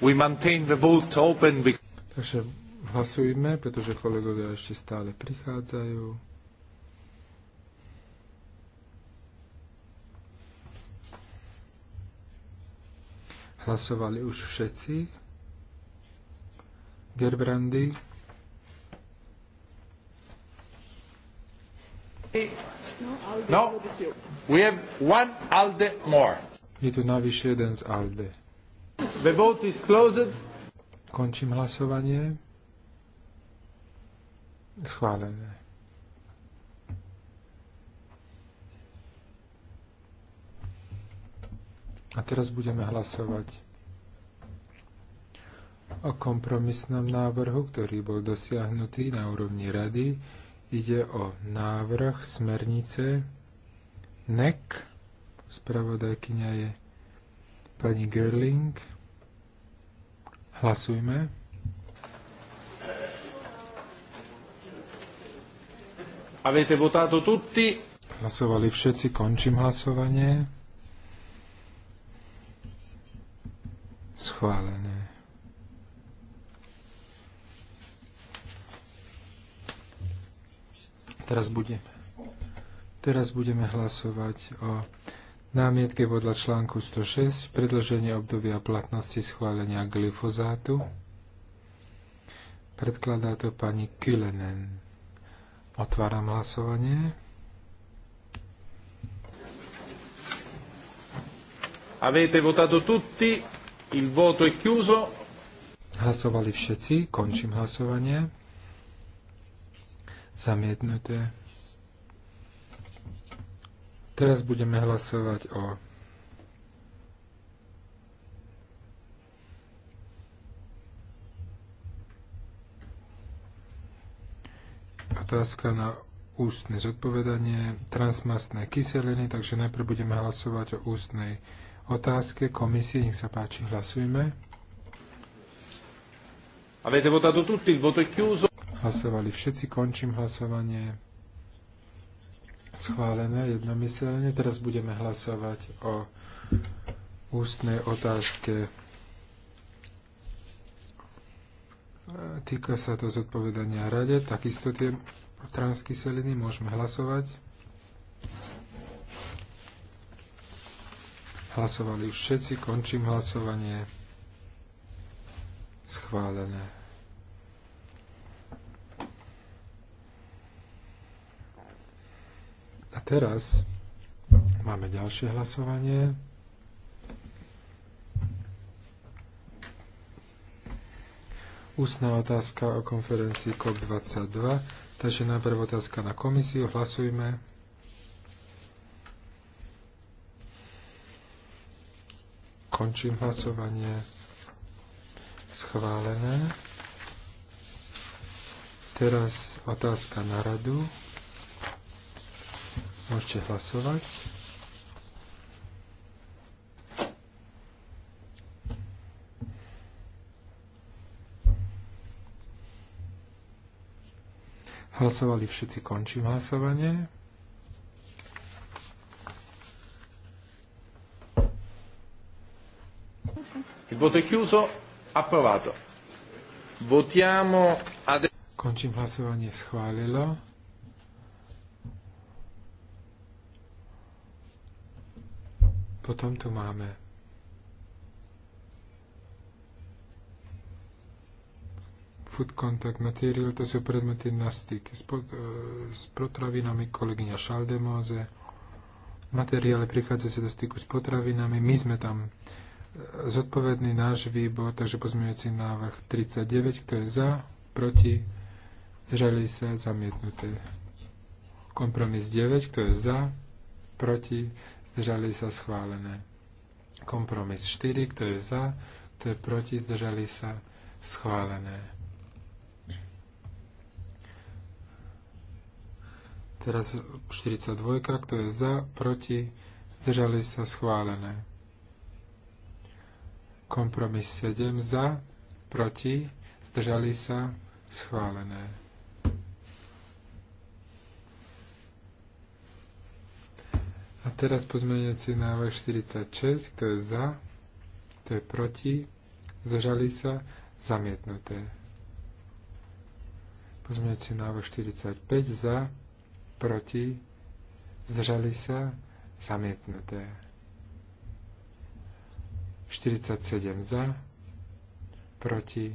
We maintain the vote open Takže hlasujme, pretože kolegovia ešte stále prichádzajú. Hlasovali už všetci. Gerbrandy. No, we have one ALDE more. Je tu navyše jeden z ALDE. The vote is closed. Končím hlasovanie. Schválené. A teraz budeme hlasovať o kompromisnom návrhu, ktorý bol dosiahnutý na úrovni rady. Ide o návrh smernice NEC. Spravodajkynia je pani Gerling. Hlasujme. Avete votato tutti? Hlasovali všetci, končím hlasovanie. Schválené. Teraz budeme. Teraz budeme hlasovať o námietke podľa článku 106 predloženie obdobia platnosti schválenia glyfozátu. Predkladá to pani Kylenen. Otváram hlasovanie. Avete votato tutti, il voto è chiuso. Hlasovali všetci, končím hlasovanie. Zamietnuté. Teraz budeme hlasovať o otázka na ústne zodpovedanie transmastné kyseliny, takže najprv budeme hlasovať o ústnej otázke komisie. Nech sa páči, hlasujme. Avete votato tutti, il voto è chiuso. Hlasovali všetci, končím hlasovanie schválené jednomyselne. Teraz budeme hlasovať o ústnej otázke. Týka sa to zodpovedania rade. Takisto tie transkyseliny môžeme hlasovať. Hlasovali všetci. Končím hlasovanie. Schválené. A teraz máme ďalšie hlasovanie. Ústna otázka o konferencii COP22. Takže najprv otázka na komisiu. Hlasujme. Končím hlasovanie. Schválené. Teraz otázka na radu. Môžete hlasovať. Hlasovali všetci, končím hlasovanie. Il voto è chiuso, approvato. Votiamo adesso. Končím hlasovanie schválilo. Potom tu máme food contact material, to sú predmety na styk s, e, s potravinami kolegyňa Šaldemóze. Materiály prichádzajú sa do styku s potravinami. My sme tam e, zodpovedný náš výbor, takže pozmeňujúci návrh 39, kto je za, proti, zreli sa, zamietnuté. Kompromis 9, kto je za, proti, zdržali sa schválené. Kompromis 4, kto je za, kto je proti, zdržali sa schválené. Teraz 42, kto je za, proti, zdržali sa schválené. Kompromis 7 za, proti, zdržali sa schválené. A teraz pozmeňujúci návrh 46, kto je za, kto je proti, zdržali sa, zamietnuté. Pozmeňujúci návrh 45, za, proti, zdržali sa, zamietnuté. 47 za, proti,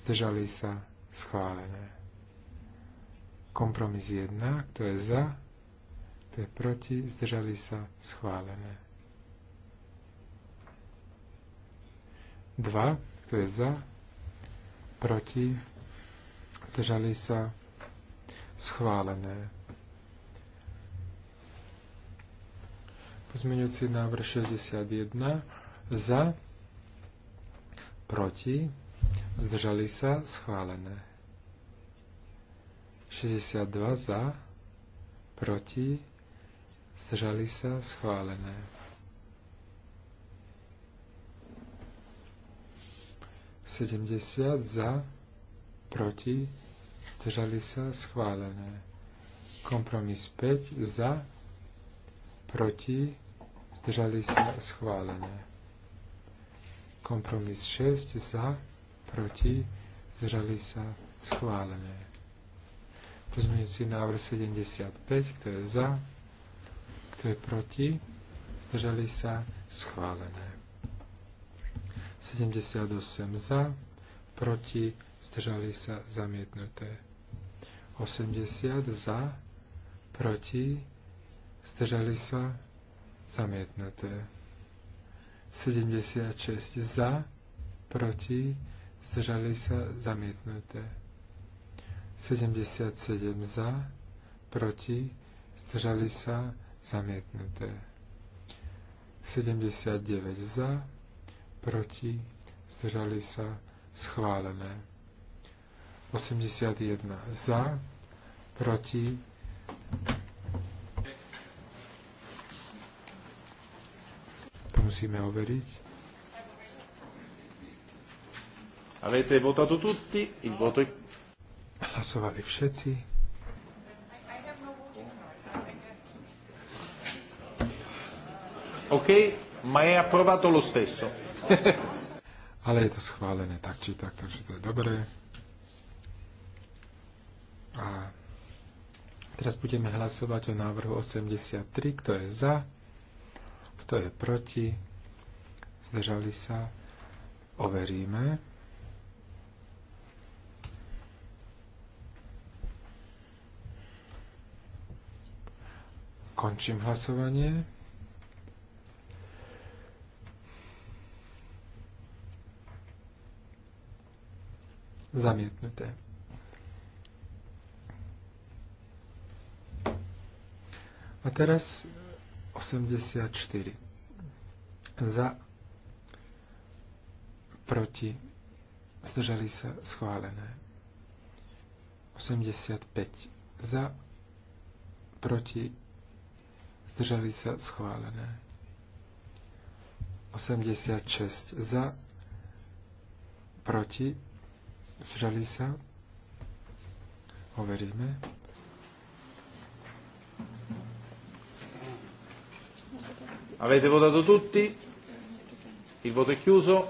zdržali sa, schválené. Kompromis 1, kto je za, to je proti, zdržali sa, schválené. 2, kto je za, proti, zdržali sa, schválené. Pozmeňujúci návrh 61, za, proti, zdržali sa, schválené. 62 za, proti, zdržali sa, schválené. Sedemdesiat za, proti, zdržali sa, schválené. Kompromis 5 za, proti, zdržali sa, schválené. Kompromis 6 za, proti, zdržali sa, schválené. Pozmeňujúci návrh 75, kto je za, kto je proti? Zdržali sa? Schválené. 78 za, proti, zdržali sa, zamietnuté. 80 za, proti, zdržali sa, zamietnuté. 76 za, proti, zdržali sa, zamietnuté. 77 za, proti, zdržali sa, zamietnuté zamietnuté. 79 za, proti, zdržali sa, schválené. 81 za, proti, to musíme overiť. Avete votato tutti, il voto è... Hlasovali všetci. Ok? Ma è approvato lo stesso. Ale je to schválené tak či tak, takže to je dobré. A teraz budeme hlasovať o návrhu 83. Kto je za? Kto je proti? Zdržali sa? Overíme. Končím hlasovanie. Zamietnuté. A teraz 84. Za, proti, zdržali sa schválené. 85. Za, proti, zdržali sa schválené. 86. Za, proti, Zdržali sa? Overíme. Avete votato tutti? Il voto è chiuso.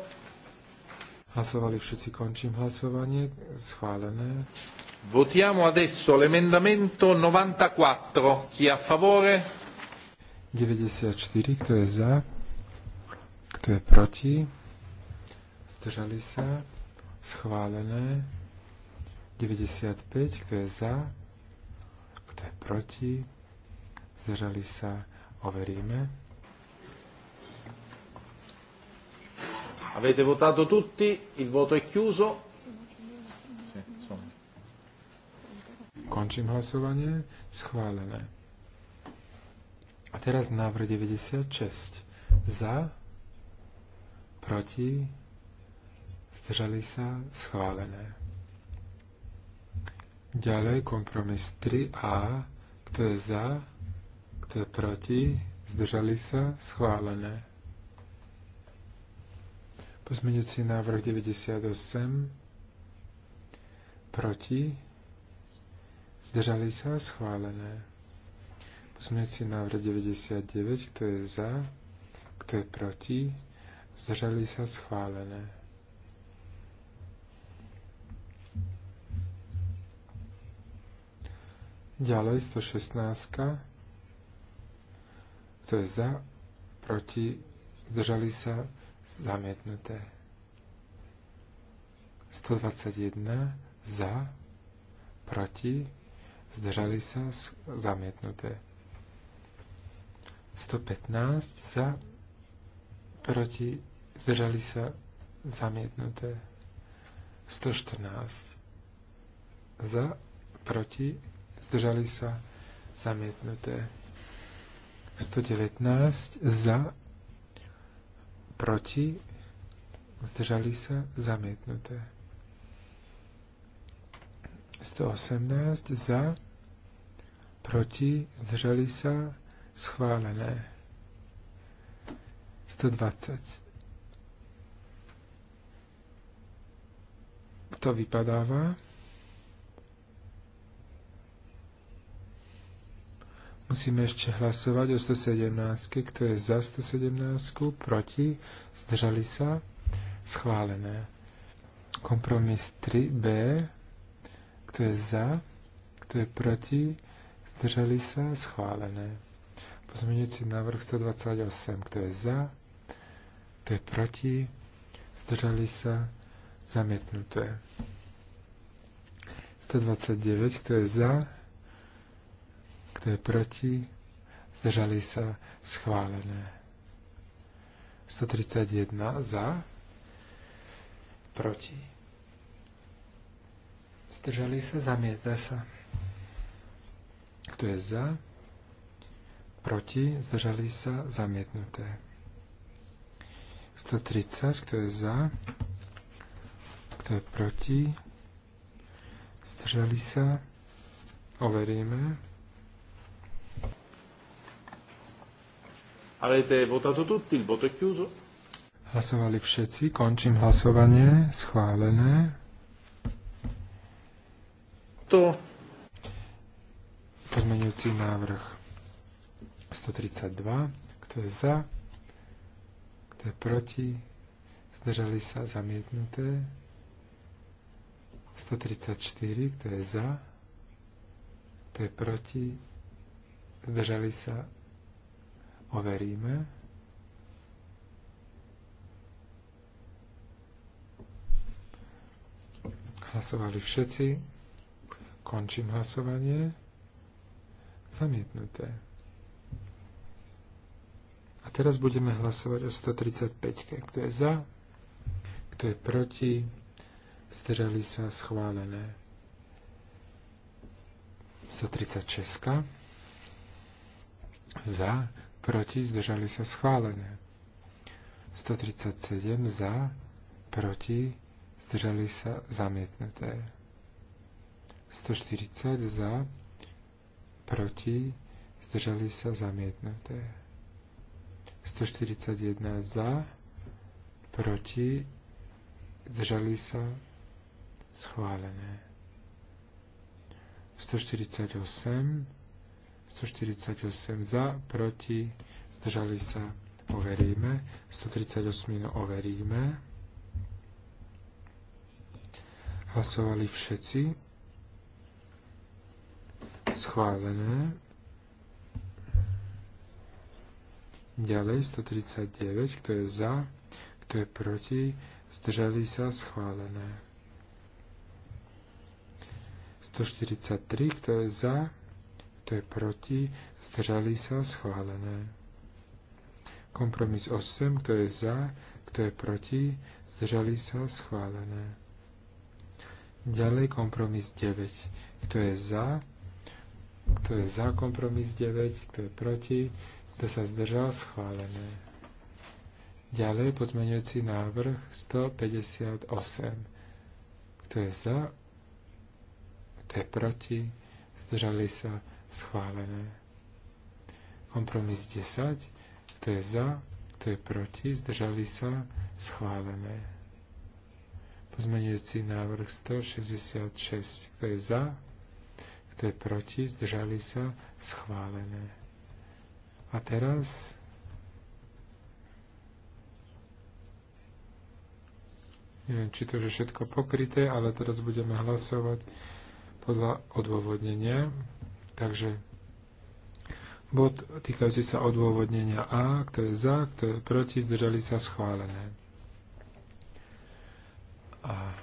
Hlasovali všetci, končím hlasovanie. Schválené. Votiamo adesso l'emendamento 94. Chi è a favore? 94. Kto je za? Kto je proti? Zdržali sa? schválené. 95, kto je za, kto je proti, zdržali sa, overíme. Avete votato tutti, il voto è chiuso. Končím hlasovanie. Schválené. A teraz návrh 96. Za, proti, zdržali sa, schválené. Ďalej kompromis 3a, kto je za, kto je proti, zdržali sa, schválené. Pozmeňujúci návrh 98, proti, zdržali sa, schválené. Pozmeňujúci návrh 99, kto je za, kto je proti, zdržali sa, schválené. Ďalej 116. Kto je za? Proti? Zdržali sa? Zamietnuté. 121. Za? Proti? Zdržali sa? Zamietnuté. 115. Za? Proti? Zdržali sa? Zamietnuté. 114. Za? Proti? zdržali sa, zamietnuté. 119 za, proti, zdržali sa, zamietnuté. 118 za, proti, zdržali sa, schválené. 120. To vypadáva. Musíme ešte hlasovať o 117, kto je za 117, proti, zdržali sa, schválené. Kompromis 3b, kto je za, kto je proti, zdržali sa, schválené. Pozmeňujúci návrh 128, kto je za, kto je proti, zdržali sa, zamietnuté. 129, kto je za, kto je proti? Zdržali sa schválené. 131 za, proti. Zdržali sa, zamieta sa. Kto je za, proti, zdržali sa, zamietnuté. 130, kto je za, kto je proti, zdržali sa, overíme. Avete votato tutti, il voto è chiuso. Hlasovali všetci, končím hlasovanie, schválené. To. Pozmeňujúci návrh 132, kto je za, kto je proti, zdržali sa zamietnuté. 134, kto je za, kto je proti, zdržali sa overíme. Hlasovali všetci. Končím hlasovanie. Zamietnuté. A teraz budeme hlasovať o 135. Kto je za? Kto je proti? Zdržali sa schválené. 136. Za proti, zdržali sa schválené. 137 za, proti, zdržali sa zamietnuté. 140 za, proti, zdržali sa zamietnuté. 141 za, proti, zdržali sa schválené. 148 148 za, proti, zdržali sa, overíme. 138 no, overíme. Hlasovali všetci. Schválené. Ďalej 139, kto je za, kto je proti, zdržali sa, schválené. 143, kto je za, kto je proti, zdržali sa, schválené. Kompromis 8, kto je za, kto je proti, zdržali sa, schválené. Ďalej kompromis 9, kto je za, kto je za kompromis 9, kto je proti, kto sa zdržal, schválené. Ďalej pozmeňujúci návrh 158. Kto je za, kto je proti, zdržali sa, schválené. Kompromis 10, kto je za, kto je proti, zdržali sa, schválené. Pozmeňujúci návrh 166, kto je za, kto je proti, zdržali sa, schválené. A teraz neviem, či to je všetko pokryté, ale teraz budeme hlasovať podľa odôvodnenia. Takže bod týkajúci sa odôvodnenia A, kto je za, kto je proti, zdržali sa schválené. A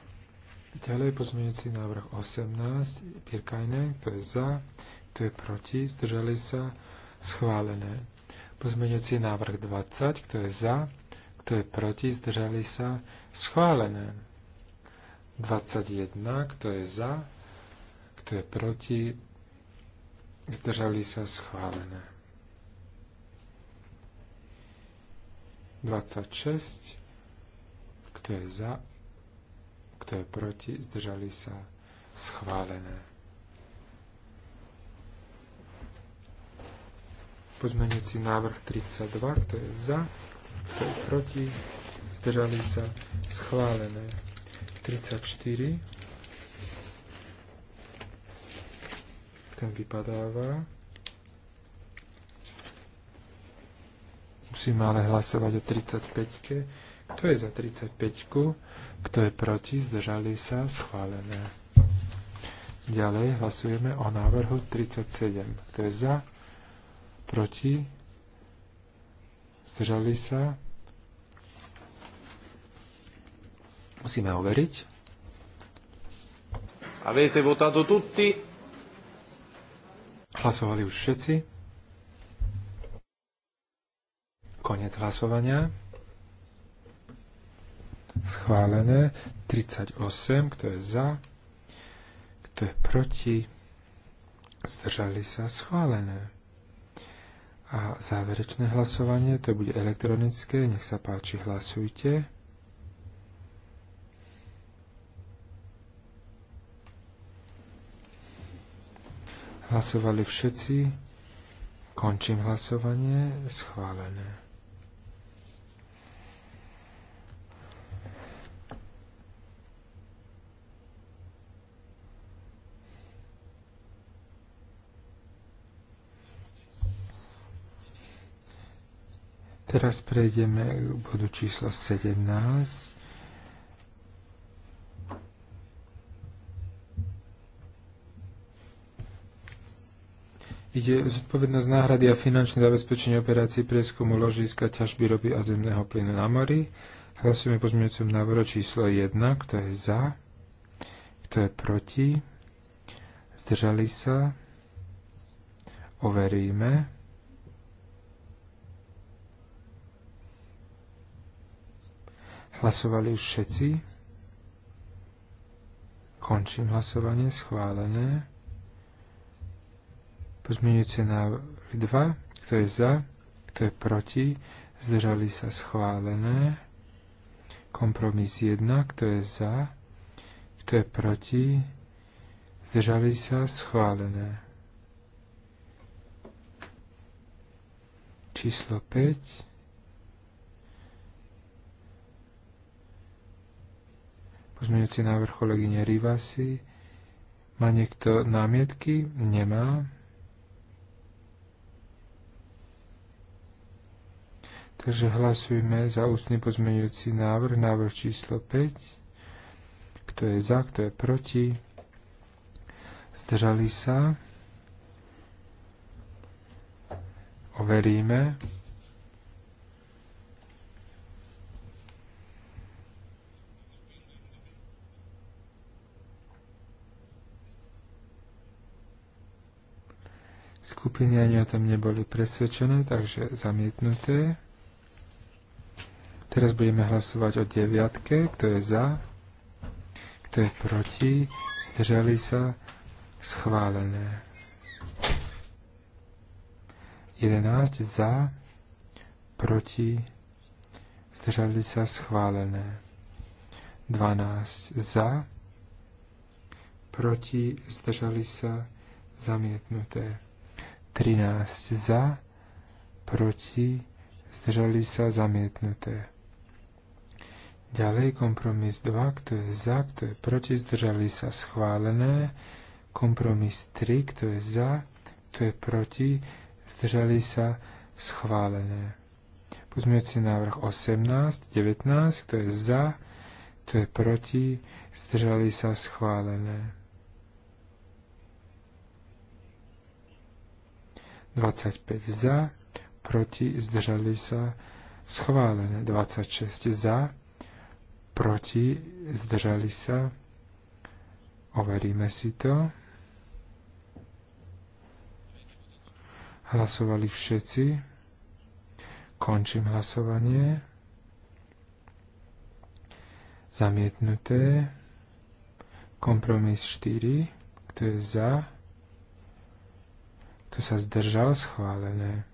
ďalej pozmeňujúci návrh 18, Pirkajne, kto je za, kto je proti, zdržali sa schválené. Pozmeňujúci návrh 20, kto je za, kto je proti, zdržali sa schválené. 21, kto je za, kto je proti, zdržali sa schválené. 26, kto je za, kto je proti, zdržali sa schválené. Pozmenujúci návrh 32, kto je za, kto je proti, zdržali sa schválené. 34, ten vypadáva. Musíme ale hlasovať o 35. -ke. Kto je za 35? -ku? Kto je proti? Zdržali sa? Schválené. Ďalej hlasujeme o návrhu 37. Kto je za? Proti? Zdržali sa? Musíme overiť. Avete votato tutti? Hlasovali už všetci? Konec hlasovania. Schválené. 38, kto je za, kto je proti, zdržali sa schválené. A záverečné hlasovanie, to bude elektronické, nech sa páči, hlasujte. Hlasovali všetci. Končím hlasovanie. Schválené. Teraz prejdeme k bodu číslo 17. Ide zodpovednosť náhrady a finančné zabezpečenie operácií prieskumu ložiska ťažby ropy a zemného plynu na mori. Hlasujeme pozmeňujúcom návrhu číslo 1, kto je za, kto je proti, zdržali sa, overíme. Hlasovali už všetci. Končím hlasovanie, schválené. Pozmeňujúce návrhy 2, kto je za, kto je proti, zdržali sa schválené. Kompromis 1, kto je za, kto je proti, zdržali sa schválené. Číslo 5. Pozmeňujúci návrh kolegyne Rivasi. Má niekto námietky? Nemá. Takže hlasujme za ústne pozmeňujúci návrh, návrh číslo 5. Kto je za, kto je proti? Zdržali sa? Overíme. skupiny ani o tom neboli presvedčené, takže zamietnuté. Teraz budeme hlasovať o deviatke, kto je za, kto je proti, zdržali sa, schválené. 11 za, proti, zdržali sa, schválené. 12 za, proti, zdržali sa, zamietnuté. 13 za, proti, zdržali sa, zamietnuté. Ďalej kompromis 2, kto je za, kto je proti, zdržali sa schválené. Kompromis 3, kto je za, kto je proti, zdržali sa schválené. Pozmeňujúci návrh 18, 19, kto je za, kto je proti, zdržali sa schválené. 25 za, proti, zdržali sa schválené. 26 za, proti, zdržali sa, overíme si to. Hlasovali všetci. Končím hlasovanie. Zamietnuté. Kompromis 4. Kto je za? Kto sa zdržal? Schválené.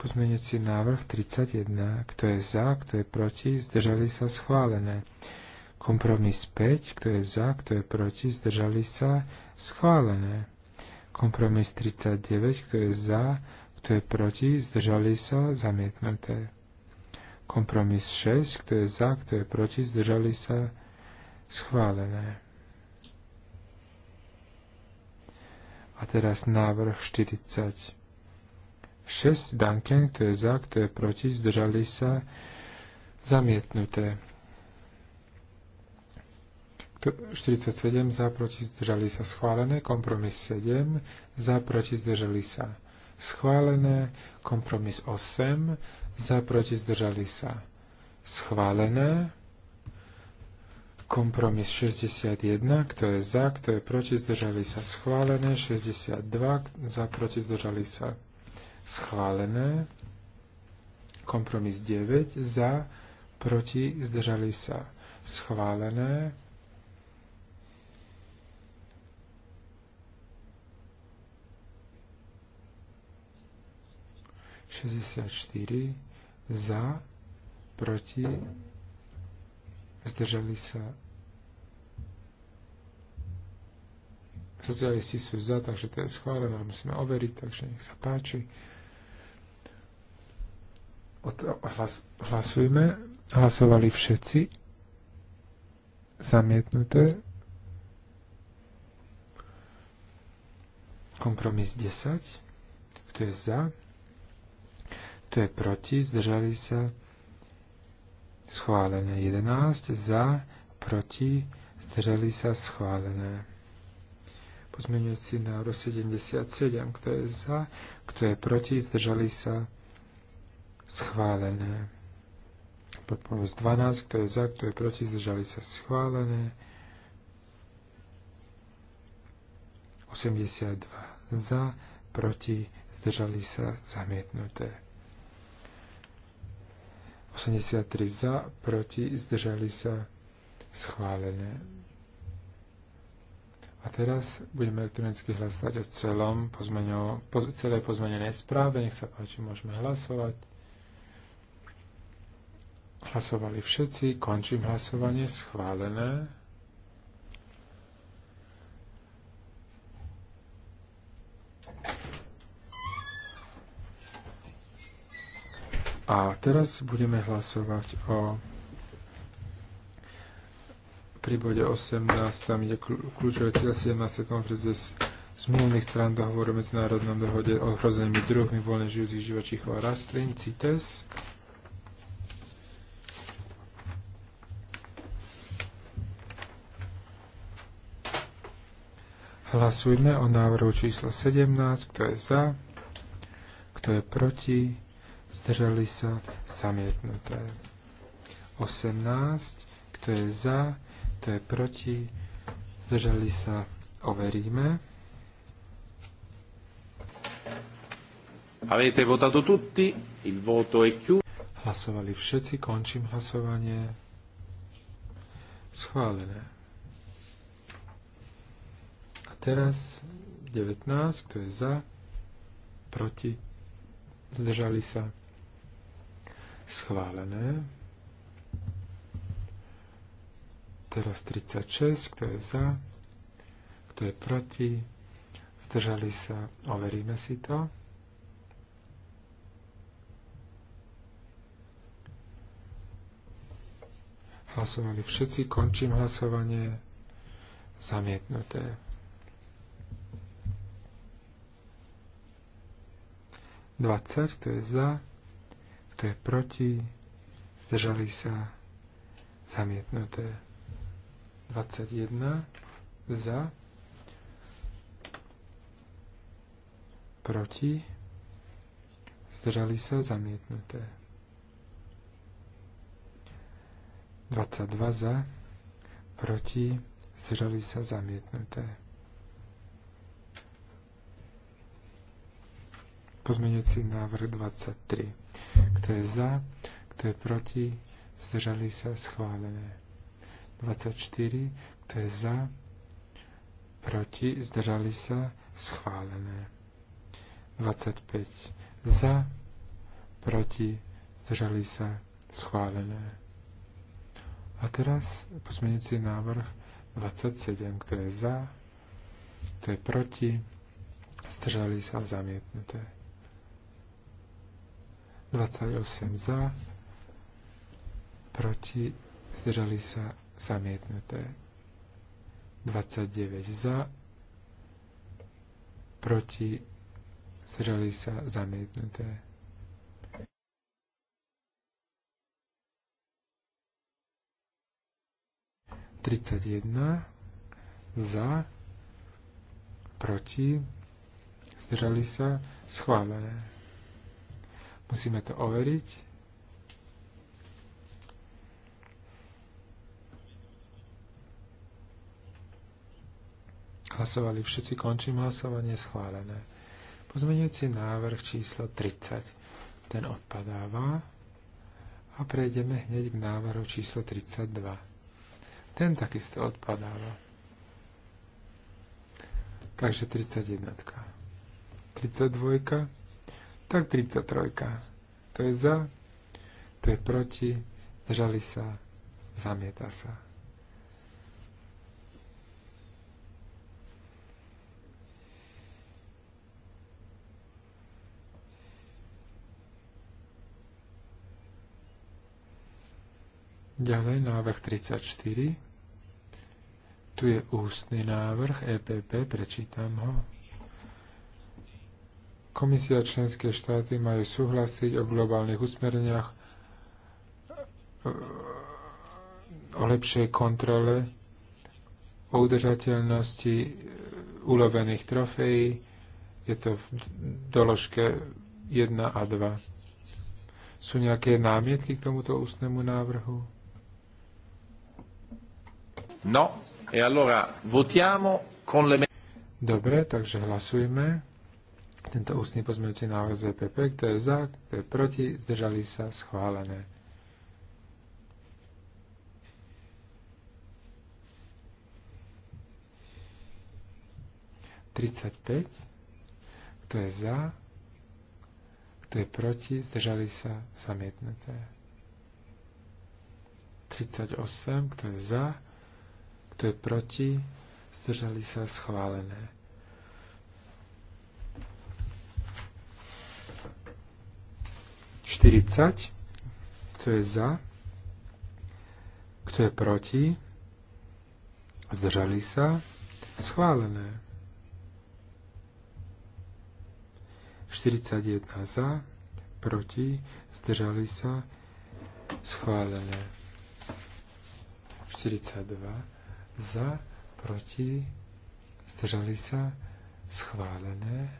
Pozmeňujúci návrh 31. Kto je za, kto je proti, zdržali sa schválené. Kompromis 5. Kto je za, kto je proti, zdržali sa schválené. Kompromis 39. Kto je za, kto je proti, zdržali sa zamietnuté. Kompromis 6. Kto je za, kto je proti, zdržali sa schválené. A teraz návrh 40. 6 Danken, kto je za, kto je proti, zdržali sa, zamietnuté. 47 za, proti, zdržali sa, schválené. Kompromis 7 za, proti, zdržali sa, schválené. Kompromis 8 za, proti, zdržali sa, schválené. Kompromis 61, kto je za, kto je proti, zdržali sa, schválené. 62 za, proti, zdržali sa, schválené. Kompromis 9 za, proti, zdržali sa schválené. Šesťdesiat za, proti, zdržali sa. Socialisti sú za, takže to je schválené, musíme overiť, takže nech sa páči. Hlas, hlasujme. Hlasovali všetci. Zamietnuté. Kompromis 10. Kto je za? Kto je proti? Zdržali sa. Schválené 11. Za, proti, zdržali sa schválené. Pozmeňujúci návrh 77. Kto je za? Kto je proti? Zdržali sa schválené schválené. Podpomoc 12, kto je za, kto je proti, zdržali sa schválené. 82 za, proti, zdržali sa zamietnuté. 83 za, proti, zdržali sa schválené. A teraz budeme elektronicky hlasovať o celom pozmenio, po, celej správe. Nech sa páči, môžeme hlasovať. Hlasovali všetci. Končím hlasovanie. Schválené. A teraz budeme hlasovať o pri bode 18, tam ide kľúčové cieľ 17. konferencie z zmluvných strán dohovoru o medzinárodnom dohode o ohrozenými druhmi voľne žijúcich živočíchov a rastlín CITES. Hlasujme o návrhu číslo 17, kto je za, kto je proti, zdržali sa, zamietnuté. 18, kto je za, kto je proti, zdržali sa, overíme. Avete votato tutti, il voto è chiuso. Hlasovali všetci, končím hlasovanie. Schválené teraz 19, kto je za, proti, zdržali sa, schválené. Teraz 36, kto je za, kto je proti, zdržali sa, overíme si to. Hlasovali všetci, končím hlasovanie, zamietnuté. 20, kto je za, kto je proti, zdržali sa zamietnuté. 21 za, proti, zdržali sa zamietnuté. 22 za, proti, zdržali sa zamietnuté. Pozmeňujúci návrh 23. Kto je za? Kto je proti? Zdržali sa schválené. 24. Kto je za? Proti? Zdržali sa schválené. 25. Za? Proti? Zdržali sa schválené. A teraz pozmeňujúci návrh 27. Kto je za? Kto je proti? Zdržali sa zamietnuté. 28 za, proti, zdržali sa zamietnuté. 29 za, proti, zdržali sa zamietnuté. Tridsať jedna za, proti, zdržali sa schválené. Musíme to overiť. Hlasovali všetci, končím hlasovanie, schválené. Pozmeňujúci návrh číslo 30. Ten odpadáva a prejdeme hneď k návrhu číslo 32. Ten takisto odpadáva. Takže 31. 32 tak 33. To je za, to je proti, žali sa, zamieta sa. Ďalej návrh 34. Tu je ústny návrh EPP, prečítam ho. Komisia členské štáty majú súhlasiť o globálnych usmerniach e, o lepšej kontrole, o udržateľnosti e, ulovených trofejí. Je to v doložke 1 a 2. Sú nejaké námietky k tomuto ústnemu návrhu? No, e allora votiamo con le... Dobre, takže hlasujme tento ústny pozmeňujúci návrh ZPP, e kto je za, kto je proti, zdržali sa, schválené. kto je za, kto je proti, zdržali sa, zamietnuté. 38, kto je za, kto je proti, zdržali sa, schválené. 40. Kto je za? Kto je proti? Zdržali sa? Schválené. 41 za, proti, zdržali sa, schválené. 42 za, proti, zdržali sa, schválené.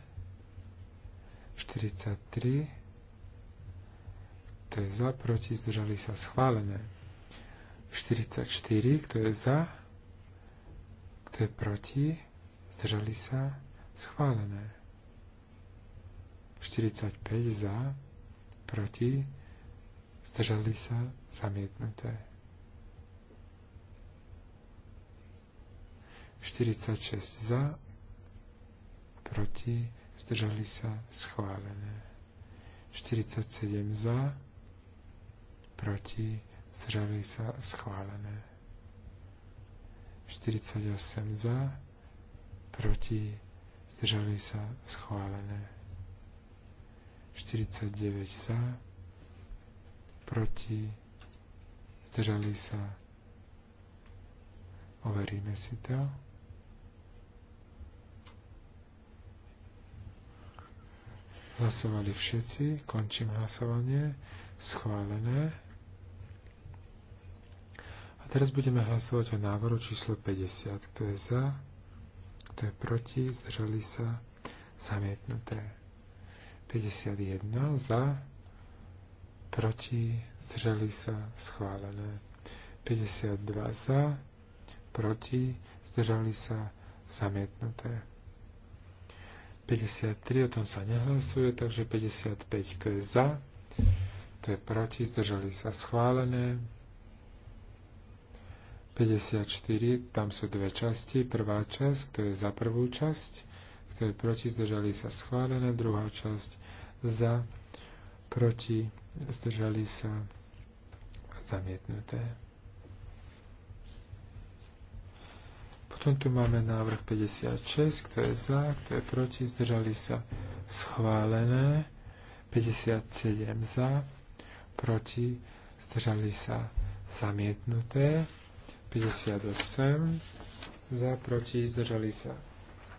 43 kto je za, proti, zdržali sa schválené. 44, kto je za, kto je proti, zdržali sa schválené. 45 za, proti, zdržali sa zamietnuté. 46 za, proti, zdržali sa schválené. 47 za, proti, zdržali sa schválené. 48 za, proti, zdržali sa schválené. 49 za, proti, zdržali sa. Overíme si to. Hlasovali všetci, končím hlasovanie, schválené. Teraz budeme hlasovať o návrhu číslo 50. Kto je za? Kto je proti? Zdržali sa? Zamietnuté. 51 za, proti, zdržali sa, schválené. 52 za, proti, zdržali sa, zamietnuté. 53, o tom sa nehlasuje, takže 55, kto je za, kto je proti, zdržali sa, schválené. 54, tam sú dve časti. Prvá časť, kto je za prvú časť, kto je proti, zdržali sa schválené. Druhá časť, za, proti, zdržali sa zamietnuté. Potom tu máme návrh 56, kto je za, kto je proti, zdržali sa schválené. 57 za, proti, zdržali sa zamietnuté. 58 za, proti, zdržali sa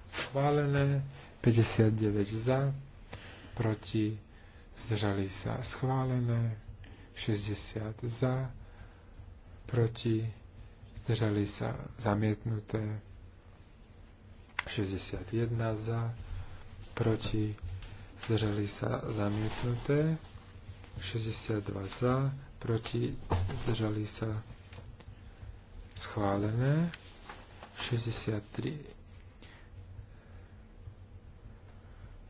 schválené, 59 za, proti, zdržali sa schválené, 60 za, proti, zdržali sa zamietnuté, 61 za, proti, zdržali sa zamietnuté, 62 za, proti, zdržali sa schválené. 63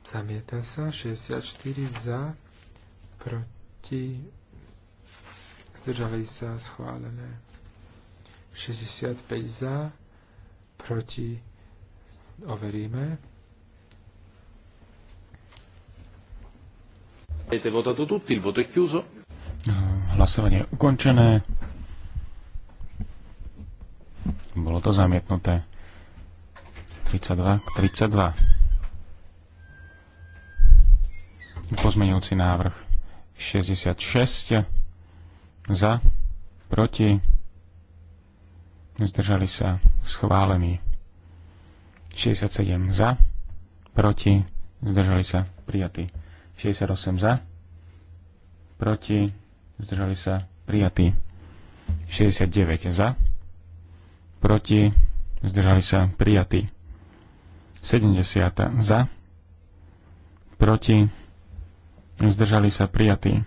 zamieta sa. 64 za, proti, zdržali sa, schválené. 65 za, proti, overíme. Avete votato tutti, il voto è chiuso. Hlasovanie je ukončené. Bolo to zamietnuté. 32 32. Pozmenujúci návrh 66 za, proti, zdržali sa schválení. 67 za, proti, zdržali sa prijatí. 68 za, proti, zdržali sa prijatí. 69 za, proti, zdržali sa prijatí. 70 za, proti, zdržali sa prijatí.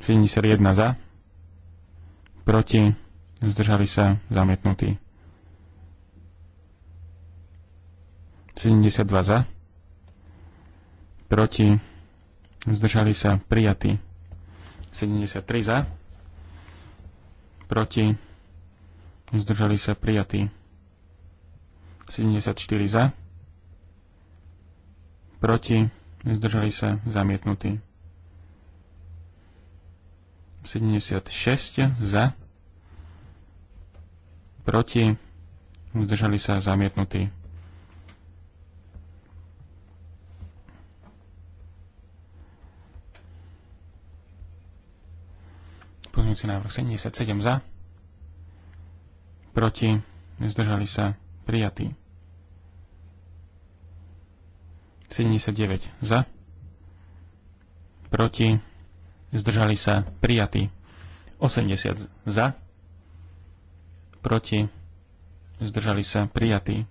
71 za, proti, zdržali sa zamietnutí. 72 za, proti, zdržali sa prijatí. 73 za, proti, zdržali sa prijatí. 74 za, proti, zdržali sa zamietnutí. 76 za, proti, zdržali sa zamietnutí. Pozmúci návrh 77 za, proti, zdržali sa, prijatí. 79 za, proti, zdržali sa, prijatí. 80 za, proti, zdržali sa, prijatí.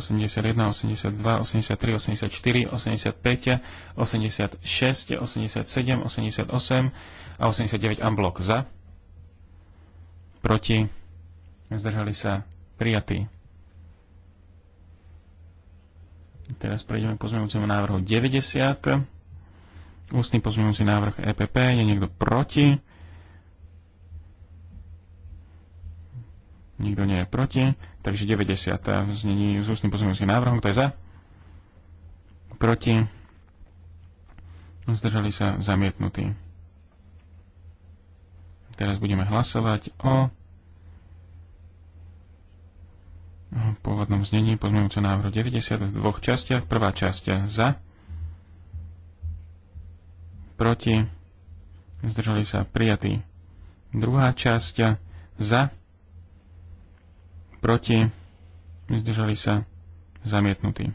81, 82, 83, 84, 85, 86, 87, 88 a 89 amblok za. Proti. Zdržali sa prijatí. Teraz prejdeme k pozmeňujúcemu návrhu 90. Ústny pozmeňujúci návrh EPP. Je niekto proti? Nikto nie je proti. Takže 90. Eh, znení z ústnym pozmeňujúcim návrhom. Kto je za? Proti. Zdržali sa zamietnutí. Teraz budeme hlasovať o pôvodnom znení pozmeňujúceho návrhu 90 v dvoch častiach. Prvá časť za, proti, zdržali sa prijatí. Druhá časť za, proti, zdržali sa, zamietnutí.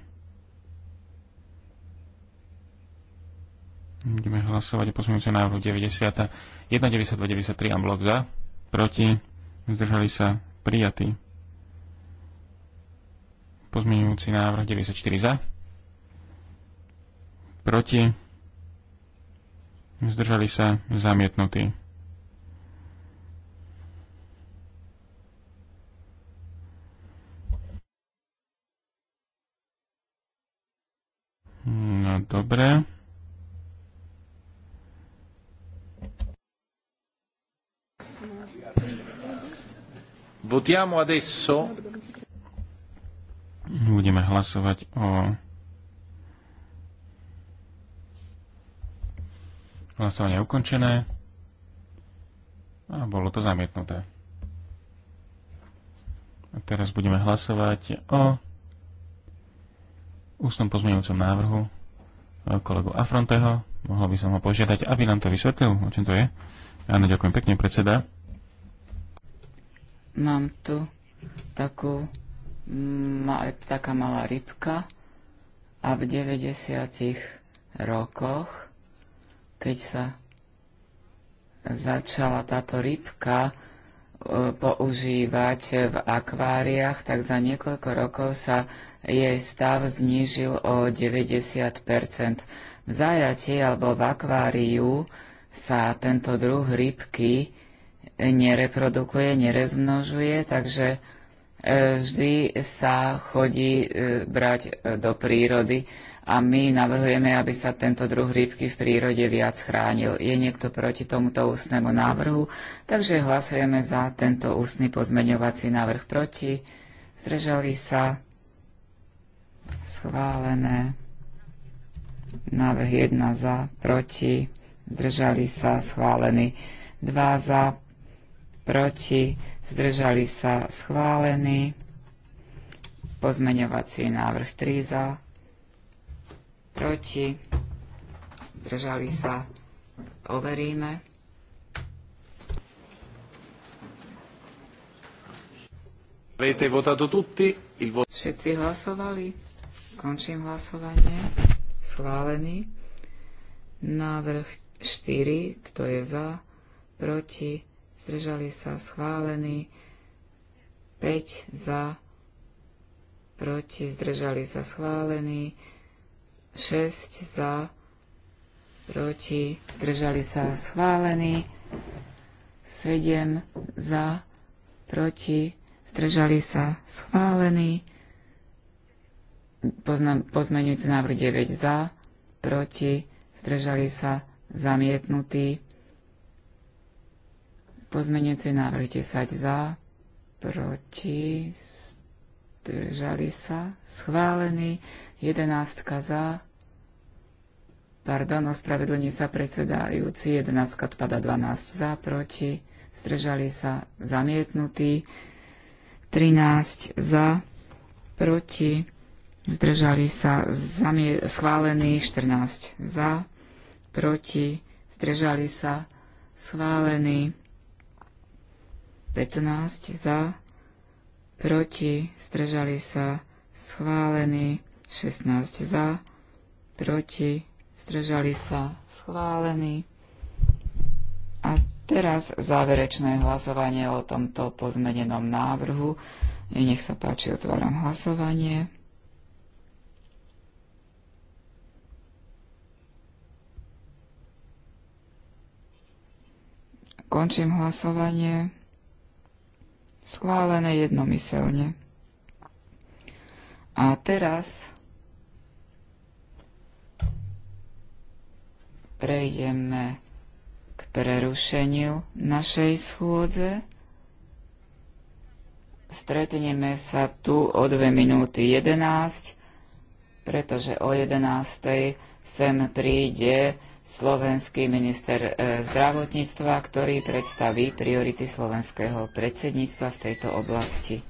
Budeme hlasovať o posunúce návrhu 90, 1, 92, 93 a blok za, proti, zdržali sa, prijatí. Pozmeňujúci návrh 94 za, proti, zdržali sa, zamietnutí. Dobre. Votiamo adesso. Budeme hlasovať o hlasovanie ukončené a bolo to zamietnuté. A teraz budeme hlasovať o ústnom pozmeňujúcom návrhu kolegu Afronteho. Mohol by som ho požiadať, aby nám to vysvetlil, o čom to je. Áno, ďakujem pekne, predseda. Mám tu takú, ma, taká malá rybka a v 90 rokoch, keď sa začala táto rybka používať v akváriách, tak za niekoľko rokov sa jej stav znížil o 90 V zajati alebo v akváriu sa tento druh rybky nereprodukuje, nerezmnožuje, takže e, vždy sa chodí e, brať e, do prírody a my navrhujeme, aby sa tento druh rybky v prírode viac chránil. Je niekto proti tomuto ústnemu návrhu, takže hlasujeme za tento ústny pozmeňovací návrh proti. Zdržali sa schválené. Návrh 1 za, proti. Zdržali sa schválený. 2 za, proti. Zdržali sa schválený. Pozmeňovací návrh 3 za, proti, zdržali sa, overíme. Všetci hlasovali. Končím hlasovanie. Schválený. Návrh 4. Kto je za? Proti? Zdržali sa? Schválený. 5. Za? Proti? Zdržali sa? Schválený. 6 za, proti, zdržali sa schválení, 7 za, proti, zdržali sa schválení, Poznam, pozmeňujúci návrh 9 za, proti, zdržali sa zamietnutí, pozmeňujúci návrh 10 za, proti, zdržali sa schválení, Jedenástka za. Pardon, ospravedlní sa predsedajúci. Jedenástka odpada 12 za, proti. Zdržali sa zamietnutí. 13 za, proti. Zdržali sa zamie- schválení 14 za, proti. Zdržali sa schválení 15 za, proti, zdržali sa, schválený, 16 za, proti, zdržali sa, schválený. A teraz záverečné hlasovanie o tomto pozmenenom návrhu. Nech sa páči, otváram hlasovanie. Končím hlasovanie. Schválené jednomyselne. A teraz prejdeme k prerušeniu našej schôdze. Stretneme sa tu o 2 minúty 11, pretože o 11. sem príde slovenský minister e, zdravotníctva, ktorý predstaví priority slovenského predsedníctva v tejto oblasti.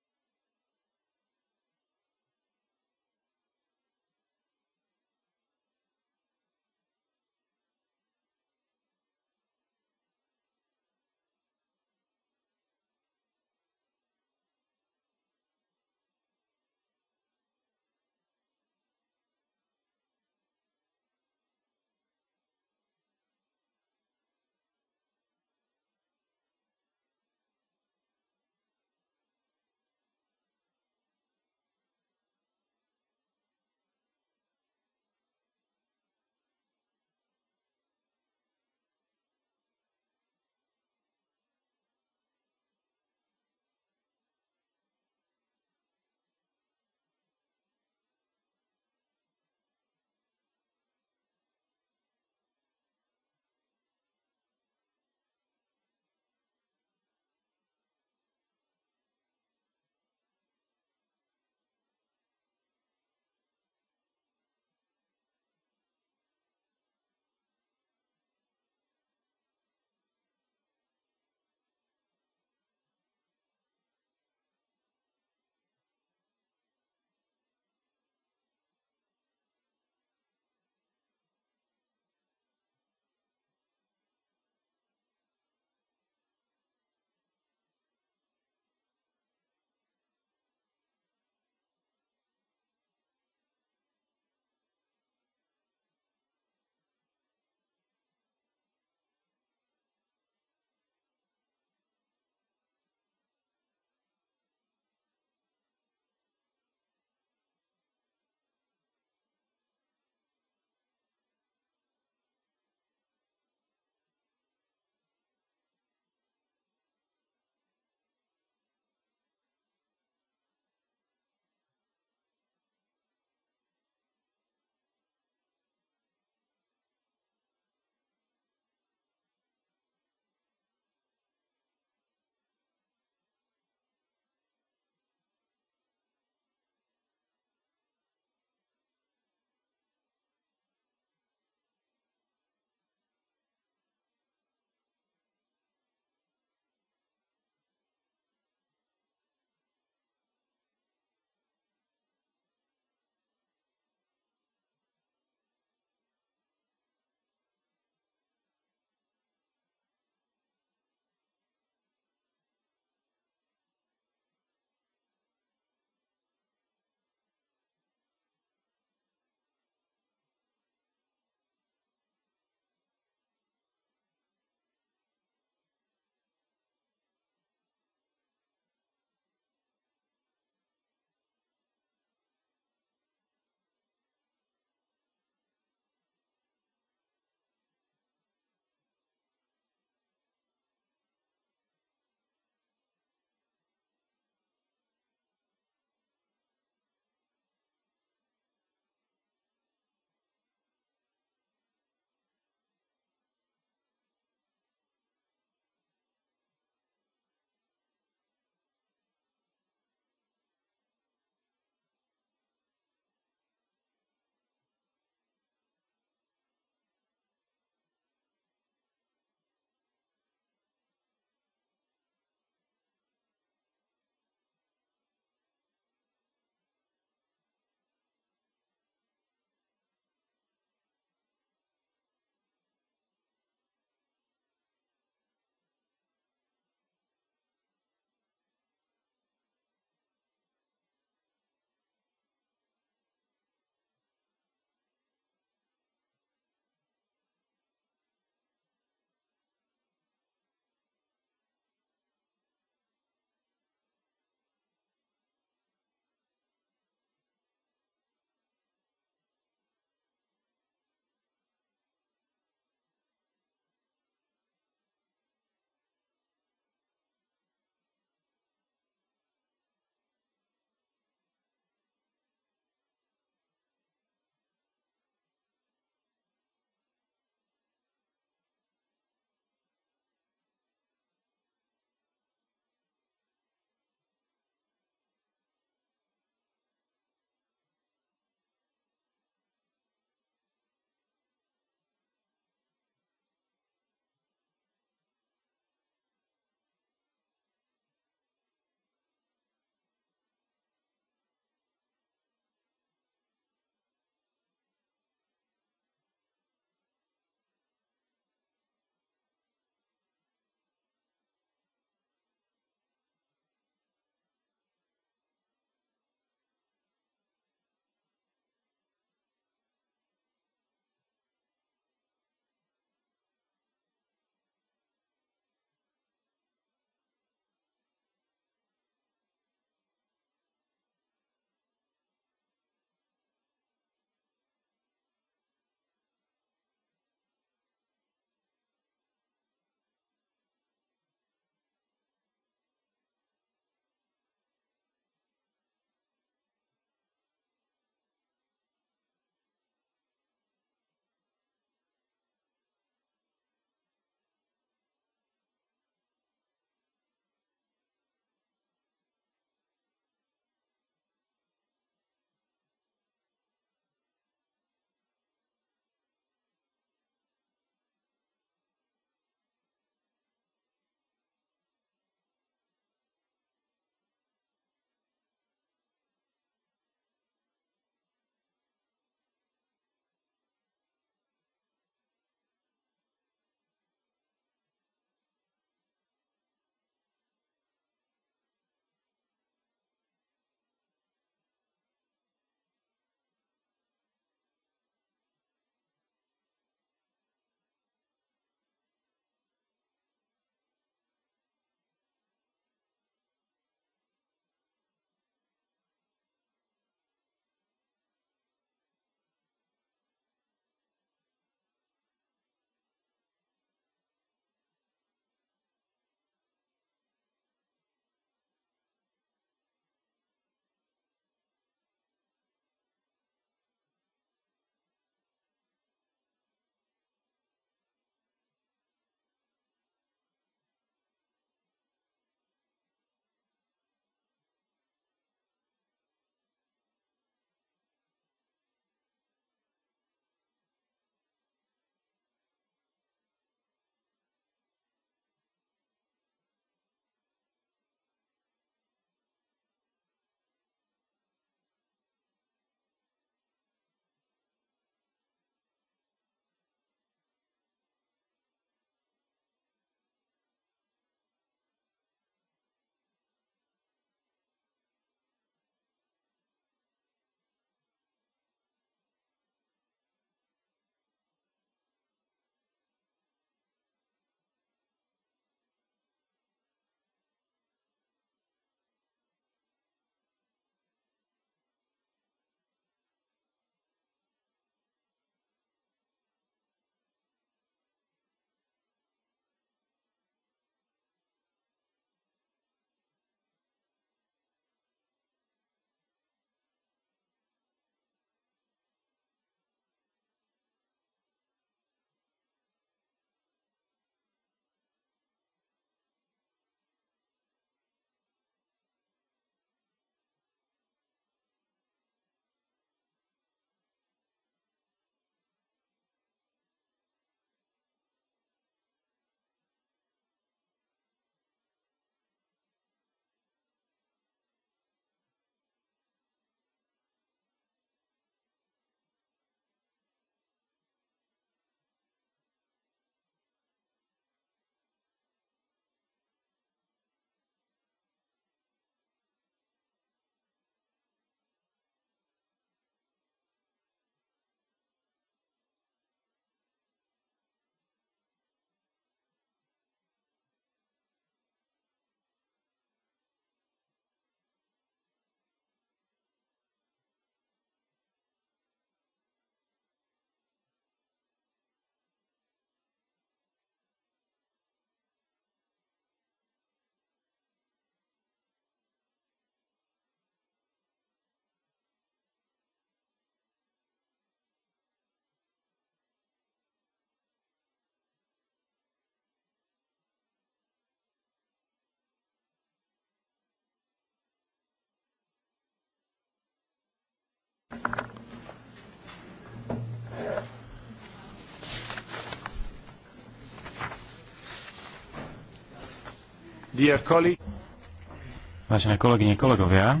Vážené kolegyne, kolegovia,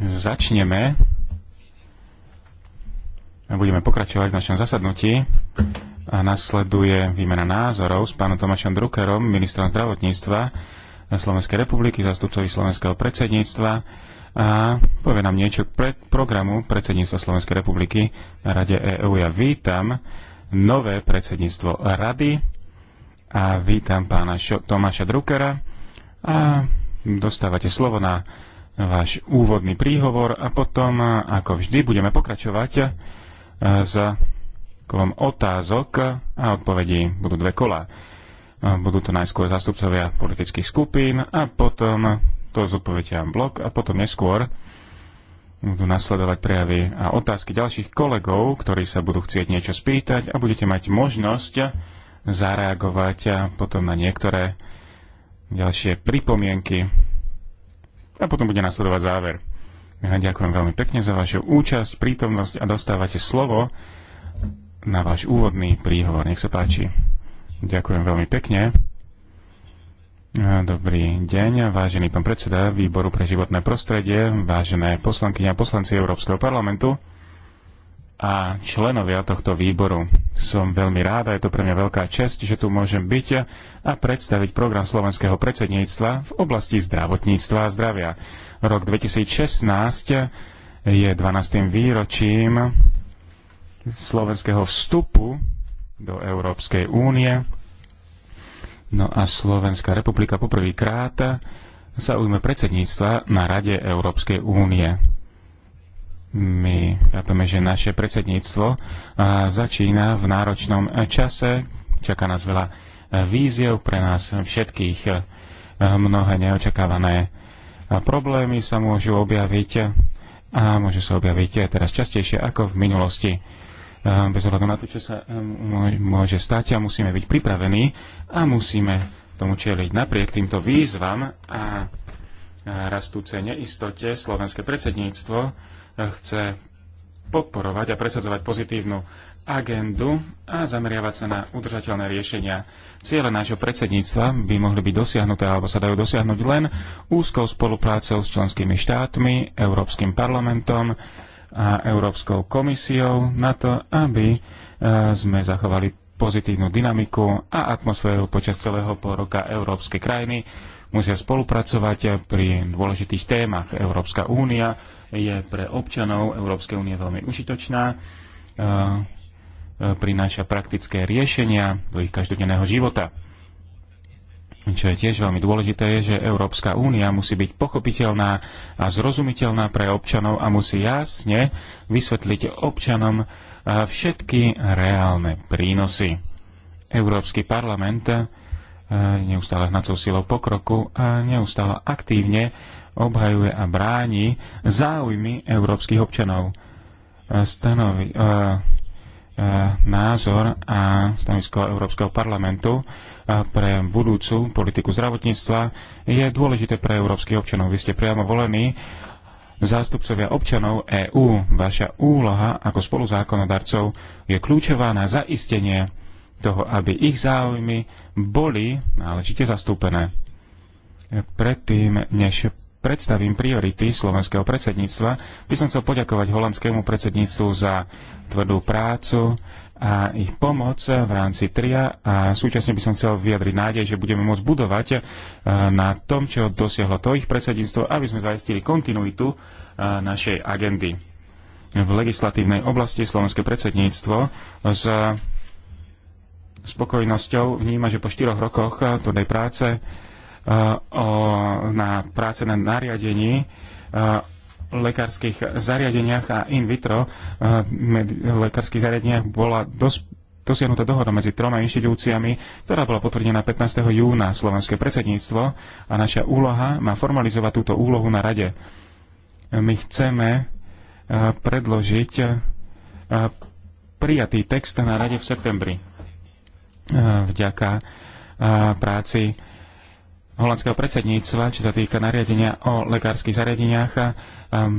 začneme a budeme pokračovať v našom zasadnutí. A nasleduje výmena názorov s pánom Tomášom Druckerom, ministrom zdravotníctva Slovenskej republiky, zastupcovi slovenského predsedníctva a povie nám niečo k programu predsedníctva Slovenskej republiky na Rade EÚ. Ja vítam nové predsedníctvo Rady a vítam pána Šo- Tomáša Druckera a dostávate slovo na váš úvodný príhovor a potom, ako vždy, budeme pokračovať s e, kolom otázok a odpovedí. Budú dve kola. E, budú to najskôr zástupcovia politických skupín a potom to zodpoviete vám blok a potom neskôr budú nasledovať prejavy a otázky ďalších kolegov, ktorí sa budú chcieť niečo spýtať a budete mať možnosť zareagovať a potom na niektoré ďalšie pripomienky a potom bude nasledovať záver. Ja ďakujem veľmi pekne za vašu účasť, prítomnosť a dostávate slovo na váš úvodný príhovor. Nech sa páči. Ďakujem veľmi pekne. Dobrý deň, vážený pán predseda Výboru pre životné prostredie, vážené poslanky a poslanci Európskeho parlamentu a členovia tohto výboru. Som veľmi a je to pre mňa veľká čest, že tu môžem byť a predstaviť program slovenského predsedníctva v oblasti zdravotníctva a zdravia. Rok 2016 je 12. výročím slovenského vstupu do Európskej únie No a Slovenská republika poprvýkrát sa ujme predsedníctva na Rade Európskej únie. My chápeme, že naše predsedníctvo začína v náročnom čase. Čaká nás veľa e, víziev pre nás všetkých. E, mnohé neočakávané e, problémy sa môžu objaviť a môže sa objaviť teraz častejšie ako v minulosti bez ohľadu na to, čo sa ehm, môže stať a musíme byť pripravení a musíme tomu čeliť. Napriek týmto výzvam a rastúcej neistote slovenské predsedníctvo chce podporovať a presadzovať pozitívnu agendu a zameriavať sa na udržateľné riešenia. Ciele nášho predsedníctva by mohli byť dosiahnuté alebo sa dajú dosiahnuť len úzkou spoluprácou s členskými štátmi, Európskym parlamentom, a Európskou komisiou na to, aby e, sme zachovali pozitívnu dynamiku a atmosféru počas celého pol roka európske krajiny musia spolupracovať pri dôležitých témach. Európska únia je pre občanov Európskej únie veľmi užitočná, e, e, prináša praktické riešenia do ich každodenného života čo je tiež veľmi dôležité, je, že Európska únia musí byť pochopiteľná a zrozumiteľná pre občanov a musí jasne vysvetliť občanom eh, všetky reálne prínosy. Európsky parlament eh, neustále hnacou silou pokroku a neustále aktívne obhajuje a bráni záujmy európskych občanov. Eh, stanovi, E, názor a stanovisko Európskeho parlamentu e, pre budúcu politiku zdravotníctva je dôležité pre európskych občanov. Vy ste priamo volení zástupcovia občanov EÚ. Vaša úloha ako spoluzákonodarcov je kľúčová na zaistenie toho, aby ich záujmy boli náležite zastúpené. E, predtým, než predstavím priority slovenského predsedníctva, by som chcel poďakovať holandskému predsedníctvu za tvrdú prácu a ich pomoc v rámci TRIA a súčasne by som chcel vyjadriť nádej, že budeme môcť budovať e, na tom, čo dosiahlo to ich predsedníctvo, aby sme zaistili kontinuitu e, našej agendy. V legislatívnej oblasti slovenské predsedníctvo s spokojnosťou vníma, že po štyroch rokoch e, tvrdej práce o, na práce na nariadení lekárskych zariadeniach a in vitro lekárskych zariadeniach bola dosť dosiahnutá dohoda medzi troma inštitúciami, ktorá bola potvrdená 15. júna slovenské predsedníctvo a naša úloha má formalizovať túto úlohu na rade. My chceme predložiť prijatý text na rade v septembri. Vďaka práci holandského predsedníctva, čo sa týka nariadenia o lekárskych zariadeniach. Ehm,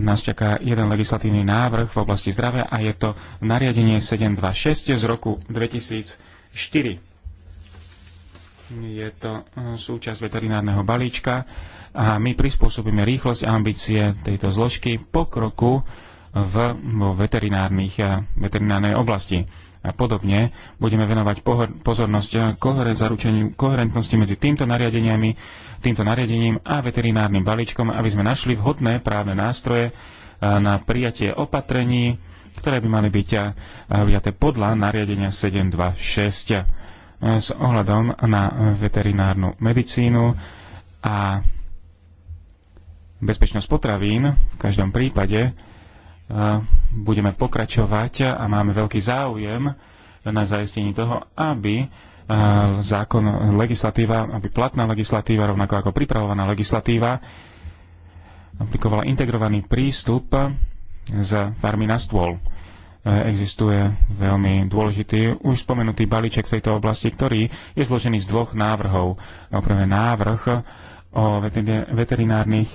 nás čaká jeden legislatívny návrh v oblasti zdravia a je to nariadenie 726 z roku 2004. Je to ehm, súčasť veterinárneho balíčka a my prispôsobíme rýchlosť a ambície tejto zložky pokroku v, vo veterinárnych, eh, veterinárnej oblasti a podobne. Budeme venovať pozornosť kohore, koherentnosti medzi týmto nariadeniami, týmto nariadením a veterinárnym balíčkom, aby sme našli vhodné právne nástroje e, na prijatie opatrení, ktoré by mali byť vyjaté e, podľa nariadenia 726 e, s ohľadom na veterinárnu medicínu a bezpečnosť potravín v každom prípade budeme pokračovať a máme veľký záujem na zaistení toho, aby zákon, legislatíva, aby platná legislatíva, rovnako ako pripravovaná legislatíva, aplikovala integrovaný prístup z farmy na stôl. E, existuje veľmi dôležitý už spomenutý balíček v tejto oblasti, ktorý je zložený z dvoch návrhov. Prvé návrh o veterinárnych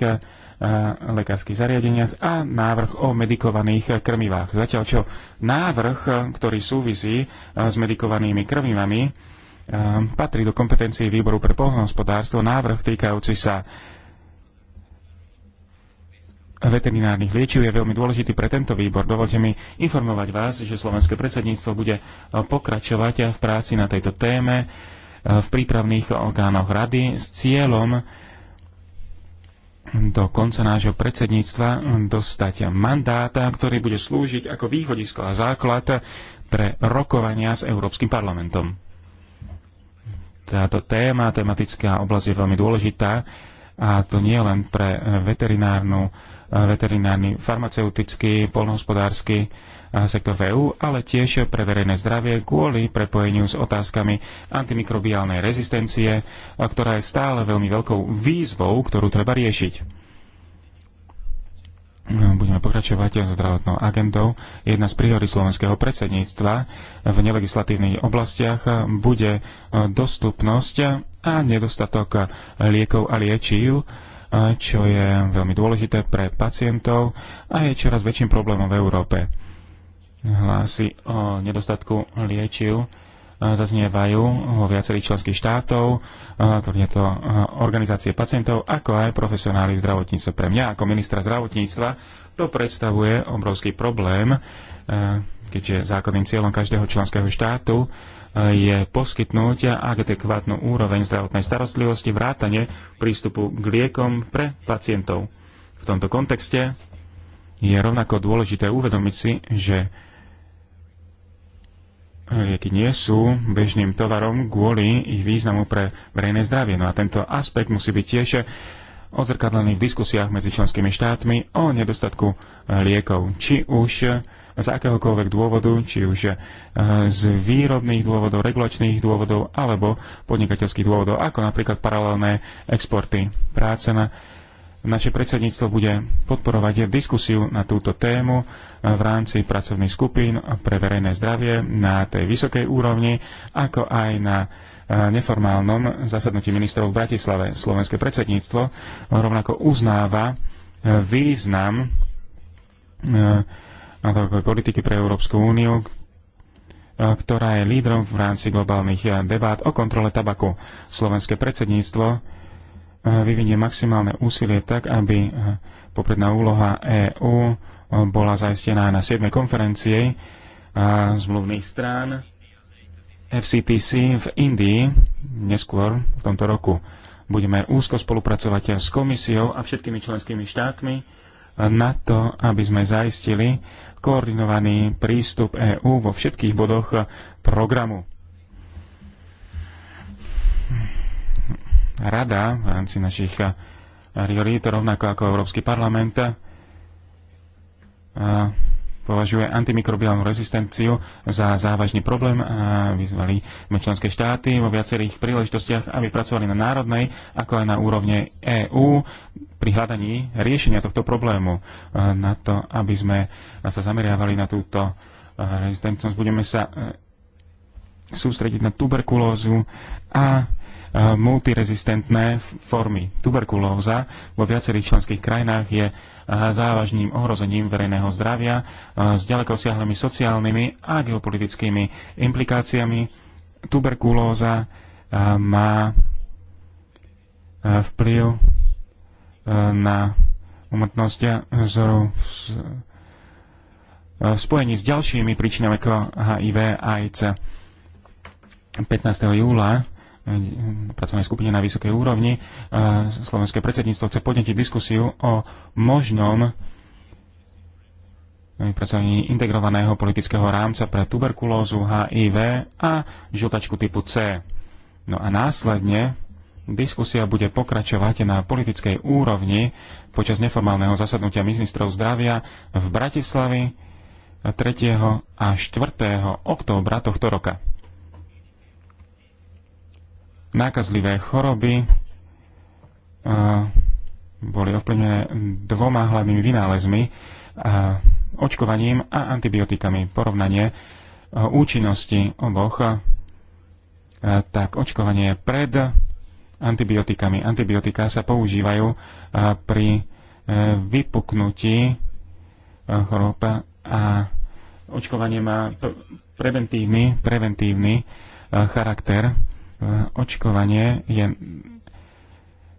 lekárskych zariadeniach a návrh o medikovaných krmivách. Zatiaľ čo návrh, ktorý súvisí e, s medikovanými krmivami, e, patrí do kompetencií výboru pre poľnohospodárstvo, návrh týkajúci sa veterinárnych liečiv je veľmi dôležitý pre tento výbor. Dovolte mi informovať vás, že slovenské predsedníctvo bude pokračovať v práci na tejto téme e, v prípravných orgánoch rady s cieľom do konca nášho predsedníctva dostať mandát, ktorý bude slúžiť ako východisko a základ pre rokovania s Európskym parlamentom. Táto téma, tematická oblasť je veľmi dôležitá a to nie len pre veterinárnu, veterinárny, farmaceutický, polnohospodársky, sektor v e ale tiež pre verejné zdravie kvôli prepojeniu s otázkami antimikrobiálnej rezistencie, ktorá je stále veľmi veľkou výzvou, ktorú treba riešiť. No, budeme pokračovať so zdravotnou agendou. Jedna z priory slovenského predsedníctva v nelegislatívnych oblastiach bude e, dostupnosť a nedostatok liekov a liečiv, e, čo je veľmi dôležité pre pacientov a je čoraz väčším problémom v Európe hlasy o nedostatku liečiv e, zaznievajú vo viacerých členských štátov, e, tvrdia to e, organizácie pacientov, ako aj profesionáli v zdravotníctve. Pre mňa ako ministra zdravotníctva to predstavuje obrovský problém, keďže základným cieľom každého členského štátu je poskytnúť adekvátnu úroveň zdravotnej starostlivosti, vrátane prístupu k liekom pre pacientov. V tomto kontexte je rovnako dôležité uvedomiť si, že lieky nie sú bežným tovarom kvôli ich významu pre verejné zdravie. No a tento aspekt musí byť tiež odzrkadlený v diskusiách medzi členskými štátmi o nedostatku e, liekov. Či už e, z akéhokoľvek dôvodu, či už e, z výrobných dôvodov, regulačných dôvodov alebo podnikateľských dôvodov, ako napríklad paralelné exporty. práce na naše predsedníctvo bude podporovať diskusiu na túto tému v rámci pracovných skupín pre verejné zdravie na tej vysokej úrovni, ako aj na e, neformálnom zasadnutí ministrov v Bratislave. Slovenské predsedníctvo rovnako uznáva e, význam e, politiky pre Európsku úniu, ktorá je lídrom v rámci globálnych debát o kontrole tabaku. Slovenské predsedníctvo Eh, vyvinie maximálne úsilie tak, aby eh, popredná úloha EÚ eh, bola zaistená na 7. konferencie zmluvných strán FCTC v Indii neskôr v tomto roku. Budeme úzko spolupracovať s komisiou a všetkými členskými štátmi na to, aby sme zaistili koordinovaný prístup EÚ vo všetkých bodoch programu rada v rámci našich eh, priorít, rovnako ako Európsky parlament, eh, považuje antimikrobiálnu rezistenciu za závažný problém a vyzvali členské štáty vo viacerých príležitostiach, aby pracovali na národnej, ako aj na úrovne EÚ pri hľadaní riešenia tohto problému. Eh, na to, aby sme sa zameriavali na túto rezistentnosť, budeme sa sústrediť na tuberkulózu a Eh, multirezistentné formy. Tuberkulóza vo viacerých členských krajinách je eh, závažným ohrozením verejného zdravia eh, s ďaleko siahlými sociálnymi a geopolitickými implikáciami. Tuberkulóza má vplyv na umrtnosť vzoru v spojení s ďalšími príčinami ako HIV a AIDS. 15. júla pracovnej skupine na vysokej úrovni. E, slovenské predsedníctvo chce podnetiť diskusiu o možnom vypracovaní e, integrovaného politického rámca pre tuberkulózu, HIV a žltačku typu C. No a následne diskusia bude pokračovať na politickej úrovni počas neformálneho zasadnutia ministrov zdravia v Bratislavi 3. a 4. októbra tohto roka nákazlivé choroby boli ovplyvnené dvoma hlavnými vynálezmi, očkovaním a antibiotikami. Porovnanie účinnosti oboch, tak očkovanie pred antibiotikami. Antibiotika sa používajú pri e, vypuknutí e, chorób a očkovanie má preventívny, preventívny charakter očkovanie je e,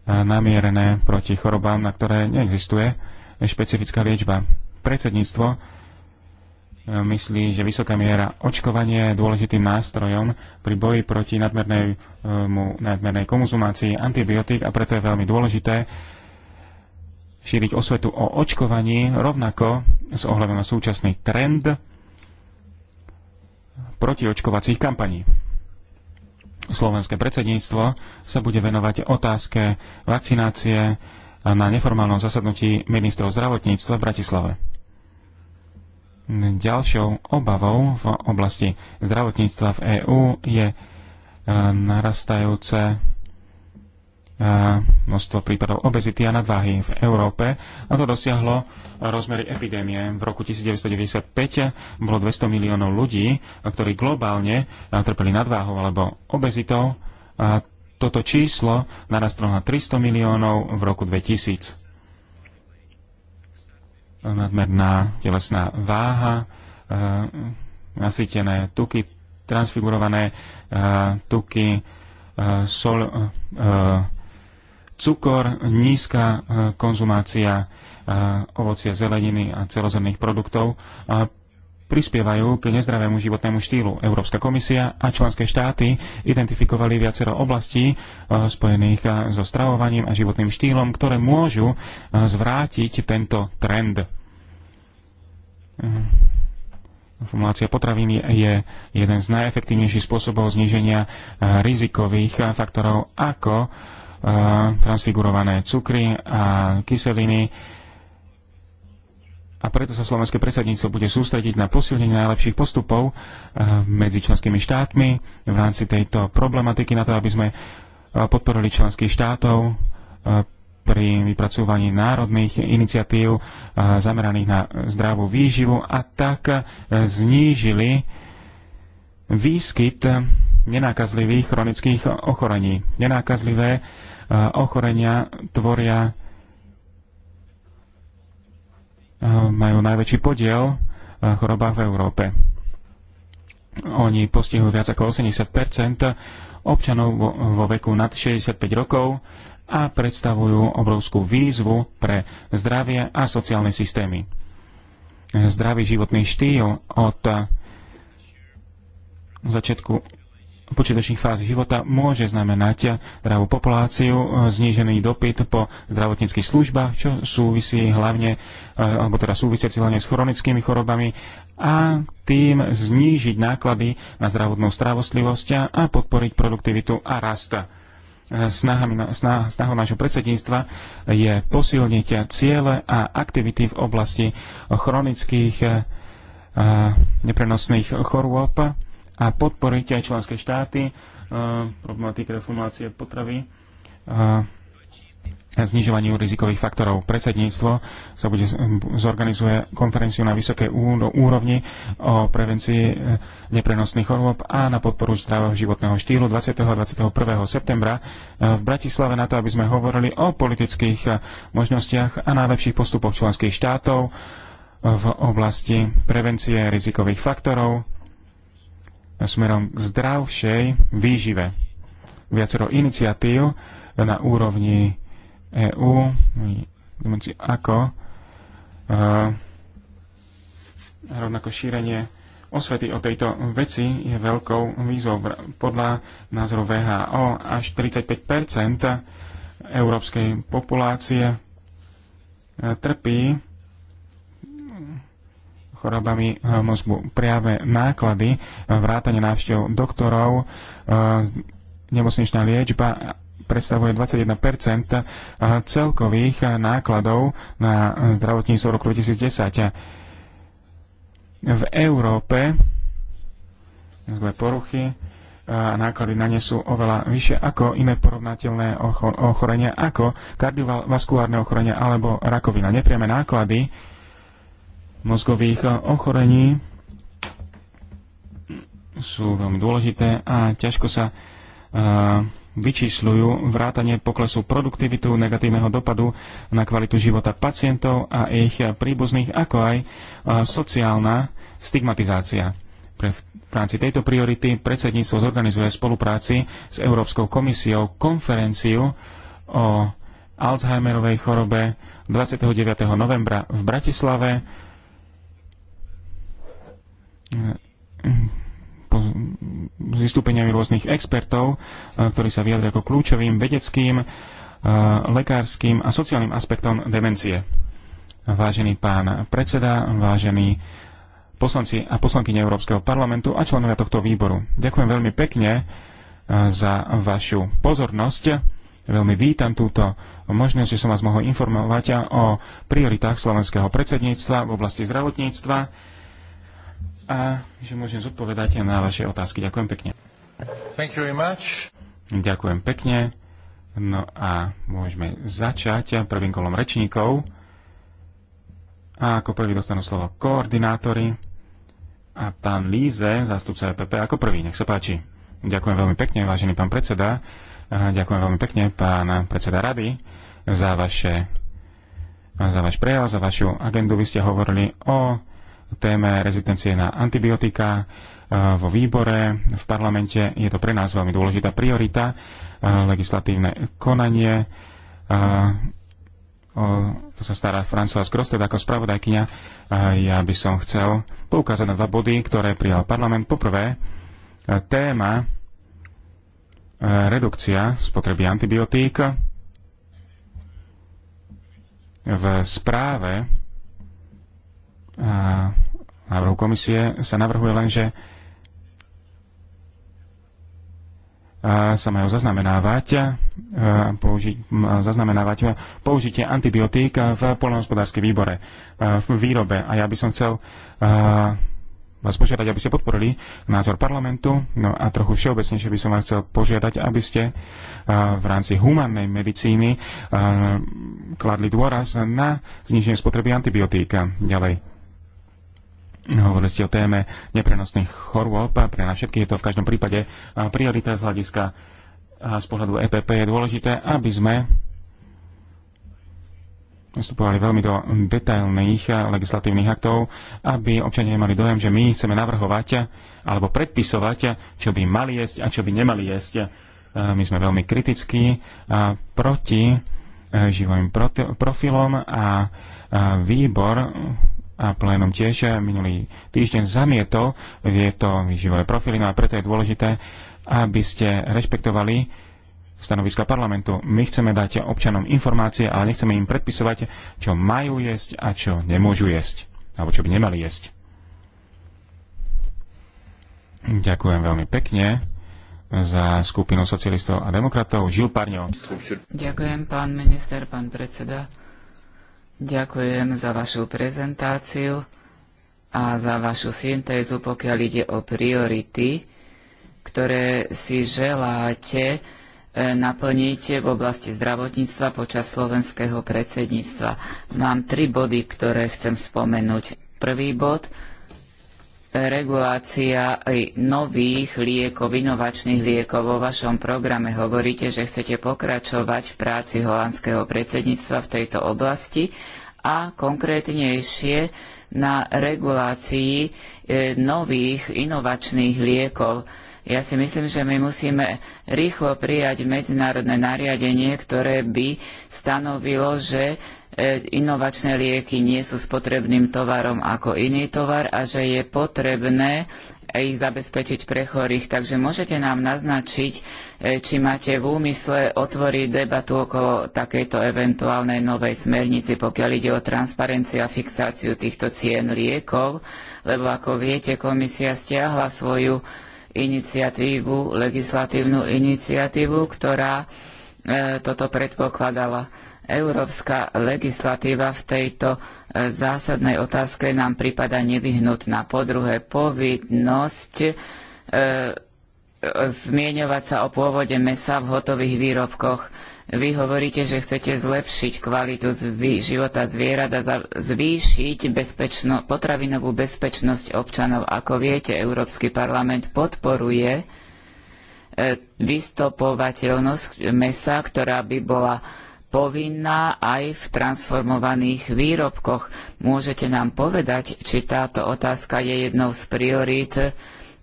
namierené proti chorobám, na ktoré neexistuje špecifická liečba. Predsedníctvo e, myslí, že vysoká miera očkovania je dôležitým nástrojom pri boji proti nadmernému, e, nadmernej konzumácii antibiotík a preto je veľmi dôležité šíriť osvetu o očkovaní rovnako s ohľadom na súčasný trend protiočkovacích kampaní slovenské predsedníctvo sa bude venovať otázke vakcinácie na neformálnom zasadnutí ministrov zdravotníctva v Bratislave. Ďalšou obavou v oblasti zdravotníctva v EÚ je eh, narastajúce množstvo prípadov obezity a nadváhy v Európe a to dosiahlo rozmery epidémie. V roku 1995 bolo 200 miliónov ľudí, ktorí globálne trpeli nadváhou alebo obezitou. A toto číslo narastlo na 300 miliónov v roku 2000. Nadmerná telesná váha, e, nasýtené tuky, transfigurované e, tuky, e, sol, cukor, nízka e, konzumácia e, ovocia, zeleniny a celozemných produktov e, prispievajú k nezdravému životnému štýlu. Európska komisia a členské štáty identifikovali viacero oblastí spojených so stravovaním a životným štýlom, ktoré môžu zvrátiť tento trend. Formulácia potravín je jeden z najefektívnejších spôsobov zníženia rizikových faktorov, ako transfigurované cukry a kyseliny. A preto sa slovenské predsedníctvo bude sústrediť na posilnenie najlepších postupov medzi členskými štátmi v rámci tejto problematiky na to, aby sme podporili členských štátov pri vypracúvaní národných iniciatív zameraných na zdravú výživu a tak znížili výskyt nenákazlivých chronických ochorení. Nenákazlivé ochorenia tvoria majú najväčší podiel choroba v Európe. Oni postihujú viac ako 80 občanov vo, vo veku nad 65 rokov a predstavujú obrovskú výzvu pre zdravie a sociálne systémy. Zdravý životný štýl od začiatku počiatočných fáz života môže znamenať zdravú populáciu, znížený dopyt po zdravotníckých službách, čo súvisí hlavne, e, alebo teda súvisiaci hlavne s chronickými chorobami a tým znížiť náklady na zdravotnú starostlivosť a podporiť produktivitu a rasta. Snahami, snah, snahou nášho predsedníctva je posilniť ciele a aktivity v oblasti chronických a e, neprenosných chorôb a podporiť aj členské štáty, e, problematika reformácie potravy e, a znižovaniu rizikových faktorov. Predsedníctvo sa bude, zorganizuje konferenciu na vysokej no, úrovni o prevencii e, neprenosných chorôb a na podporu zdravého životného štýlu 20. a 21. septembra v Bratislave na to, aby sme hovorili o politických možnostiach a najlepších postupoch členských štátov v oblasti prevencie rizikových faktorov smerom k zdravšej výžive. Viacero iniciatív na úrovni EÚ, ako eh, rovnako šírenie osvety o tejto veci je veľkou výzvou. Podľa názoru VHO až 35 európskej populácie eh, trpí chorobami eh, mozgu. Priave náklady, eh, vrátanie návštev doktorov, eh, nemocničná liečba predstavuje 21 celkových nákladov na zdravotníctvo roku 2010. V Európe zlé poruchy a náklady na ne sú oveľa vyššie ako iné porovnateľné ochorenia, ako kardiovaskulárne ochorenia alebo rakovina. Nepriame náklady mozgových ochorení sú veľmi dôležité a ťažko sa e, vyčísľujú vrátanie poklesu produktivitu, negatívneho dopadu na kvalitu života pacientov a ich príbuzných, ako aj e, sociálna stigmatizácia. Pre v rámci tejto priority predsedníctvo zorganizuje v spolupráci s Európskou komisiou konferenciu o Alzheimerovej chorobe 29. novembra v Bratislave vystúpeniami rôznych expertov, e, ktorí sa vyjadria ako kľúčovým vedeckým, e, lekárskym a sociálnym aspektom demencie. Vážený pán predseda, vážení poslanci a poslankyne Európskeho parlamentu a členovia tohto výboru. Ďakujem veľmi pekne e, za vašu pozornosť. Veľmi vítam túto možnosť, že som vás mohol informovať o prioritách slovenského predsedníctva v oblasti zdravotníctva a že môžem zodpovedať na vaše otázky. Ďakujem pekne. Thank you very much. Ďakujem pekne. No a môžeme začať prvým kolom rečníkov. A ako prvý dostanú slovo koordinátori a pán Líze, zástupca EPP, ako prvý. Nech sa páči. Ďakujem veľmi pekne, vážený pán predseda. Ďakujem veľmi pekne, pán predseda rady, za vaše za váš prejav, za vašu agendu. Vy ste hovorili o téme rezistencie na antibiotika eh, vo výbore, v parlamente. Je to pre nás veľmi dôležitá priorita, eh, legislatívne konanie. Eh, o, to sa stará François Grosted ako spravodajkynia. Ja by som chcel poukázať na dva body, ktoré prijal parlament. Poprvé, téma redukcia spotreby antibiotík v správe návrhu komisie sa navrhuje len, že sa majú zaznamenávať, použi- zaznamenávať použitie antibiotík v poľnohospodárskej výbore, v výrobe. A ja by som chcel vás požiadať, aby ste podporili názor parlamentu. No a trochu všeobecnejšie by som vás chcel požiadať, aby ste v rámci humannej medicíny kladli dôraz na zniženie spotreby antibiotíka ďalej Hovorili ste o téme neprenosných chorôb. a Pre nás všetkých je to v každom prípade priorita z hľadiska a z pohľadu EPP je dôležité, aby sme vstupovali veľmi do detailných legislatívnych aktov, aby občania mali dojem, že my chceme navrhovať alebo predpisovať, čo by mali jesť a čo by nemali jesť. My sme veľmi kritickí proti živým profilom a výbor a plénom tiež eh, minulý týždeň zamietol tieto výživové profily, no a preto je dôležité, aby ste rešpektovali stanoviska parlamentu. My chceme dať občanom informácie, ale nechceme im predpisovať, čo majú jesť a čo nemôžu jesť, alebo čo by nemali jesť. Ďakujem veľmi pekne za skupinu socialistov a demokratov. Žil Parňo. Ďakujem, pán minister, pán predseda. Ďakujem za vašu prezentáciu a za vašu syntézu, pokiaľ ide o priority, ktoré si želáte e, naplniť v oblasti zdravotníctva počas slovenského predsedníctva. Mám tri body, ktoré chcem spomenúť. Prvý bod regulácia nových liekov, inovačných liekov. Vo vašom programe hovoríte, že chcete pokračovať v práci holandského predsedníctva v tejto oblasti a konkrétnejšie na regulácii e, nových inovačných liekov. Ja si myslím, že my musíme rýchlo prijať medzinárodné nariadenie, ktoré by stanovilo, že E, inovačné lieky nie sú spotrebným tovarom ako iný tovar a že je potrebné ich zabezpečiť pre chorých. Takže môžete nám naznačiť, e, či máte v úmysle otvoriť debatu okolo takejto eventuálnej novej smernici, pokiaľ ide o transparenciu a fixáciu týchto cien liekov, lebo ako viete, komisia stiahla svoju iniciatívu, legislatívnu iniciatívu, ktorá e, toto predpokladala. Európska legislatíva v tejto e, zásadnej otázke nám prípada nevyhnutná. Po druhé, povinnosť e, zmieňovať sa o pôvode mesa v hotových výrobkoch. Vy hovoríte, že chcete zlepšiť kvalitu života zvierat a zvýšiť bezpečno, potravinovú bezpečnosť občanov. Ako viete, Európsky parlament podporuje e, vystopovateľnosť mesa, ktorá by bola povinná aj v transformovaných výrobkoch. Môžete nám povedať, či táto otázka je jednou z priorít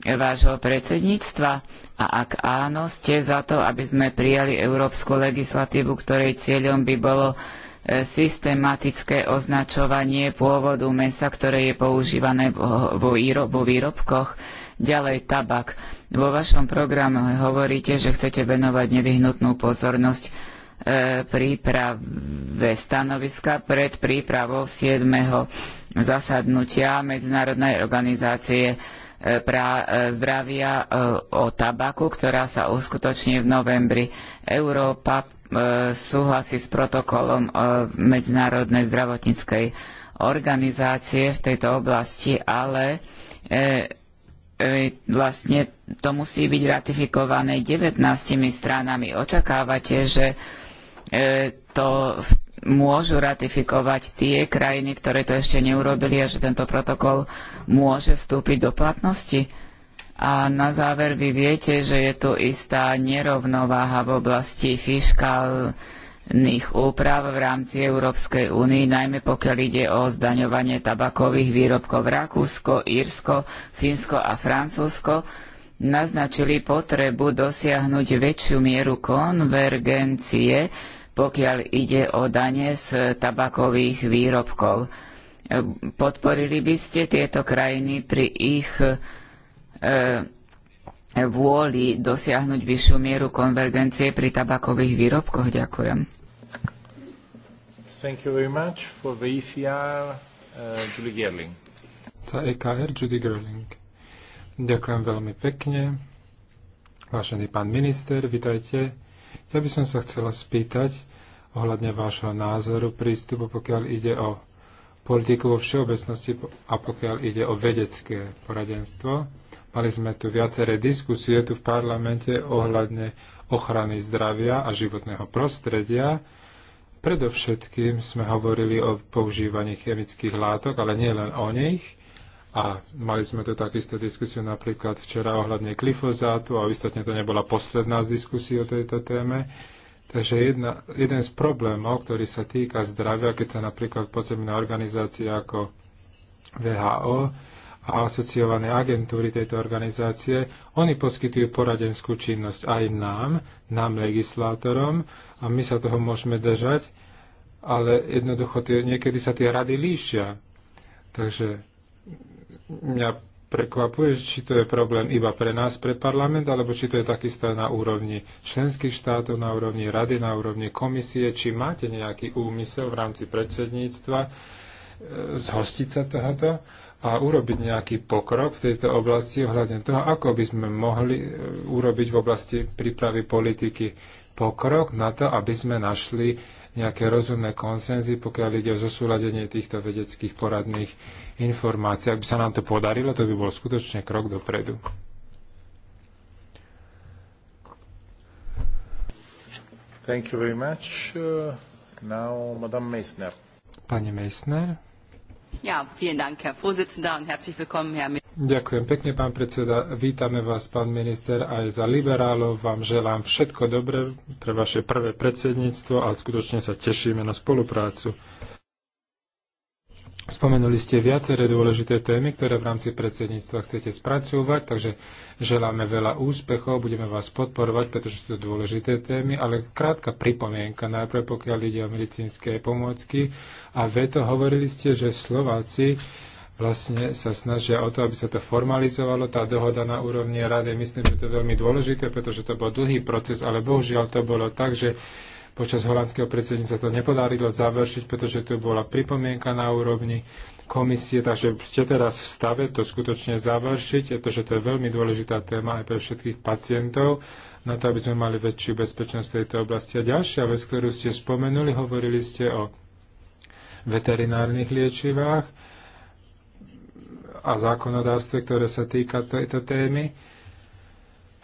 vášho predsedníctva? A ak áno, ste za to, aby sme prijali európsku legislatívu, ktorej cieľom by bolo e, systematické označovanie pôvodu mesa, ktoré je používané vo, výrobkoch, ďalej tabak. Vo vašom programe hovoríte, že chcete venovať nevyhnutnú pozornosť E, príprave stanoviska pred prípravou 7. zasadnutia Medzinárodnej organizácie e, pra e, zdravia o tabaku, ktorá sa uskutoční v novembri. Európa súhlasí s protokolom Medzinárodnej zdravotníckej organizácie v tejto oblasti, ale vlastne to musí byť ratifikované 19 stranami. Očakávate, že E, to môžu ratifikovať tie krajiny, ktoré to ešte neurobili a že tento protokol môže vstúpiť do platnosti. A na záver vy viete, že je tu istá nerovnováha v oblasti fiškálnych úprav v rámci Európskej únie, najmä pokiaľ ide o zdaňovanie tabakových výrobkov. Rakúsko, Írsko, Fínsko a Francúzsko naznačili potrebu dosiahnuť väčšiu mieru konvergencie pokiaľ ide o dane z tabakových výrobkov. Podporili by ste tieto krajiny pri ich e, vôli dosiahnuť vyššiu mieru konvergencie pri tabakových výrobkoch? Ďakujem. Thank you very much for the ECR, uh, Julie Gerling. Za EKR Judy Gerling. Ďakujem veľmi pekne. Vážený pán minister, vitajte. Ja by som sa chcela spýtať, ohľadne vášho názoru, prístupu, pokiaľ ide o politiku vo všeobecnosti a pokiaľ ide o vedecké poradenstvo. Mali sme tu viaceré diskusie tu v parlamente ohľadne ochrany zdravia a životného prostredia. Predovšetkým sme hovorili o používaní chemických látok, ale nie len o nich. A mali sme tu takisto diskusiu napríklad včera ohľadne glyfozátu a istotne to nebola posledná z diskusí o tejto téme. Takže jedna, jeden z problémov, ktorý sa týka zdravia, keď sa napríklad na organizácie ako VHO a asociované agentúry tejto organizácie, oni poskytujú poradenskú činnosť aj nám, nám legislátorom a my sa toho môžeme držať, ale jednoducho tie, niekedy sa tie rady líšia. Takže mňa prekvapuje, či to je problém iba pre nás, pre parlament, alebo či to je takisto aj na úrovni členských štátov, na úrovni rady, na úrovni komisie, či máte nejaký úmysel v rámci predsedníctva e, zhostiť sa tohoto a urobiť nejaký pokrok v tejto oblasti ohľadne toho, ako by sme mohli e, urobiť v oblasti prípravy politiky pokrok na to, aby sme našli nejaké rozumné konsenzy, pokiaľ ide o zosúladenie týchto vedeckých poradných informácií. Ak by sa nám to podarilo, to by bol skutočne krok dopredu. Thank you very much. Uh, now, Madame Meissner. Pani Meissner. Ja, Dank, Herr Vorsitzender, und herzlich willkommen, Herr Ďakujem pekne, pán predseda. Vítame vás, pán minister, aj za liberálov. Vám želám všetko dobré pre vaše prvé predsedníctvo a skutočne sa tešíme na spoluprácu. Spomenuli ste viaceré dôležité témy, ktoré v rámci predsedníctva chcete spracovať, takže želáme veľa úspechov, budeme vás podporovať, pretože sú to dôležité témy, ale krátka pripomienka najprv, pokiaľ ide o medicínske pomôcky. A veto hovorili ste, že Slováci vlastne sa snažia o to, aby sa to formalizovalo, tá dohoda na úrovni rady. Myslím, že to je veľmi dôležité, pretože to bol dlhý proces, ale bohužiaľ to bolo tak, že počas holandského predsedníctva to nepodarilo završiť, pretože tu bola pripomienka na úrovni komisie, takže ste teraz v stave to skutočne završiť, pretože to je veľmi dôležitá téma aj pre všetkých pacientov, na to, aby sme mali väčšiu bezpečnosť v tejto oblasti. A ďalšia vec, ktorú ste spomenuli, hovorili ste o veterinárnych liečivách a zákonodárstve, ktoré sa týka tejto témy.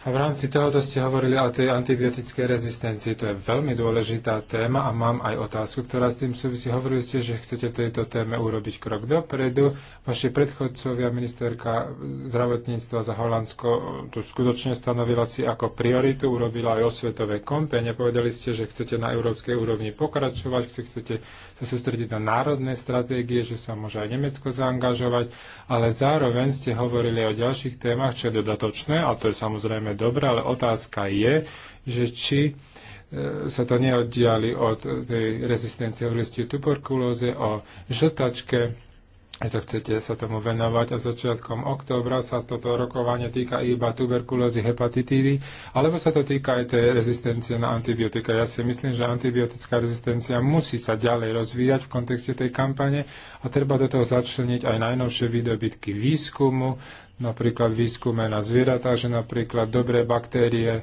A v rámci tohoto ste hovorili o tej antibiotickej rezistencii. To je veľmi dôležitá téma a mám aj otázku, ktorá s tým súvisí. Hovorili ste, že chcete tejto téme urobiť krok dopredu. Vaši predchodcovia, ministerka zdravotníctva za Holandsko, tu skutočne stanovila si ako prioritu, urobila aj osvetové kompe. Povedali ste, že chcete na európskej úrovni pokračovať, že chcete sa sústrediť na národné stratégie, že sa môže aj Nemecko zaangažovať, ale zároveň ste hovorili o ďalších témach, čo je dodatočné, a to je samozrejme dobré, ale otázka je, že či e, sa to neoddiali od tej rezistencie v listi tuberkulóze, o žltačke, že to chcete sa tomu venovať a začiatkom októbra sa toto rokovanie týka iba tuberkulózy hepatitídy, alebo sa to týka aj tej rezistencie na antibiotika. Ja si myslím, že antibiotická rezistencia musí sa ďalej rozvíjať v kontexte tej kampane a treba do toho začleniť aj najnovšie výdobytky výskumu, napríklad výskume na zvieratá, že napríklad dobré baktérie e,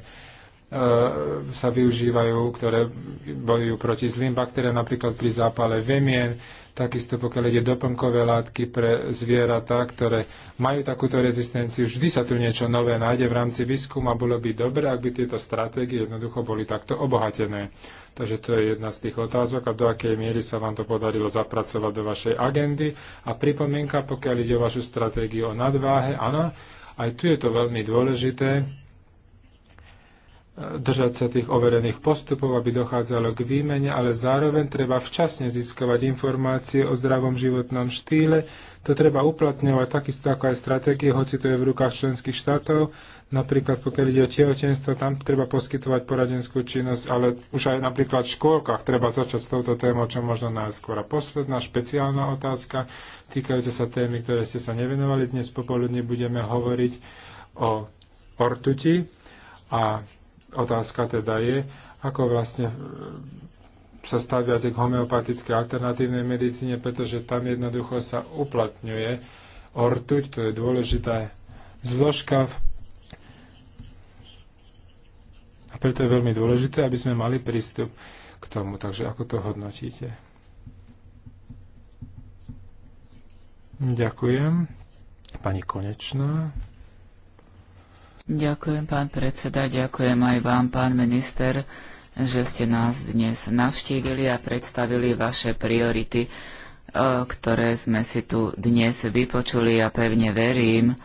sa využívajú, ktoré bojujú proti zlým baktériám, napríklad pri zápale vemien, Takisto pokiaľ ide doplnkové látky pre zvieratá, ktoré majú takúto rezistenciu, vždy sa tu niečo nové nájde v rámci výskumu a bolo by dobre, ak by tieto stratégie jednoducho boli takto obohatené. Takže to je jedna z tých otázok a do akej miery sa vám to podarilo zapracovať do vašej agendy. A pripomienka, pokiaľ ide o vašu stratégiu o nadváhe, áno, aj tu je to veľmi dôležité držať sa tých overených postupov, aby dochádzalo k výmene, ale zároveň treba včasne získavať informácie o zdravom životnom štýle. To treba uplatňovať takisto ako aj stratégie, hoci to je v rukách členských štátov. Napríklad pokiaľ ide o tehotenstvo, tam treba poskytovať poradenskú činnosť, ale už aj napríklad v škôlkach treba začať s touto témou, čo možno najskôr. A posledná špeciálna otázka, týkajúca sa témy, ktoré ste sa nevenovali. Dnes popoludne budeme hovoriť o ortuti a Otázka teda je, ako vlastne e, sa staviate k homeopatickej alternatívnej medicíne, pretože tam jednoducho sa uplatňuje ortuť, to je dôležitá zložka. A preto je veľmi dôležité, aby sme mali prístup k tomu. Takže ako to hodnotíte? Ďakujem. Pani Konečná. Ďakujem, pán predseda, ďakujem aj vám, pán minister, že ste nás dnes navštívili a predstavili vaše priority, e, ktoré sme si tu dnes vypočuli a ja pevne verím,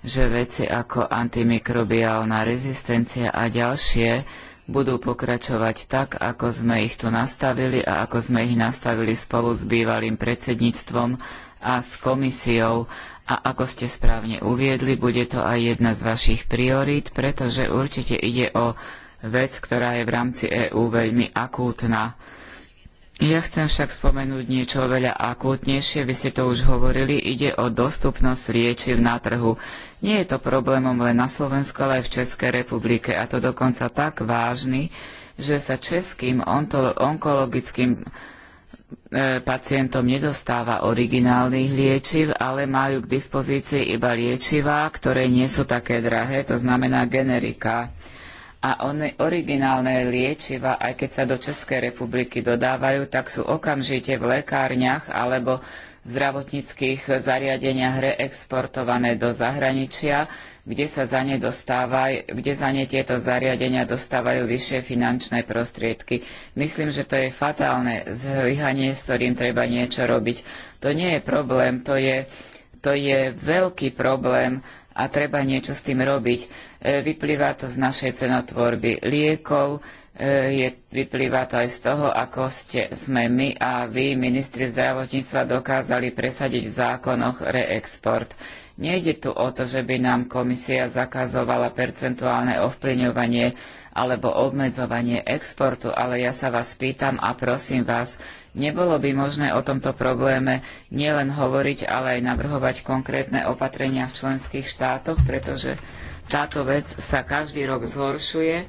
že veci ako antimikrobiálna rezistencia a ďalšie budú pokračovať tak, ako sme ich tu nastavili a ako sme ich nastavili spolu s bývalým predsedníctvom a s komisiou a ako ste správne uviedli, bude to aj jedna z vašich priorít, pretože určite ide o vec, ktorá je v rámci EÚ veľmi akútna. Ja chcem však spomenúť niečo veľa akútnejšie, vy ste to už hovorili, ide o dostupnosť liečiv na trhu. Nie je to problémom len na Slovensku, ale aj v Českej republike a to dokonca tak vážny, že sa českým onkologickým E, pacientom nedostáva originálnych liečiv, ale majú k dispozícii iba liečivá, ktoré nie sú také drahé, to znamená generika. A one, originálne liečiva, aj keď sa do Českej republiky dodávajú, tak sú okamžite v lekárniach alebo v zdravotníckých zariadeniach reexportované do zahraničia, kde sa za ne, kde za ne tieto zariadenia dostávajú vyššie finančné prostriedky. Myslím, že to je fatálne zlyhanie, s ktorým treba niečo robiť. To nie je problém, to je, to je veľký problém a treba niečo s tým robiť. E, vyplýva to z našej cenotvorby liekov, e, je, vyplýva to aj z toho, ako ste, sme my a vy, ministri zdravotníctva, dokázali presadiť v zákonoch reexport. Nejde tu o to, že by nám komisia zakazovala percentuálne ovplyvňovanie alebo obmedzovanie exportu, ale ja sa vás pýtam a prosím vás, nebolo by možné o tomto probléme nielen hovoriť, ale aj navrhovať konkrétne opatrenia v členských štátoch, pretože táto vec sa každý rok zhoršuje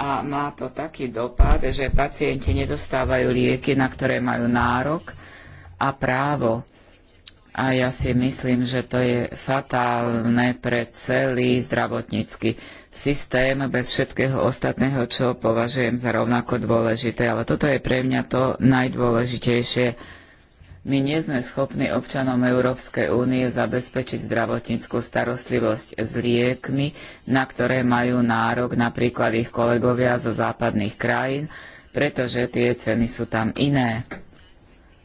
a má to taký dopad, že pacienti nedostávajú lieky, na ktoré majú nárok a právo. A ja si myslím, že to je fatálne pre celý zdravotnícky systém bez všetkého ostatného, čo považujem za rovnako dôležité. Ale toto je pre mňa to najdôležitejšie. My nie sme schopní občanom Európskej únie zabezpečiť zdravotníckú starostlivosť s liekmi, na ktoré majú nárok napríklad ich kolegovia zo západných krajín, pretože tie ceny sú tam iné.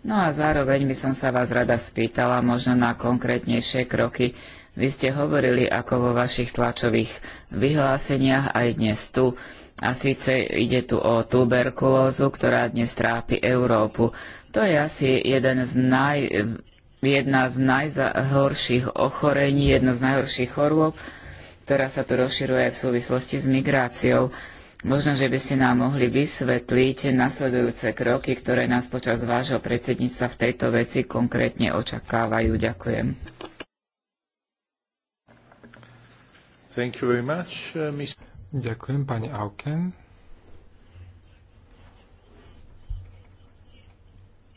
No a zároveň by som sa vás rada spýtala možno na konkrétnejšie kroky. Vy ste hovorili ako vo vašich tlačových vyhláseniach aj dnes tu. A síce ide tu o tuberkulózu, ktorá dnes trápi Európu. To je asi jeden z naj, jedna z najhorších ochorení, jedno z najhorších chorôb, ktorá sa tu rozširuje v súvislosti s migráciou. Možno, že by ste nám mohli vysvetliť nasledujúce kroky, ktoré nás počas vášho predsedníctva v tejto veci konkrétne očakávajú. Ďakujem. Thank you very much, uh, Ďakujem, pani Auken.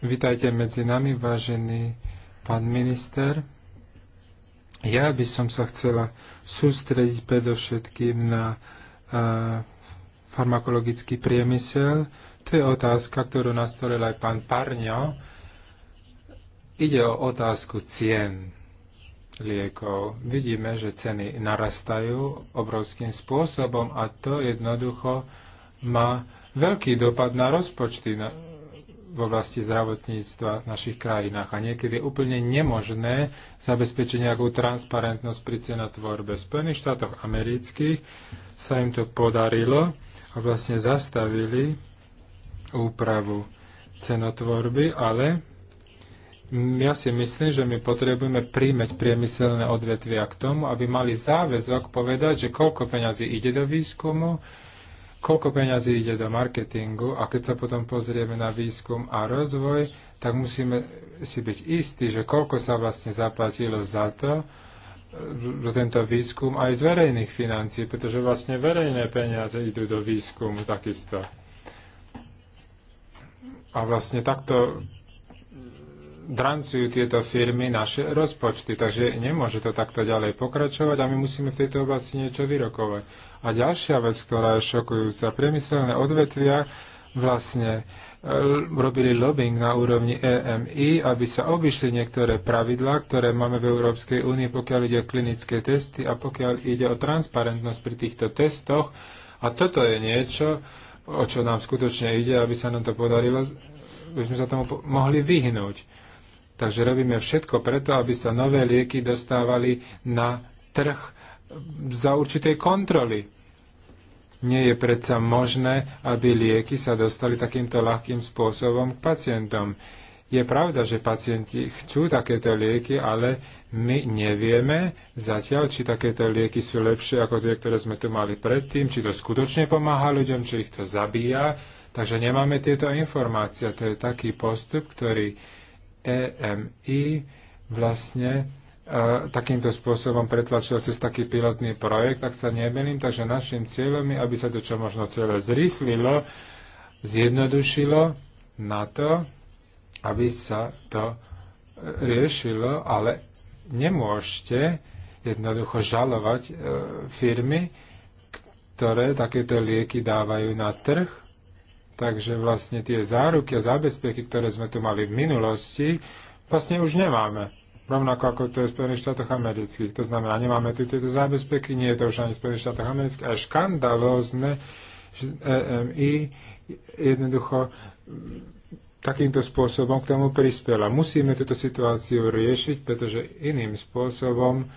Vítajte medzi nami, vážený pán minister. Ja by som sa chcela sústrediť predovšetkým na uh, farmakologický priemysel. To je otázka, ktorú nastolil aj pán Parňo. Ide o otázku cien liekov. Vidíme, že ceny narastajú obrovským spôsobom a to jednoducho má veľký dopad na rozpočty na, v oblasti zdravotníctva v našich krajinách a niekedy je úplne nemožné zabezpečiť nejakú transparentnosť pri cenotvorbe. V Spojených štátoch amerických sa im to podarilo a vlastne zastavili úpravu cenotvorby, ale ja si myslím, že my potrebujeme príjmeť priemyselné odvetvia k tomu, aby mali záväzok povedať, že koľko peňazí ide do výskumu, koľko peňazí ide do marketingu a keď sa potom pozrieme na výskum a rozvoj, tak musíme si byť istí, že koľko sa vlastne zaplatilo za to, za e, tento výskum aj z verejných financií, pretože vlastne verejné peniaze idú do výskumu takisto. A vlastne takto drancujú tieto firmy naše rozpočty, takže nemôže to takto ďalej pokračovať a my musíme v tejto oblasti niečo vyrokovať. A ďalšia vec, ktorá je šokujúca, priemyselné odvetvia vlastne uh, robili lobbying na úrovni EMI, aby sa obišli niektoré pravidlá, ktoré máme v Európskej únii, pokiaľ ide o klinické testy a pokiaľ ide o transparentnosť pri týchto testoch. A toto je niečo, o čo nám skutočne ide, aby sa nám to podarilo, aby sme sa tomu mohli vyhnúť. Takže robíme všetko preto, aby sa nové lieky dostávali na trh za určitej kontroly nie je predsa možné, aby lieky sa dostali takýmto ľahkým spôsobom k pacientom. Je pravda, že pacienti chcú takéto lieky, ale my nevieme zatiaľ, či takéto lieky sú lepšie ako tie, ktoré sme tu mali predtým, či to skutočne pomáha ľuďom, či ich to zabíja. Takže nemáme tieto informácie. To je taký postup, ktorý EMI vlastne takýmto spôsobom pretlačil cez taký pilotný projekt, ak sa nemením. Takže našim cieľom je, aby sa to čo možno celé zrýchlilo, zjednodušilo na to, aby sa to e, riešilo, ale nemôžete jednoducho žalovať e, firmy, ktoré takéto lieky dávajú na trh. Takže vlastne tie záruky a zábezpeky, ktoré sme tu mali v minulosti, vlastne už nemáme rovnako ako to je v Spojených štátoch amerických. To znamená, nemáme tu tieto zábezpeky, nie je to už ani v Spojených štátoch amerických. A škandalózne, že EMI jednoducho takýmto spôsobom k tomu prispela. Musíme túto situáciu riešiť, pretože iným spôsobom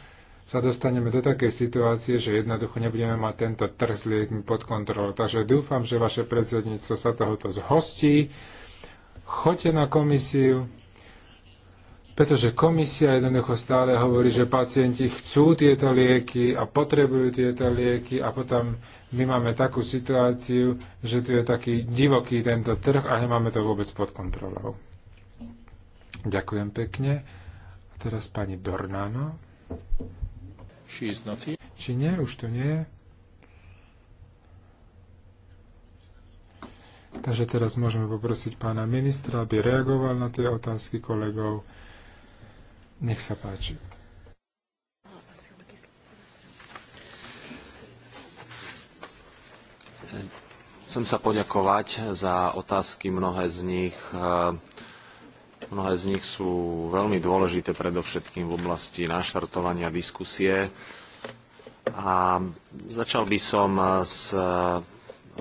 sa dostaneme do takej situácie, že jednoducho nebudeme mať tento trh s liekmi pod kontrolou. Takže dúfam, že vaše predsedníctvo sa tohoto zhostí. Choďte na komisiu, pretože komisia jednoducho stále hovorí, že pacienti chcú tieto lieky a potrebujú tieto lieky a potom my máme takú situáciu, že tu je taký divoký tento trh a nemáme to vôbec pod kontrolou. Ďakujem pekne. A teraz pani Dornano. Či nie? Už tu nie je? Takže teraz môžeme poprosiť pána ministra, aby reagoval na tie otázky kolegov. Nech sa páči. Chcem sa poďakovať za otázky, mnohé z nich. Eh, mnohé z nich sú veľmi dôležité, predovšetkým v oblasti naštartovania diskusie. A začal by som eh, s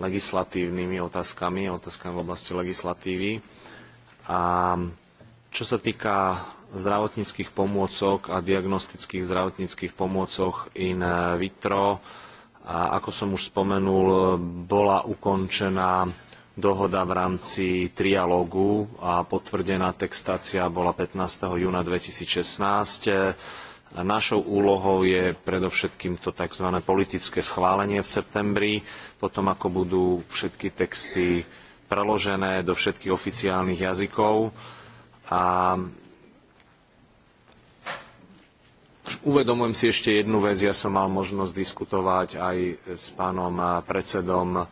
legislatívnymi otázkami, otázkami v oblasti legislatívy. A čo sa týka zdravotníckých pomôcok a diagnostických zdravotníckých pomôcok in vitro. A ako som už spomenul, bola ukončená dohoda v rámci trialógu a potvrdená textácia bola 15. júna 2016. Našou úlohou je predovšetkým to tzv. politické schválenie v septembri, potom ako budú všetky texty preložené do všetkých oficiálnych jazykov. A Uvedomujem si ešte jednu vec. Ja som mal možnosť diskutovať aj s pánom predsedom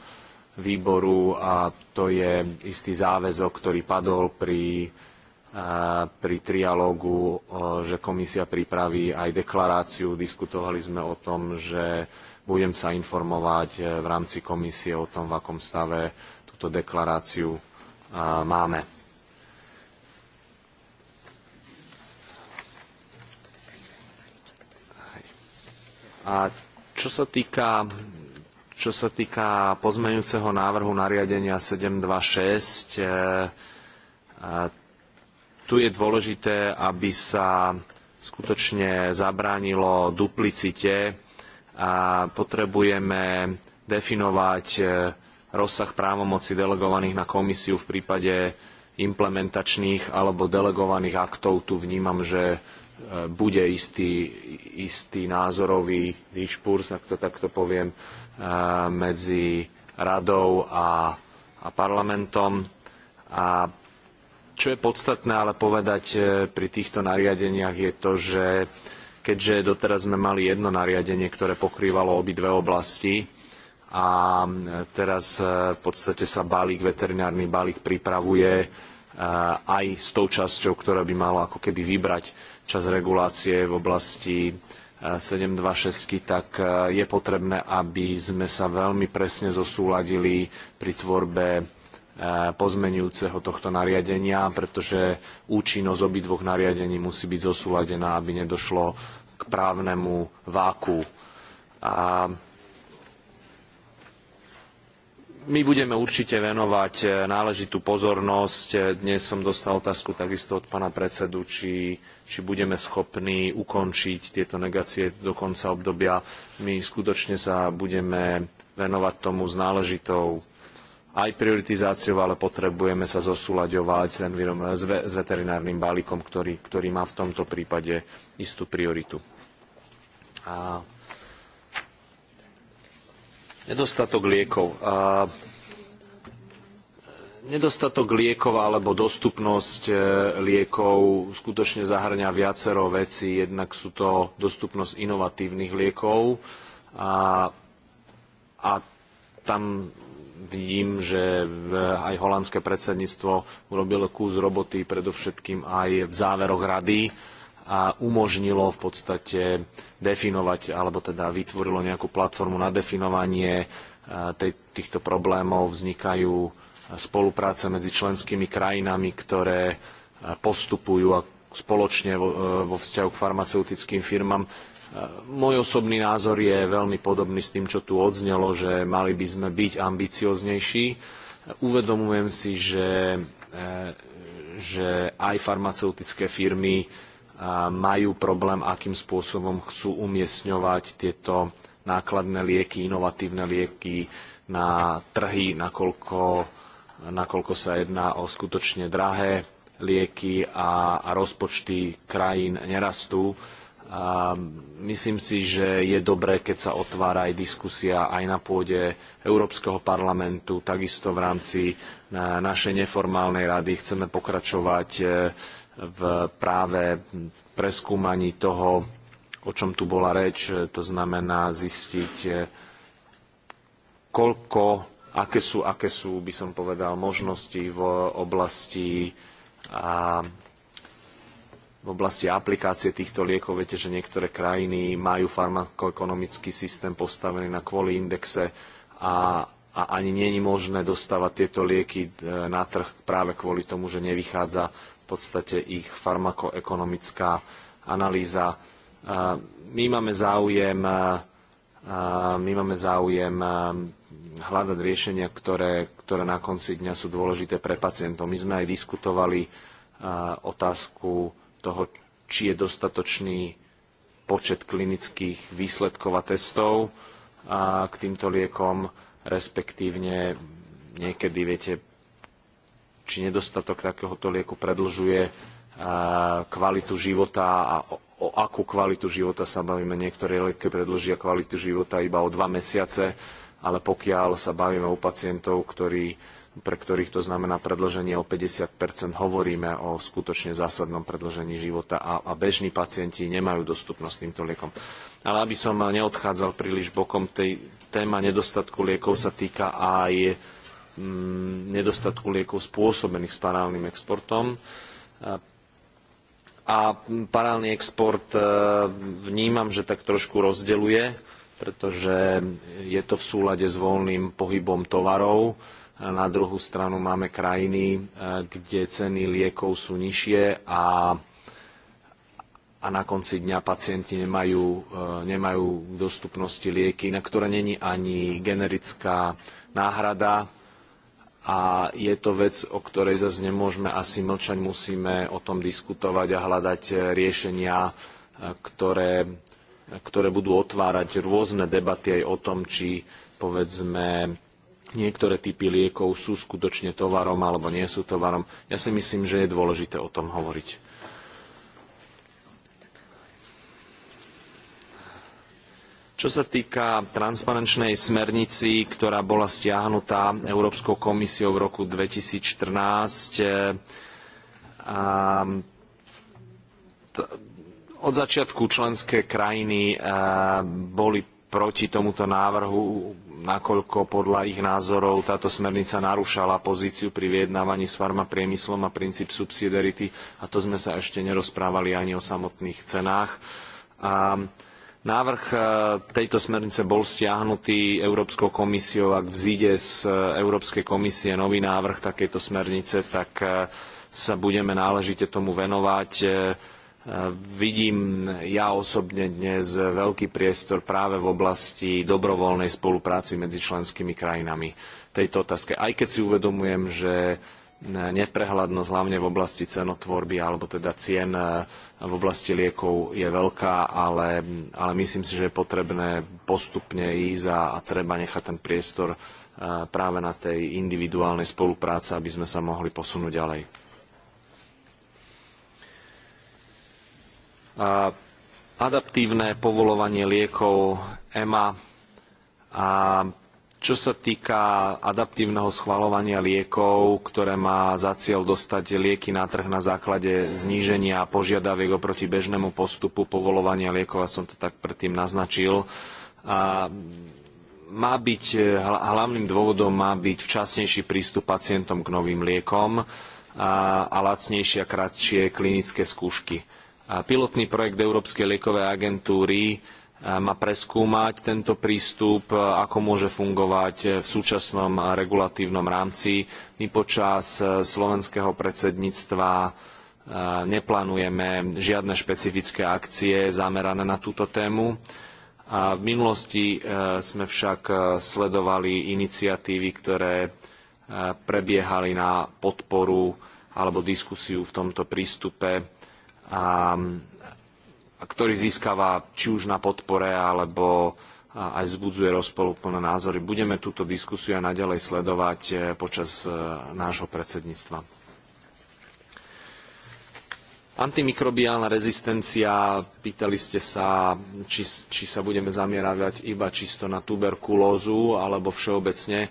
výboru a to je istý záväzok, ktorý padol pri, eh, pri trialógu, eh, že komisia pripraví aj deklaráciu. Diskutovali sme o tom, že budem sa informovať eh, v rámci komisie o tom, v akom stave túto deklaráciu máme. A čo sa týka čo sa týka pozmeňujúceho návrhu nariadenia 726, e, e, tu je dôležité, aby sa skutočne zabránilo duplicite a potrebujeme definovať e, rozsah právomoci delegovaných na komisiu v prípade implementačných alebo delegovaných aktov. Tu vnímam, že bude istý, istý názorový výšpurs, ak to takto poviem, eh, medzi radou a, a parlamentom. A čo je podstatné ale povedať eh, pri týchto nariadeniach je to, že keďže doteraz sme mali jedno nariadenie, ktoré pokrývalo obidve oblasti a eh, teraz v podstate sa balík, veterinárny balík pripravuje aj s tou časťou, ktorá by mala ako keby vybrať čas regulácie v oblasti 726, eh, tak eh, je potrebné, aby sme sa veľmi presne zosúladili pri tvorbe eh, pozmenujúceho tohto nariadenia, pretože účinnosť obidvoch nariadení musí byť zosúladená, aby nedošlo k právnemu váku. A my budeme určite venovať e, náležitú pozornosť. E, dnes som dostal otázku takisto od pána predsedu, či, či budeme schopní ukončiť tieto negácie do konca obdobia. My skutočne sa budeme venovať tomu s náležitou aj prioritizáciou, ale potrebujeme sa zosúľaďovať s, s, veterinárnym balíkom, ktorý, ktorý, má v tomto prípade istú prioritu. A Nedostatok liekov. A nedostatok liekov alebo dostupnosť e, liekov skutočne zahŕňa viacero vecí. Jednak sú to dostupnosť inovatívnych liekov a, a tam vidím, že aj holandské predsedníctvo urobilo kus roboty, predovšetkým aj v záveroch rady a umožnilo v podstate definovať, alebo teda vytvorilo nejakú platformu na definovanie e, týchto problémov. Vznikajú e, spolupráce medzi členskými krajinami, ktoré e, postupujú spoločne vo vzťahu k farmaceutickým firmám. Môj osobný názor je veľmi podobný s tým, čo tu odznelo, že mali by sme byť ambicioznejší. Uvedomujem si, že, že aj farmaceutické firmy majú problém, akým spôsobom chcú umiestňovať tieto nákladné lieky, inovatívne lieky na trhy, nakoľko, nakoľko sa jedná o skutočne drahé lieky a, a rozpočty krajín nerastú. A myslím si, že je dobré, keď sa otvára aj diskusia aj na pôde Európskeho parlamentu, takisto v rámci na e, našej neformálnej rady. Chceme pokračovať e, v práve preskúmaní toho, o čom tu bola reč, to znamená zistiť, e, koľko, aké sú, aké sú, by som povedal, možnosti v oblasti a v oblasti aplikácie týchto liekov. Viete, že niektoré krajiny majú farmakoekonomický systém postavený na kvôli indexe a, a ani není možné dostávať tieto lieky e, na trh práve kvôli tomu, že nevychádza podstate ich farmakoekonomická analýza. My máme záujem, my máme záujem hľadať riešenia, ktoré, ktoré na konci dňa sú dôležité pre pacientov. My sme aj diskutovali otázku toho, či je dostatočný počet klinických výsledkov a testov k týmto liekom, respektívne niekedy, viete, či nedostatok takéhoto lieku predlžuje kvalitu života a o akú kvalitu života sa bavíme. Niektoré lieky predlžia kvalitu života iba o dva mesiace, ale pokiaľ sa bavíme o pacientov, ktorí, pre ktorých to znamená predlženie o 50 hovoríme o skutočne zásadnom predlžení života a, a bežní pacienti nemajú dostupnosť týmto liekom. Ale aby som neodchádzal príliš bokom, tej téma nedostatku liekov sa týka aj Mm, nedostatku liekov spôsobených parálnym exportom. A parálny export e, vnímam, že tak trošku rozdeľuje, pretože je to v súlade s voľným pohybom tovarov. Na druhú stranu máme krajiny, e, kde ceny liekov sú nižšie a a na konci dňa pacienti nemajú, e, nemajú k dostupnosti lieky, na ktoré není ani generická náhrada, a je to vec, o ktorej zase nemôžeme asi mlčať, musíme o tom diskutovať a hľadať eh, riešenia, eh, ktoré, ktoré budú otvárať rôzne debaty aj o tom, či povedzme niektoré typy liekov sú skutočne tovarom alebo nie sú tovarom. Ja si myslím, že je dôležité o tom hovoriť. Čo sa týka transparenčnej smernici, ktorá bola stiahnutá Európskou komisiou v roku 2014, eh, od začiatku členské krajiny eh, boli proti tomuto návrhu, nakoľko podľa ich názorov táto smernica narúšala pozíciu pri vyjednávaní s farmapriemyslom a princíp subsidiarity, a to sme sa ešte nerozprávali ani o samotných cenách. Návrh e, tejto smernice bol stiahnutý Európskou komisiou. Ak vzíde z e, Európskej komisie nový návrh takejto smernice, tak e, sa budeme náležite tomu venovať. Vidím ja osobne dnes veľký priestor práve v oblasti dobrovoľnej spolupráci medzi členskými krajinami tejto otázke. Aj keď si uvedomujem, že neprehľadnosť hlavne v oblasti cenotvorby alebo teda cien e, v oblasti liekov je veľká, ale, ale myslím si, že je potrebné postupne ísť a, a treba nechať ten priestor e, práve na tej individuálnej spolupráce, aby sme sa mohli posunúť ďalej. Adaptívne povolovanie liekov EMA a čo sa týka adaptívneho schvaľovania liekov, ktoré má za cieľ dostať lieky na trh na základe zníženia požiadaviek oproti bežnému postupu povolovania liekov, a som to tak predtým naznačil, a má byť, hlavným dôvodom má byť včasnejší prístup pacientom k novým liekom a lacnejšie a kratšie klinické skúšky. A pilotný projekt Európskej liekovej agentúry má preskúmať tento prístup, e, ako môže fungovať e, v súčasnom regulatívnom rámci. My počas e, slovenského predsedníctva neplánujeme žiadne špecifické akcie zamerané na túto tému. A v minulosti sme však sledovali iniciatívy, ktoré prebiehali na podporu alebo diskusiu v tomto prístupe a ktorý získava či už na podpore, alebo aj vzbudzuje rozpolúplné názory. Budeme túto diskusiu aj naďalej sledovať e, počas e, nášho predsedníctva. Antimikrobiálna rezistencia, pýtali ste sa, či, či sa budeme zamieravať iba čisto na tuberkulózu alebo všeobecne. E,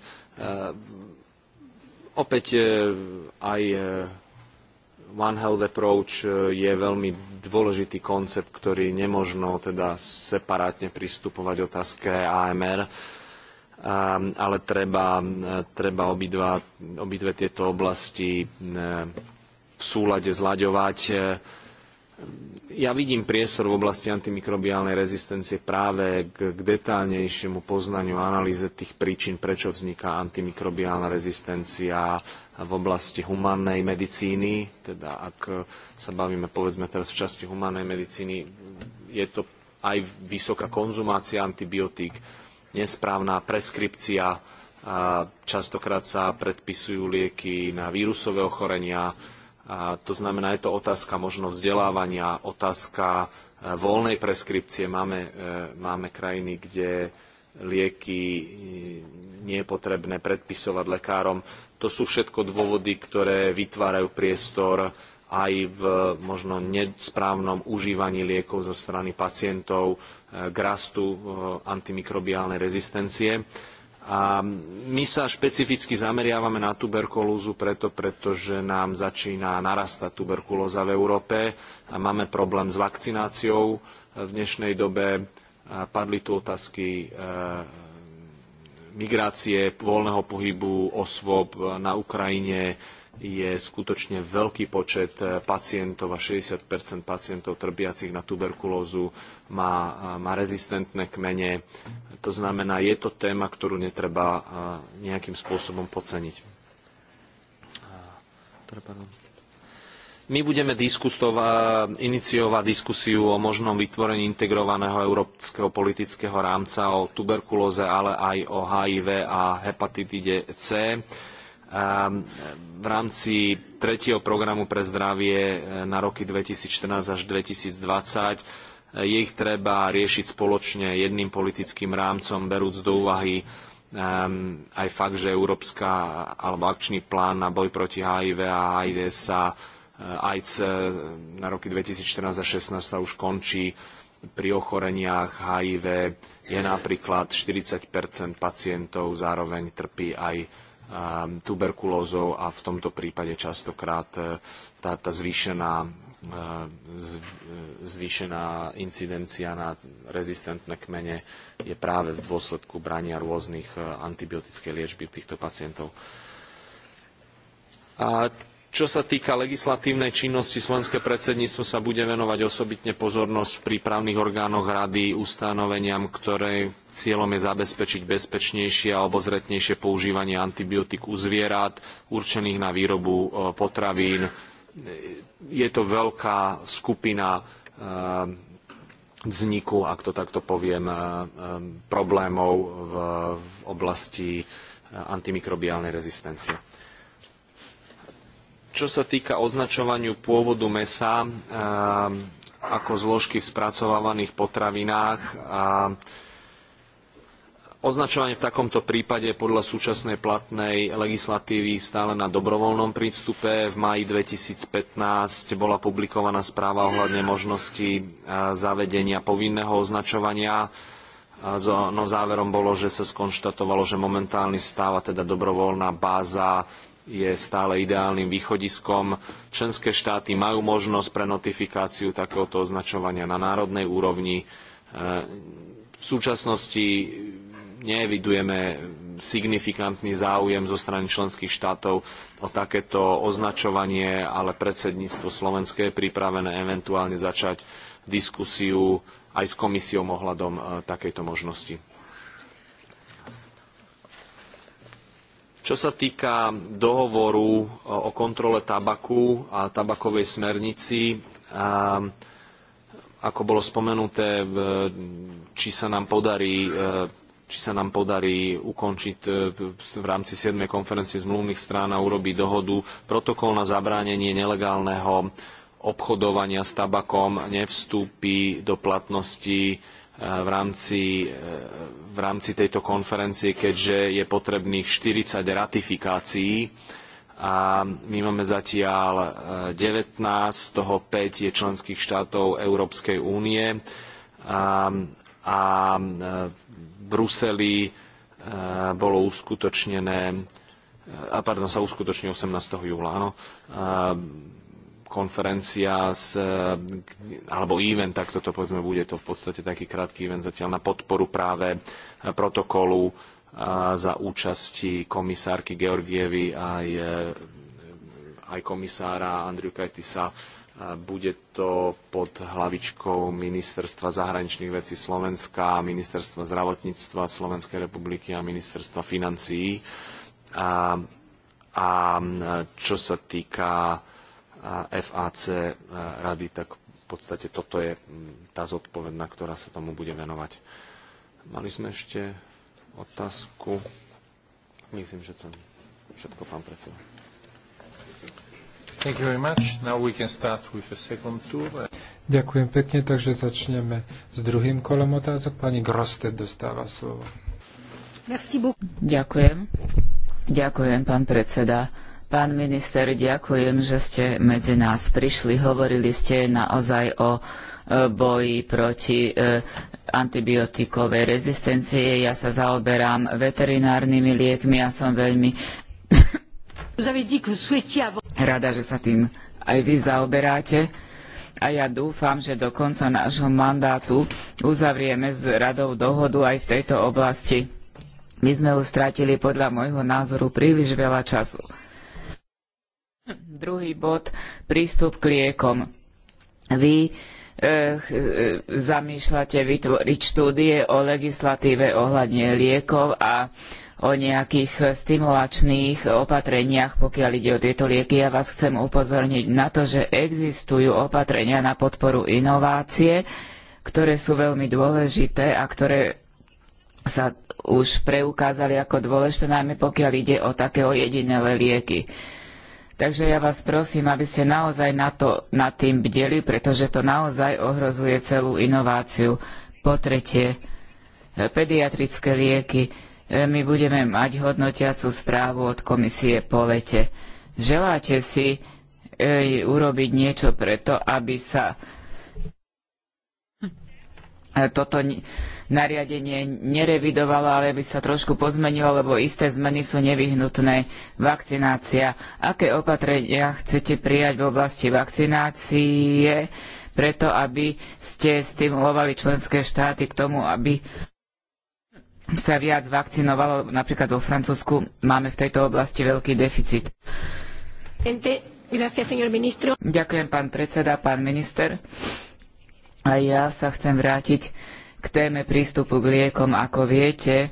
opäť e, aj One Health Approach e, je veľmi dôležitý koncept, ktorý nemožno teda separátne pristupovať otázke AMR, ehm, ale treba, e, treba obidva, obidve tieto oblasti e, v súlade zlaďovať ja vidím priestor v oblasti antimikrobiálnej rezistencie práve k, k detálnejšiemu poznaniu analýze tých príčin, prečo vzniká antimikrobiálna rezistencia v oblasti humannej medicíny. Teda ak sa bavíme povedzme teraz v časti humannej medicíny, je to aj vysoká konzumácia antibiotík, nesprávna preskripcia, častokrát sa predpisujú lieky na vírusové ochorenia, a to znamená, je to otázka možno vzdelávania, otázka e, voľnej preskripcie. Máme, e, máme krajiny, kde lieky e, nie je potrebné predpisovať lekárom. To sú všetko dôvody, ktoré vytvárajú priestor aj v možno nesprávnom užívaní liekov zo strany pacientov k rastu antimikrobiálnej rezistencie. A my sa špecificky zameriavame na tuberkulózu preto, pretože nám začína narastať tuberkulóza v Európe a máme problém s vakcináciou v dnešnej dobe. E, padli tu otázky e, migrácie, voľného pohybu osôb na Ukrajine je skutočne veľký počet e, pacientov a 60 pacientov trpiacich na tuberkulózu má, má rezistentné kmene to znamená, je to téma, ktorú netreba nejakým spôsobom poceniť. My budeme iniciovať diskusiu o možnom vytvorení integrovaného európskeho politického rámca o tuberkulóze, ale aj o HIV a hepatitide C. V rámci tretieho programu pre zdravie e, na roky 2014 až 2020 je ich treba riešiť spoločne jedným politickým rámcom, berúc do úvahy um, aj fakt, že Európska alebo akčný plán na boj proti HIV a AIDS sa eh, AIDS eh, na roky 2014 a 2016 sa už končí. Pri ochoreniach HIV je napríklad 40 pacientov zároveň trpí aj ehm, tuberkulózou a v tomto prípade častokrát eh, tá, tá zvýšená E, zvýšená incidencia na rezistentné kmene je práve v dôsledku brania rôznych e, antibiotickej liečby týchto pacientov. A čo sa týka legislatívnej činnosti, slovenské predsedníctvo sa bude venovať osobitne pozornosť v prípravných orgánoch rady ustanoveniam, ktoré cieľom je zabezpečiť bezpečnejšie a obozretnejšie používanie antibiotík u zvierat určených na výrobu e, potravín je to veľká skupina eh, vzniku, ak to takto poviem, eh, eh, problémov v oblasti antimikrobiálnej rezistencie. Čo sa týka označovaniu pôvodu mesa ako zložky v spracovávaných potravinách, Označovanie v takomto prípade podľa súčasnej platnej legislatívy stále na dobrovoľnom prístupe. V máji 2015 bola publikovaná správa ohľadne možnosti e, zavedenia povinného označovania. E, no záverom bolo, že sa skonštatovalo, že momentálny stav, a teda dobrovoľná báza, je stále ideálnym východiskom. Členské štáty majú možnosť pre notifikáciu takéhoto označovania na národnej úrovni. E, v súčasnosti neevidujeme signifikantný záujem zo strany členských štátov o takéto označovanie, ale predsedníctvo slovenské je pripravené eventuálne začať diskusiu aj s komisiou ohľadom e, takejto možnosti. Čo sa týka dohovoru e, o kontrole tabaku a tabakovej smernici, a e, ako bolo spomenuté, či sa nám podarí či sa nám podarí ukončiť e, v rámci 7. konferencie zmluvných strán a urobiť dohodu protokol na zabránenie nelegálneho obchodovania s tabakom nevstúpi do platnosti e, v rámci, e, v rámci tejto konferencie, keďže je potrebných 40 ratifikácií a my máme zatiaľ 19, z toho 5 je členských štátov Európskej únie a, a Bruseli e, bolo uskutočnené e, a pardon, sa uskutoční 18. júla, áno, e, konferencia s, alebo event, tak toto povedzme, bude to v podstate taký krátky event zatiaľ na podporu práve protokolu za účasti komisárky Georgievy aj, aj komisára Andriu Kajtisa bude to pod hlavičkou Ministerstva zahraničných vecí Slovenska, Ministerstva zdravotníctva Slovenskej republiky a Ministerstva financií. A, a čo sa týka FAC e, rady, tak v podstate toto je tá zodpovedná, ktorá sa tomu bude venovať. Mali sme ešte otázku. Myslím, že to všetko, pán predseda. Ďakujem pekne, takže začneme s druhým kolom otázok. Pani Groste dostáva slovo. Ďakujem. Ďakujem, pán predseda. Pán minister, ďakujem, že ste medzi nás prišli. Hovorili ste naozaj o e, boji proti e, antibiotikovej rezistencie. Ja sa zaoberám veterinárnymi liekmi a som veľmi Rada, že sa tým aj vy zaoberáte a ja dúfam, že do konca nášho mandátu uzavrieme s radou dohodu aj v tejto oblasti. My sme už stratili podľa môjho názoru príliš veľa času. Druhý bod, prístup k liekom. Vy e, zamýšľate vytvoriť štúdie o legislatíve ohľadne liekov a o nejakých stimulačných opatreniach, pokiaľ ide o tieto lieky. Ja vás chcem upozorniť na to, že existujú opatrenia na podporu inovácie, ktoré sú veľmi dôležité a ktoré sa už preukázali ako dôležité, najmä pokiaľ ide o také ojedinelé lieky. Takže ja vás prosím, aby ste naozaj na to, nad tým bdeli, pretože to naozaj ohrozuje celú inováciu. Po tretie, pediatrické lieky E, my budeme mať hodnotiacu správu od komisie po lete. Želáte si e, urobiť niečo preto, aby sa e, toto nariadenie nerevidovalo, ale by sa trošku pozmenilo, lebo isté zmeny sú nevyhnutné. Vakcinácia. Aké opatrenia chcete prijať v oblasti vakcinácie preto, aby ste stimulovali členské štáty k tomu, aby sa viac vakcinovalo, napríklad vo Francúzsku máme v tejto oblasti veľký deficit. Ďakujem, pán predseda, pán minister. A ja sa chcem vrátiť k téme prístupu k liekom. Ako viete,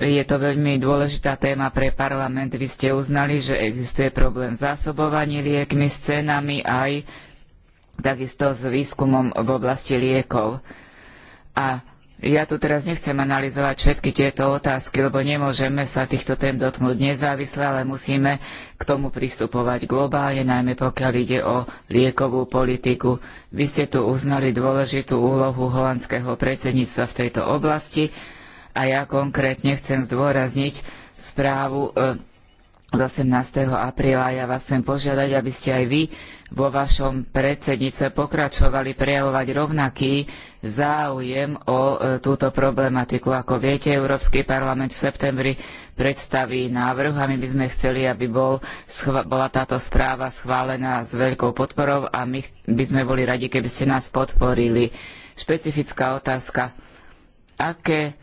je to veľmi dôležitá téma pre parlament. Vy ste uznali, že existuje problém zásobovaní liekmi, s cenami aj takisto s výskumom v oblasti liekov. A ja tu teraz nechcem analyzovať všetky tieto otázky, lebo nemôžeme sa týchto tém dotknúť nezávisle, ale musíme k tomu pristupovať globálne, najmä pokiaľ ide o liekovú politiku. Vy ste tu uznali dôležitú úlohu holandského predsedníctva v tejto oblasti a ja konkrétne chcem zdôrazniť správu e, z 18. apríla. Ja vás chcem požiadať, aby ste aj vy vo vašom predsednice pokračovali prejavovať rovnaký záujem o e, túto problematiku. Ako viete, Európsky parlament v septembri predstaví návrh a my by sme chceli, aby bol, bola táto správa schválená s veľkou podporou a my by sme boli radi, keby ste nás podporili. Špecifická otázka. Aké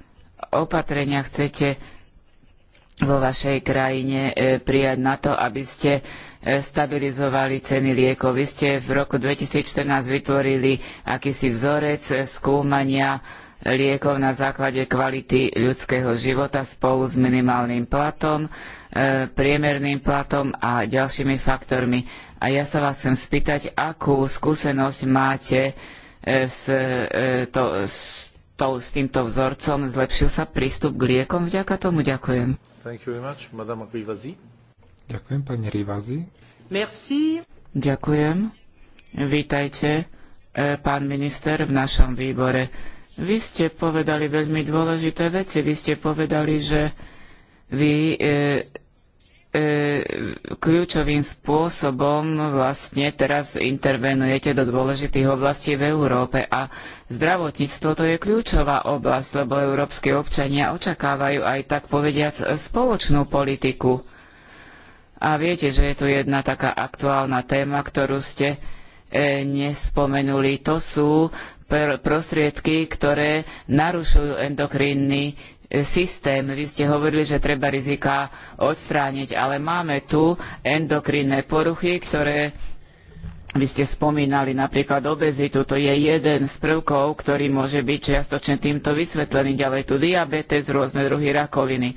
opatrenia chcete vo vašej krajine e, prijať na to, aby ste e, stabilizovali ceny liekov. Vy ste v roku 2014 vytvorili akýsi vzorec e, skúmania liekov na základe kvality ľudského života spolu s minimálnym platom, priemerným platom a ďalšími faktormi. A ja sa vás chcem spýtať, akú skúsenosť máte s, to, s to, s týmto vzorcom zlepšil sa prístup k liekom. Vďaka tomu ďakujem. Ďakujem, pani Rivazi. Merci. Ďakujem. Vítajte, e, pán minister, v našom výbore. Vy ste povedali veľmi dôležité veci. Vy ste povedali, že vy e, E, kľúčovým spôsobom vlastne teraz intervenujete do dôležitých oblastí v Európe a zdravotníctvo to je kľúčová oblasť, lebo európske občania očakávajú aj tak povediac spoločnú politiku. A viete, že je tu jedna taká aktuálna téma, ktorú ste e, nespomenuli. To sú prostriedky, ktoré narušujú endokrínny E, systém. Vy ste hovorili, že treba riziká odstrániť, ale máme tu endokrinné poruchy, ktoré vy ste spomínali napríklad obezitu, to je jeden z prvkov, ktorý môže byť čiastočne týmto vysvetlený. Ďalej tu diabetes, rôzne druhy rakoviny.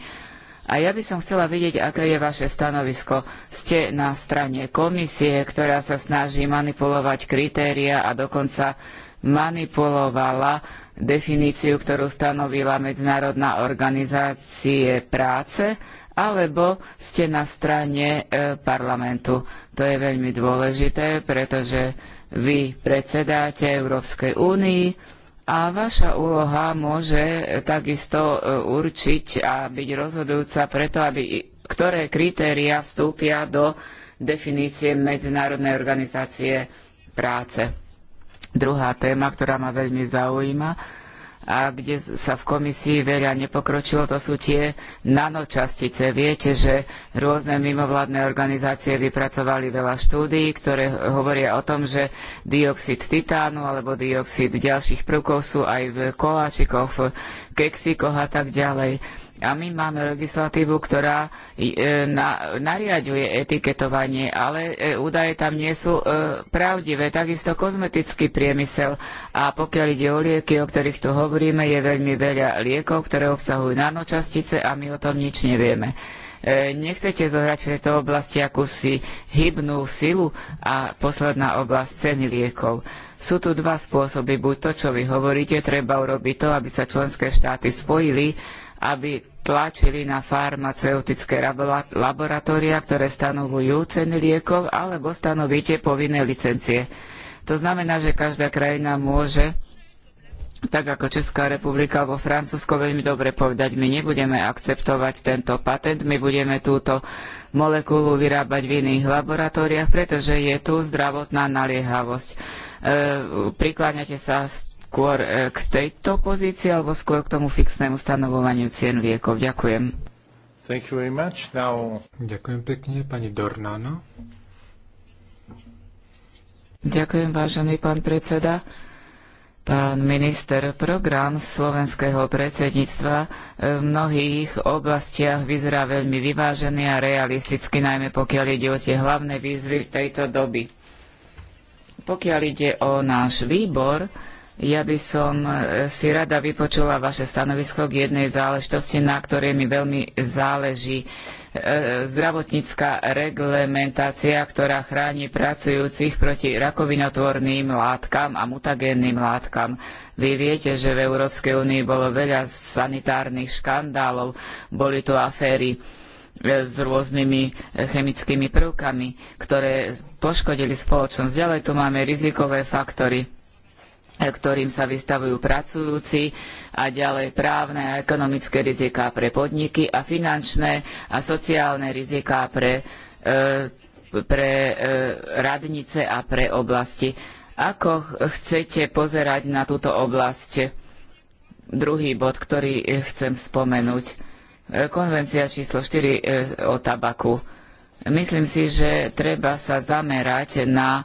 A ja by som chcela vidieť, aké je vaše stanovisko. Ste na strane komisie, ktorá sa snaží manipulovať kritéria a dokonca manipulovala definíciu, ktorú stanovila Medzinárodná organizácie práce, alebo ste na strane e, parlamentu. To je veľmi dôležité, pretože vy predsedáte Európskej únii a vaša úloha môže e, takisto e, určiť a byť rozhodujúca preto, aby ktoré kritéria vstúpia do definície Medzinárodnej organizácie práce. Druhá téma, ktorá ma veľmi zaujíma a kde sa v komisii veľa nepokročilo, to sú tie nanočastice. Viete, že rôzne mimovládne organizácie vypracovali veľa štúdií, ktoré hovoria o tom, že dioxid titánu alebo dioxid ďalších prvkov sú aj v koláčikoch, v keksikoch a tak ďalej. A my máme legislatívu, ktorá e, nariaďuje etiketovanie, ale e, údaje tam nie sú e, pravdivé. Takisto kozmetický priemysel. A pokiaľ ide o lieky, o ktorých tu hovoríme, je veľmi veľa liekov, ktoré obsahujú nanočastice a my o tom nič nevieme. Nechcete zohrať v tejto oblasti akúsi hybnú silu a posledná oblasť ceny liekov. Sú tu dva spôsoby. Buď to, čo vy hovoríte, treba urobiť to, aby sa členské štáty spojili aby tlačili na farmaceutické laboratória, ktoré stanovujú ceny liekov alebo stanovíte povinné licencie. To znamená, že každá krajina môže tak ako Česká republika alebo Francúzsko veľmi dobre povedať, my nebudeme akceptovať tento patent, my budeme túto molekulu vyrábať v iných laboratóriách, pretože je tu zdravotná naliehavosť. E, prikláňate sa skôr e, k tejto pozícii alebo skôr k tomu fixnému stanovovaniu cien liekov? Ďakujem. Thank you very much. Now... Ďakujem pekne, pani Dornano. Ďakujem, vážený pán predseda. Pán minister, program slovenského predsedníctva e, v mnohých oblastiach vyzerá veľmi vyvážený a realisticky, najmä pokiaľ ide o tie hlavné výzvy tejto doby. Pokiaľ ide o náš výbor, ja by som e, si rada vypočula vaše stanovisko k jednej záležitosti, na ktorej mi veľmi záleží. E, zdravotnícka reglementácia, ktorá chráni pracujúcich proti rakovinotvorným látkam a mutagénnym látkam. Vy viete, že v Európskej únii bolo veľa sanitárnych škandálov, boli tu aféry e, s rôznymi chemickými prvkami, ktoré poškodili spoločnosť. Ďalej tu máme rizikové faktory ktorým sa vystavujú pracujúci a ďalej právne a ekonomické riziká pre podniky a finančné a sociálne riziká pre, e, pre e, radnice a pre oblasti. Ako chcete pozerať na túto oblasť? Druhý bod, ktorý chcem spomenúť. E, konvencia číslo 4 o tabaku. Myslím si, že treba sa zamerať na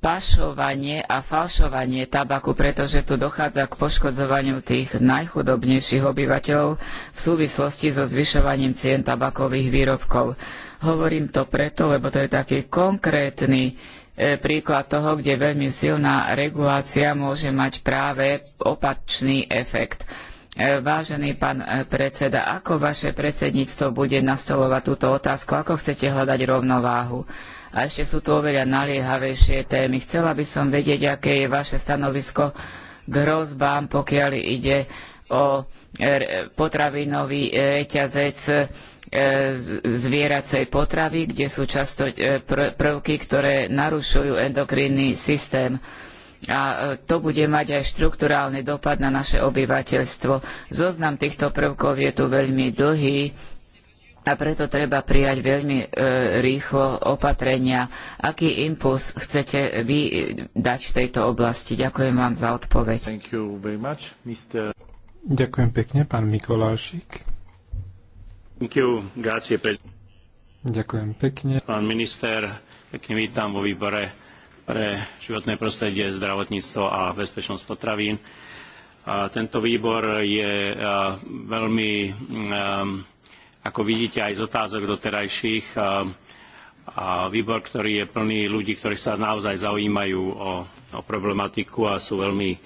pašovanie a falšovanie tabaku, pretože tu dochádza k poškodzovaniu tých najchudobnejších obyvateľov v súvislosti so zvyšovaním cien tabakových výrobkov. Hovorím to preto, lebo to je taký konkrétny e, príklad toho, kde veľmi silná regulácia môže mať práve opačný efekt. E, vážený pán e, predseda, ako vaše predsedníctvo bude nastolovať túto otázku? Ako chcete hľadať rovnováhu? A ešte sú tu oveľa naliehavejšie témy. Chcela by som vedieť, aké je vaše stanovisko k hrozbám, pokiaľ ide o e, potravinový e, reťazec e, zvieracej potravy, kde sú často prvky, ktoré narušujú endokrínny systém. A to bude mať aj štrukturálny dopad na naše obyvateľstvo. Zoznam týchto prvkov je tu veľmi dlhý a preto treba prijať veľmi e, rýchlo opatrenia. Aký impuls chcete vy e, dať v tejto oblasti? Ďakujem vám za odpoveď. Much, Ďakujem pekne, pán Mikolášik. Pre... Ďakujem pekne. Pán minister, pekne vítam vo výbore pre životné prostredie, zdravotníctvo a bezpečnosť potravín. A tento výbor je veľmi ako vidíte aj z otázok doterajších, a, výbor, ktorý je plný ľudí, ktorí sa naozaj zaujímajú o, o problematiku a sú veľmi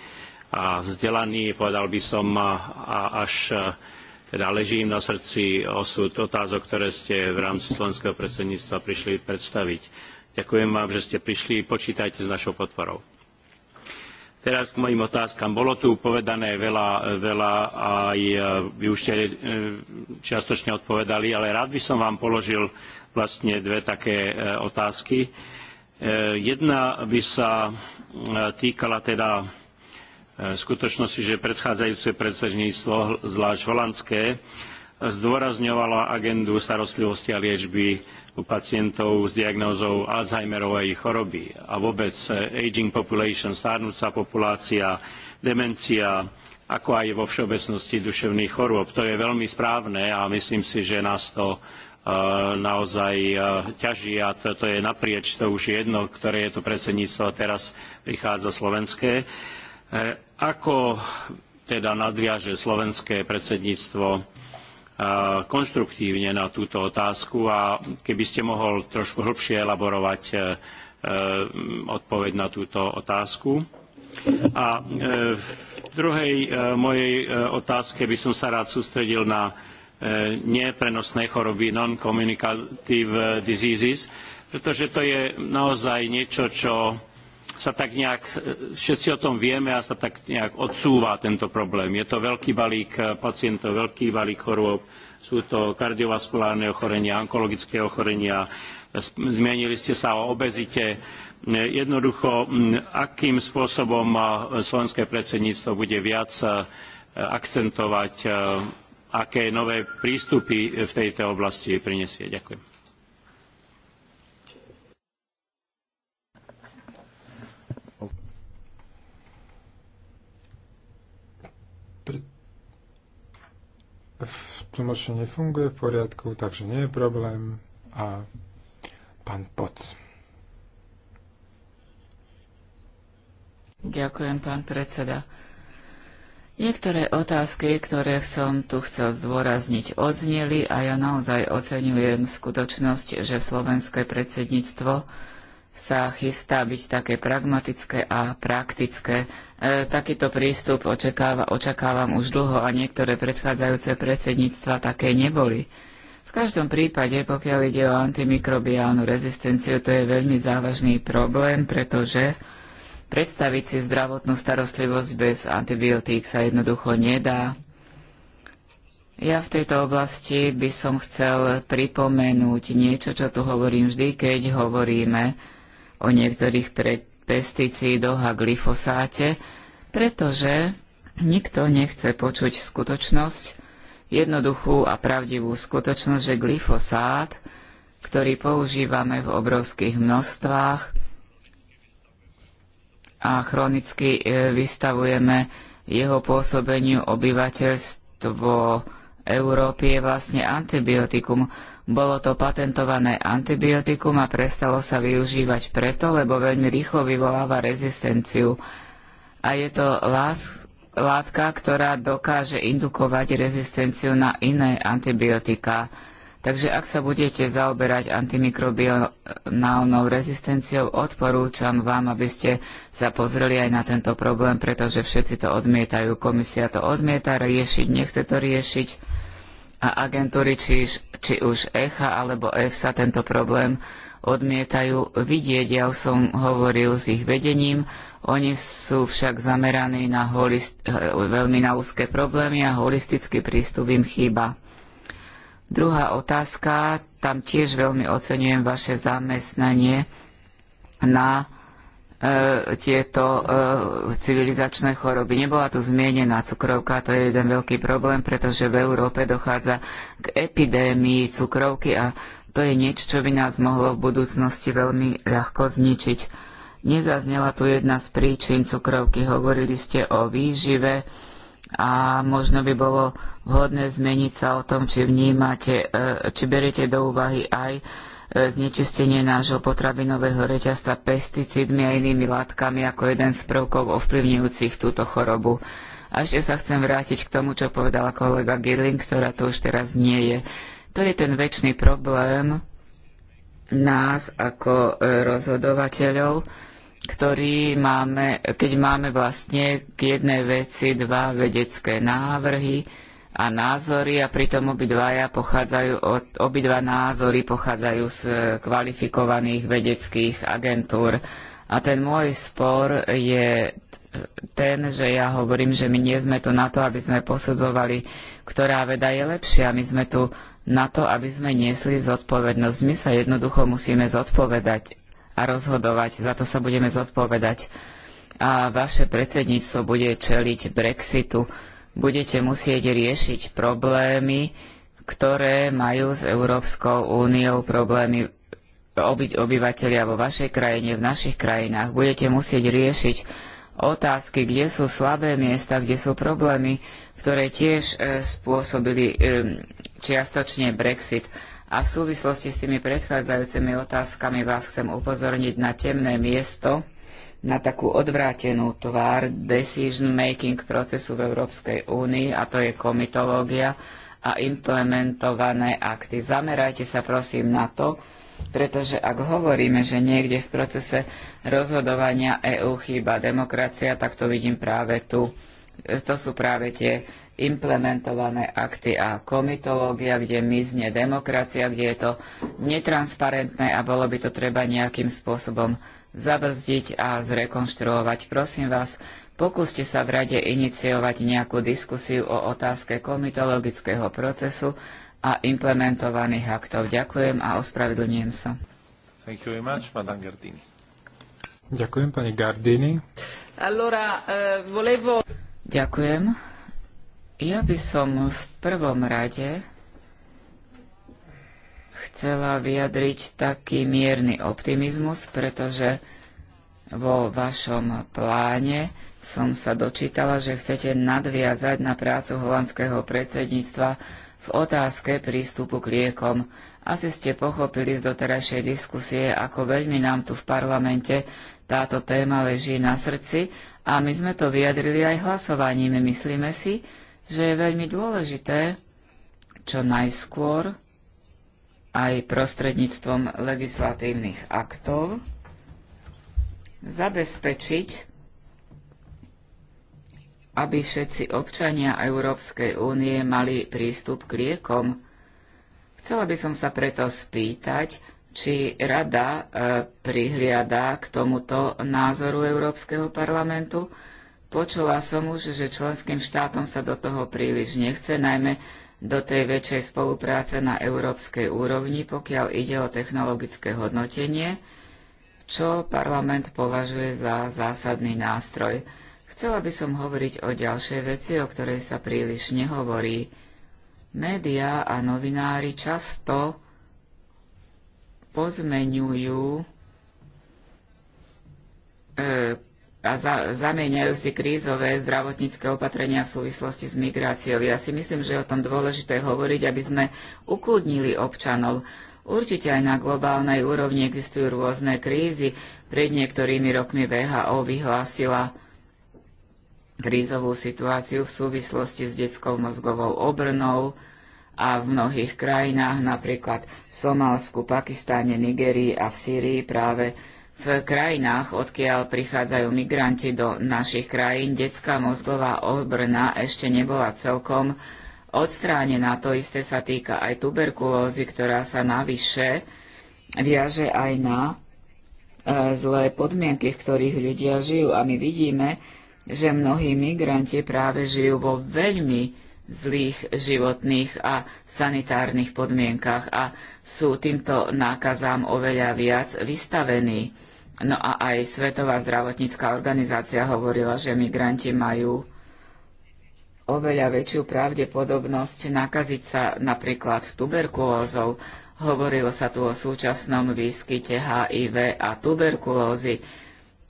a vzdelaní, povedal by som, a, a až teda leží im na srdci osud otázok, ktoré ste v rámci slovenského predsedníctva prišli predstaviť. Ďakujem vám, že ste prišli, počítajte s našou podporou. Teraz k mojim otázkam. Bolo tu povedané veľa, veľa aj e, vy už ste e, čiastočne odpovedali, ale rád by som vám položil vlastne dve také e, otázky. Jedna by sa týkala teda skutočnosti, že predchádzajúce predsedníctvo, zvlášť holandské, zdôrazňovalo agendu starostlivosti a liečby u pacientov s diagnózou Alzheimerovej choroby a vôbec e, aging population, stárnúca populácia, demencia, ako aj vo všeobecnosti duševných chorôb. To je veľmi správne a myslím si, že nás to e, naozaj e, ťaží a to, to, je naprieč, to už je jedno, ktoré je to predsedníctvo a teraz prichádza slovenské. Ako teda nadviaže slovenské predsedníctvo Eh, konštruktívne na túto otázku a keby ste mohol trošku hlbšie elaborovať eh, eh, odpoveď na túto otázku. A v druhej mojej otázke by som sa rád sústredil na neprenosné choroby, non-communicative diseases, pretože to je naozaj niečo, čo sa tak nejak, e, všetci o tom vieme a sa tak nejak odsúva tento problém. Je to veľký balík e, pacientov, veľký balík chorôb, sú to kardiovaskulárne ochorenia, onkologické ochorenia, zmienili ste sa o obezite. E, jednoducho, akým spôsobom slovenské predsedníctvo bude viac akcentovať, aké nové prístupy v tejto oblasti prinesie. Ďakujem. tlmočenie funguje v poriadku, takže nie je problém. A pán Poc. Ďakujem, pán predseda. Niektoré otázky, ktoré som tu chcel zdôrazniť, odznieli a ja naozaj oceňujem skutočnosť, že slovenské predsedníctvo sa chystá byť také pragmatické a praktické. E, takýto prístup očakáva, očakávam už dlho a niektoré predchádzajúce predsedníctva také neboli. V každom prípade, pokiaľ ide o antimikrobiálnu rezistenciu, to je veľmi závažný problém, pretože predstaviť si zdravotnú starostlivosť bez antibiotík sa jednoducho nedá. Ja v tejto oblasti by som chcel pripomenúť niečo, čo tu hovorím vždy, keď hovoríme o niektorých pesticídoch a glyfosáte, pretože nikto nechce počuť skutočnosť, jednoduchú a pravdivú skutočnosť, že glyfosát, ktorý používame v obrovských množstvách a chronicky e, vystavujeme jeho pôsobeniu obyvateľstvo Európy je vlastne antibiotikum. Bolo to patentované antibiotikum a prestalo sa využívať preto, lebo veľmi rýchlo vyvoláva rezistenciu. A je to lás, látka, ktorá dokáže indukovať rezistenciu na iné antibiotika. Takže ak sa budete zaoberať antimikrobionálnou rezistenciou, odporúčam vám, aby ste sa pozreli aj na tento problém, pretože všetci to odmietajú. Komisia to odmieta riešiť, nechce to riešiť a agentúry, či, či už ECHA alebo EFSA tento problém odmietajú vidieť. Ja som hovoril s ich vedením, oni sú však zameraní na holist, eh, veľmi na úzke problémy a holistický prístup im chýba. Druhá otázka, tam tiež veľmi oceňujem vaše zamestnanie na E, tieto e, civilizačné choroby. Nebola tu zmienená cukrovka, to je jeden veľký problém, pretože v Európe dochádza k epidémii cukrovky a to je niečo, čo by nás mohlo v budúcnosti veľmi ľahko zničiť. Nezaznela tu jedna z príčin cukrovky, hovorili ste o výžive a možno by bolo vhodné zmeniť sa o tom, či vnímate, e, či beriete do úvahy aj znečistenie nášho potravinového reťazca pesticídmi a inými látkami ako jeden z prvkov ovplyvňujúcich túto chorobu. A ešte sa chcem vrátiť k tomu, čo povedala kolega Girling, ktorá tu už teraz nie je. To je ten väčší problém nás ako e, rozhodovateľov, ktorý máme, keď máme vlastne k jednej veci dva vedecké návrhy, a názory a pritom obidvaja pochádzajú od, obidva názory pochádzajú z kvalifikovaných vedeckých agentúr. A ten môj spor je ten, že ja hovorím, že my nie sme tu na to, aby sme posudzovali, ktorá veda je lepšia. My sme tu na to, aby sme niesli zodpovednosť. My sa jednoducho musíme zodpovedať a rozhodovať. Za to sa budeme zodpovedať. A vaše predsedníctvo bude čeliť Brexitu budete musieť riešiť problémy, ktoré majú s Európskou úniou problémy obyť obyvateľia vo vašej krajine, v našich krajinách. Budete musieť riešiť otázky, kde sú slabé miesta, kde sú problémy, ktoré tiež e, spôsobili e, čiastočne Brexit. A v súvislosti s tými predchádzajúcimi otázkami vás chcem upozorniť na temné miesto, na takú odvrátenú tvár decision-making procesu v Európskej únii, a to je komitológia a implementované akty. Zamerajte sa prosím na to, pretože ak hovoríme, že niekde v procese rozhodovania EÚ chýba demokracia, tak to vidím práve tu. To sú práve tie implementované akty a komitológia, kde mizne demokracia, kde je to netransparentné a bolo by to treba nejakým spôsobom zabrzdiť a zrekonštruovať. Prosím vás, pokúste sa v rade iniciovať nejakú diskusiu o otázke komitologického procesu a implementovaných aktov. Ďakujem a ospravedlňujem sa. Thank you very much, Madame Gardini. Ďakujem, pani Gardini. Allora, uh, volevo... Ďakujem. Ja by som v prvom rade chcela vyjadriť taký mierny optimizmus, pretože vo vašom pláne som sa dočítala, že chcete nadviazať na prácu holandského predsedníctva v otázke prístupu k liekom. Asi ste pochopili z doterajšej diskusie, ako veľmi nám tu v parlamente táto téma leží na srdci a my sme to vyjadrili aj hlasovaním. Myslíme si, že je veľmi dôležité čo najskôr aj prostredníctvom legislatívnych aktov zabezpečiť, aby všetci občania Európskej únie mali prístup k liekom. Chcela by som sa preto spýtať, či rada e, prihliada k tomuto názoru Európskeho parlamentu. Počula som už, že členským štátom sa do toho príliš nechce, najmä do tej väčšej spolupráce na európskej úrovni, pokiaľ ide o technologické hodnotenie, čo parlament považuje za zásadný nástroj. Chcela by som hovoriť o ďalšej veci, o ktorej sa príliš nehovorí. Média a novinári často pozmeňujú e, a za, zamieňajú si krízové zdravotnícke opatrenia v súvislosti s migráciou. Ja si myslím, že je o tom dôležité hovoriť, aby sme ukludnili občanov. Určite aj na globálnej úrovni existujú rôzne krízy. Pred niektorými rokmi VHO vyhlásila krízovú situáciu v súvislosti s detskou mozgovou obrnou a v mnohých krajinách, napríklad v Somálsku, Pakistáne, Nigerii a v Sýrii práve v krajinách, odkiaľ prichádzajú migranti do našich krajín, detská mozgová obrna ešte nebola celkom odstránená. To isté sa týka aj tuberkulózy, ktorá sa navyše viaže aj na e, zlé podmienky, v ktorých ľudia žijú. A my vidíme, že mnohí migranti práve žijú vo veľmi zlých životných a sanitárnych podmienkach a sú týmto nákazám oveľa viac vystavení. No a aj Svetová zdravotnícká organizácia hovorila, že migranti majú oveľa väčšiu pravdepodobnosť nakaziť sa napríklad tuberkulózou. Hovorilo sa tu o súčasnom výskyte HIV a tuberkulózy.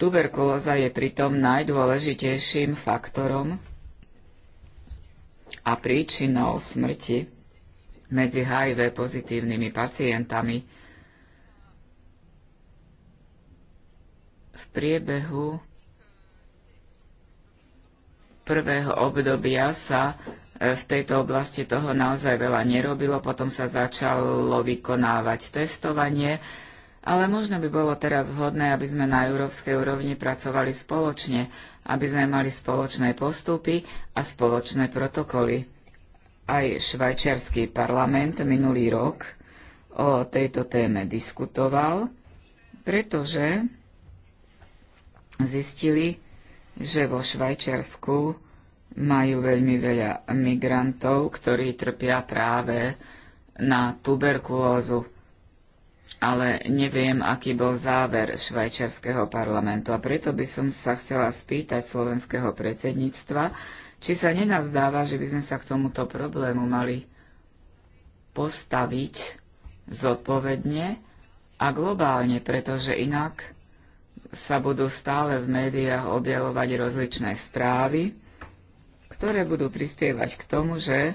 Tuberkulóza je pritom najdôležitejším faktorom a príčinou smrti medzi HIV pozitívnymi pacientami. v priebehu prvého obdobia sa e, v tejto oblasti toho naozaj veľa nerobilo, potom sa začalo vykonávať testovanie, ale možno by bolo teraz vhodné, aby sme na európskej úrovni pracovali spoločne, aby sme mali spoločné postupy a spoločné protokoly. Aj švajčiarsky parlament minulý rok o tejto téme diskutoval, pretože zistili, že vo Švajčiarsku majú veľmi veľa migrantov, ktorí trpia práve na tuberkulózu. Ale neviem, aký bol záver švajčiarského parlamentu a preto by som sa chcela spýtať slovenského predsedníctva, či sa nenazdáva, že by sme sa k tomuto problému mali postaviť zodpovedne a globálne, pretože inak sa budú stále v médiách objavovať rozličné správy, ktoré budú prispievať k tomu, že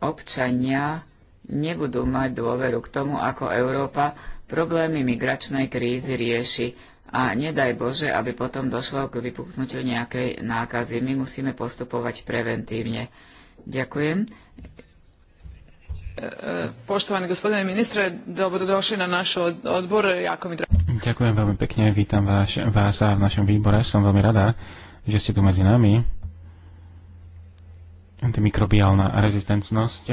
občania nebudú mať dôveru k tomu, ako Európa problémy migračnej krízy rieši a nedaj Bože, aby potom došlo k vypuknutiu nejakej nákazy. My musíme postupovať preventívne. Ďakujem. E, e, Poštovaný gospodine ministre, dobrodošli na náš odbor. mi drago. Ďakujem veľmi pekne, vítam vás, vás v našom výbore. Som veľmi rada, že ste tu medzi nami. Antimikrobiálna rezistencnosť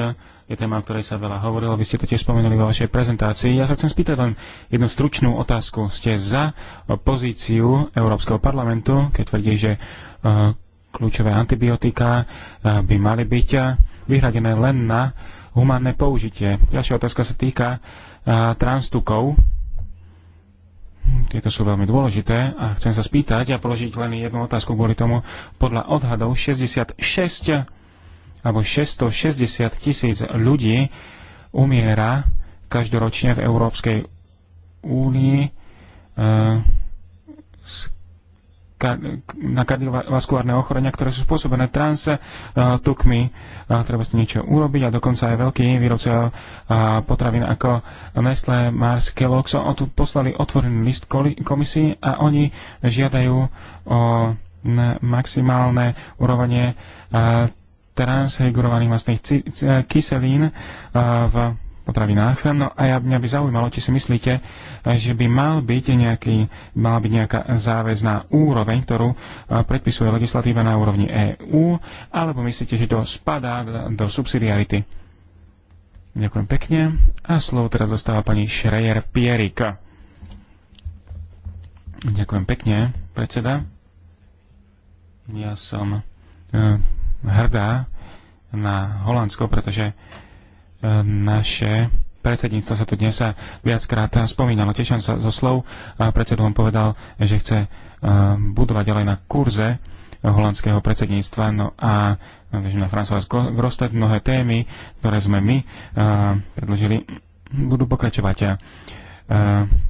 je téma, o ktorej sa veľa hovorilo. Vy ste to tiež spomenuli vo vašej prezentácii. Ja sa chcem spýtať len jednu stručnú otázku. Ste za pozíciu Európskeho parlamentu, keď tvrdí, že e, kľúčové antibiotika by mali byť vyhradené len na humánne použitie. Ďalšia otázka sa týka transtukov. Tieto sú veľmi dôležité a chcem sa spýtať a položiť len jednu otázku kvôli tomu. Podľa odhadov 66 alebo 660 tisíc ľudí umiera každoročne v Európskej únii z e, na kardiovaskulárne ochorenia, ktoré sú spôsobené trans e, tukmi. Treba s tým niečo urobiť a dokonca aj veľký výrobca e, potravín ako Nestlé, Mars, Kellogg's poslali otvorený list komisii a oni žiadajú o maximálne urovanie e, transhygurovaných vlastných kyselín v potravinách. No a ja, mňa by zaujímalo, či si myslíte, že by mal byť nejaký, mala byť nejaká záväzná úroveň, ktorú e, predpisuje legislatíva na úrovni EÚ, alebo myslíte, že to spadá do subsidiarity? Ďakujem pekne. A slovo teraz dostáva pani Šrejer Pierik. Ďakujem pekne, predseda. Ja som e, hrdá na Holandsko, pretože naše predsedníctvo sa tu dnes viackrát spomínalo. Teším sa zo slov. Predsedu vám povedal, že chce budovať ďalej na kurze holandského predsedníctva. No a no, na François Grostet mnohé témy, ktoré sme my predložili, budú pokračovať.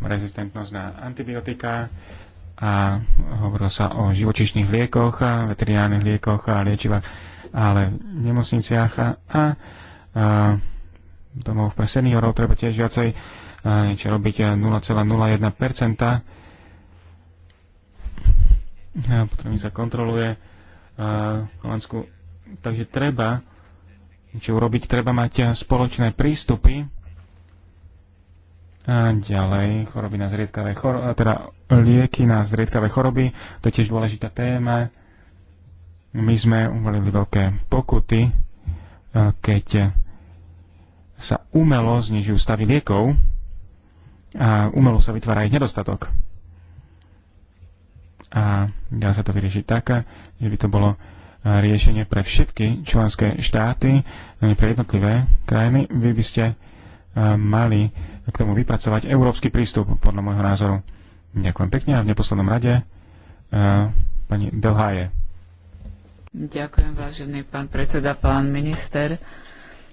Rezistentnosť na antibiotika, a hovorilo sa o živočišných liekoch, veterinárnych liekoch a liečivách, ale v nemocniciach a, a, a domov pre seniorov treba tiež viacej niečo robiť 0,01% e, potom sa kontroluje e, Holandsku. Takže treba, niečo urobiť, treba mať e, spoločné prístupy. A ďalej, choroby na zriedkavé choroby, teda lieky na zriedkavé choroby, to je tiež dôležitá téma. My sme uvalili veľké pokuty, keď sa umelo znižujú stavy liekov a umelo sa vytvára ich nedostatok. A dá sa to vyriešiť tak, že by to bolo e, riešenie pre všetky členské štáty, pre jednotlivé krajiny. Vy by ste e, mali k tomu vypracovať európsky prístup, podľa môjho názoru. Ďakujem pekne a v neposlednom rade e, pani Delháje. Ďakujem, vážený pán predseda, pán minister.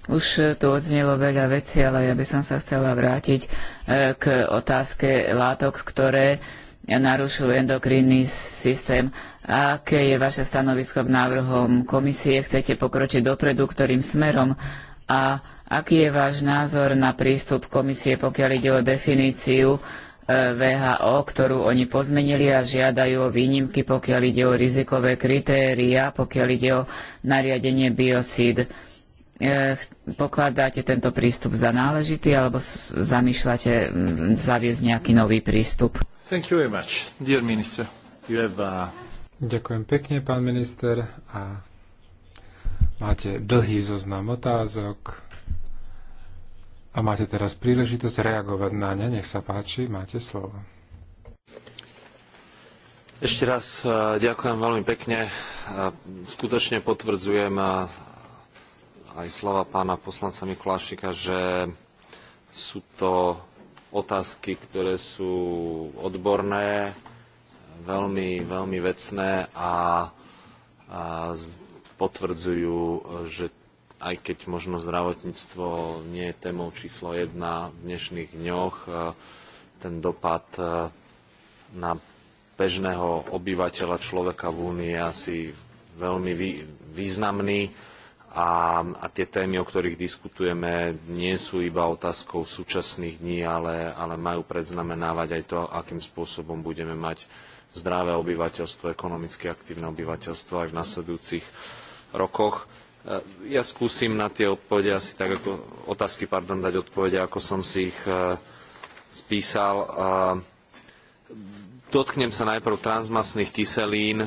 Už eh, tu odznelo veľa vecí, ale ja by som sa chcela vrátiť eh, k otázke látok, ktoré narušujú endokrinný systém. Aké je vaše stanovisko k návrhom komisie? Chcete pokročiť dopredu, ktorým smerom? A aký je váš názor na prístup komisie, pokiaľ ide o definíciu eh, VHO, ktorú oni pozmenili a žiadajú o výnimky, pokiaľ ide o rizikové kritériá, pokiaľ ide o nariadenie biocíd? E, pokladáte tento prístup za náležitý alebo zamýšľate zaviesť nejaký nový prístup? Much, a... Uh, ďakujem pekne, pán minister. A máte dlhý zoznam otázok a máte teraz príležitosť reagovať na ne. Nech sa páči, máte slovo. Ešte raz uh, ďakujem veľmi pekne. Skutočne potvrdzujem uh, aj slova pána poslanca Mikulášika, že sú to otázky, ktoré sú odborné, veľmi, veľmi vecné a, a potvrdzujú, že aj keď možno zdravotníctvo nie je témou číslo jedna v dnešných dňoch, e, ten dopad e, na bežného obyvateľa človeka v Únii je asi veľmi významný a, a tie témy, o ktorých diskutujeme, nie sú iba otázkou súčasných dní, ale, ale majú predznamenávať aj to, akým spôsobom budeme mať zdravé obyvateľstvo, ekonomicky aktívne obyvateľstvo aj v nasledujúcich rokoch. E, ja skúsim na tie odpovede asi tak ako otázky, pardon, dať odpovede, ako som si ich e, spísal. E, dotknem sa najprv transmasných kyselín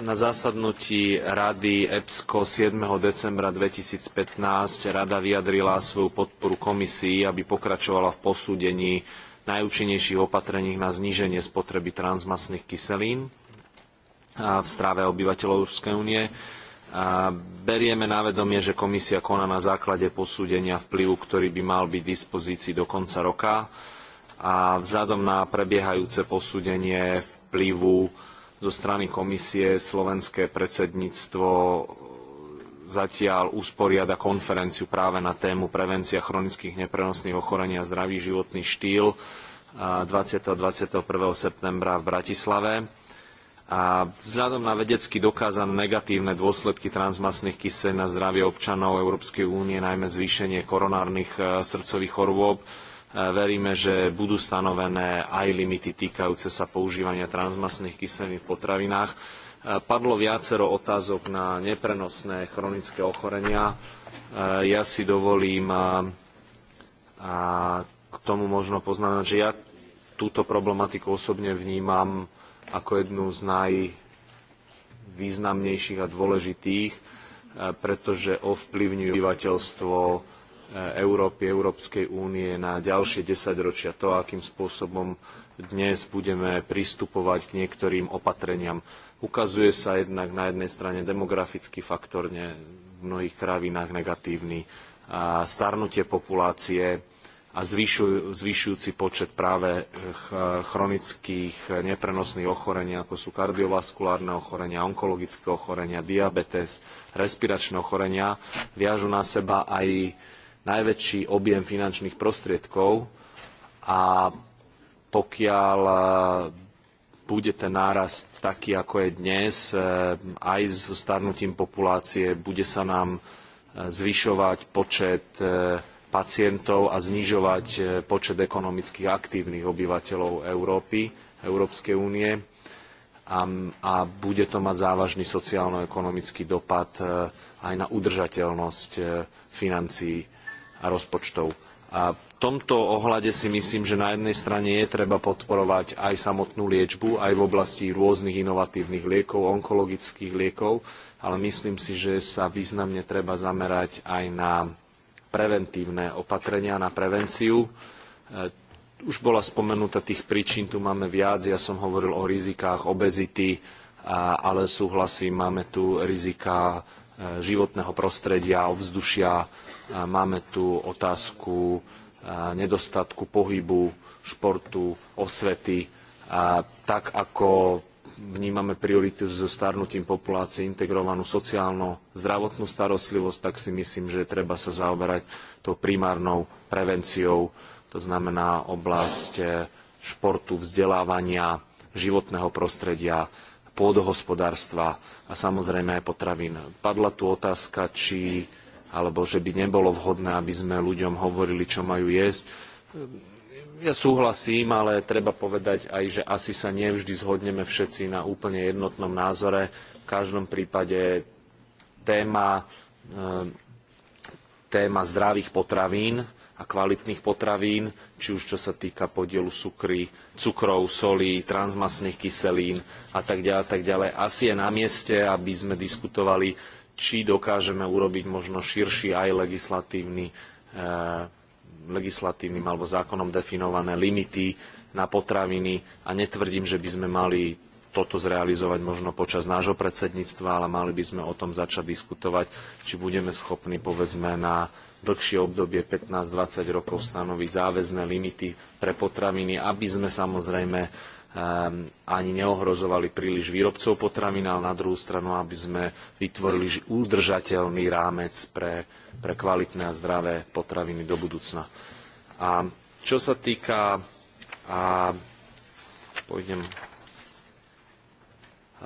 na zasadnutí Rady EPSCO 7. decembra 2015 Rada vyjadrila svoju podporu komisii, aby pokračovala v posúdení najúčinnejších opatrení na zníženie spotreby transmastných kyselín v stráve obyvateľov Európskej únie. Berieme na vedomie, že komisia koná na základe posúdenia vplyvu, ktorý by mal byť v dispozícii do konca roka a vzhľadom na prebiehajúce posúdenie vplyvu zo strany komisie slovenské predsedníctvo zatiaľ usporiada konferenciu práve na tému prevencia chronických neprenosných ochorení a zdravý životný štýl 20. a 21. septembra v Bratislave. A vzhľadom na vedecky dokázané negatívne dôsledky transmasných kyselín na zdravie občanov Európskej únie, najmä zvýšenie koronárnych e, srdcových chorôb, Veríme, že budú stanovené aj limity týkajúce sa používania transmasných kyselín v potravinách. E, padlo viacero otázok na neprenosné chronické ochorenia. E, ja si dovolím k tomu možno poznamenať, že ja túto problematiku osobne vnímam ako jednu z najvýznamnejších a dôležitých, e, pretože ovplyvňujú obyvateľstvo Eh, Európy, Európskej únie na ďalšie desaťročia. To, akým spôsobom dnes budeme pristupovať k niektorým opatreniam. Ukazuje sa jednak na jednej strane demografický faktor, ne, v mnohých krajinách negatívny, a starnutie populácie a zvyšuj, zvyšujúci počet práve chronických neprenosných ochorení, ako sú kardiovaskulárne ochorenia, onkologické ochorenia, diabetes, respiračné ochorenia, viažu na seba aj najväčší objem finančných prostriedkov a pokiaľ e, bude ten nárast taký, ako je dnes, e, aj so starnutím populácie, bude sa nám e, zvyšovať počet pacientov a znižovať počet ekonomicky aktívnych obyvateľov Európy, Európskej únie a, a bude to mať závažný sociálno-ekonomický dopad aj na udržateľnosť financií a rozpočtov. A v tomto ohľade si myslím, že na jednej strane je treba podporovať aj samotnú liečbu, aj v oblasti rôznych inovatívnych liekov, onkologických liekov, ale myslím si, že sa významne treba zamerať aj na preventívne opatrenia, na prevenciu. E, už bola spomenutá tých príčin, tu máme viac, ja som hovoril o rizikách obezity, ale súhlasím, máme tu rizika e, životného prostredia, ovzdušia, Máme tu otázku nedostatku pohybu, športu, osvety, a tak ako vnímame prioritu so starnutím populácie, integrovanú sociálno, zdravotnú starostlivosť, tak si myslím, že treba sa zaoberať tou primárnou prevenciou, to znamená oblasť e, športu, vzdelávania, životného prostredia, pôdohospodárstva a samozrejme aj potravín. Padla tu otázka, či alebo že by nebolo vhodné, aby sme ľuďom hovorili, čo majú jesť. Ja súhlasím, ale treba povedať aj, že asi sa nevždy zhodneme všetci na úplne jednotnom názore. V každom prípade téma, eh, téma zdravých potravín a kvalitných potravín, či už čo sa týka podielu cukry, cukrov, solí, transmasných kyselín a tak ďalej, tak ďalej. Asi je na mieste, aby sme diskutovali či dokážeme urobiť možno širší aj legislatívny, e, legislatívnym alebo zákonom definované limity na potraviny a netvrdím, že by sme mali toto zrealizovať možno počas nášho predsedníctva, ale mali by sme o tom začať diskutovať, či budeme schopní povedzme na dlhšie obdobie 15-20 rokov stanoviť záväzné limity pre potraviny, aby sme samozrejme Ehm, ani neohrozovali príliš výrobcov potravín, ale na druhú stranu, aby sme vytvorili udržateľný rámec pre, pre kvalitné a zdravé potraviny do budúcna. A čo sa týka... A, pôjdem,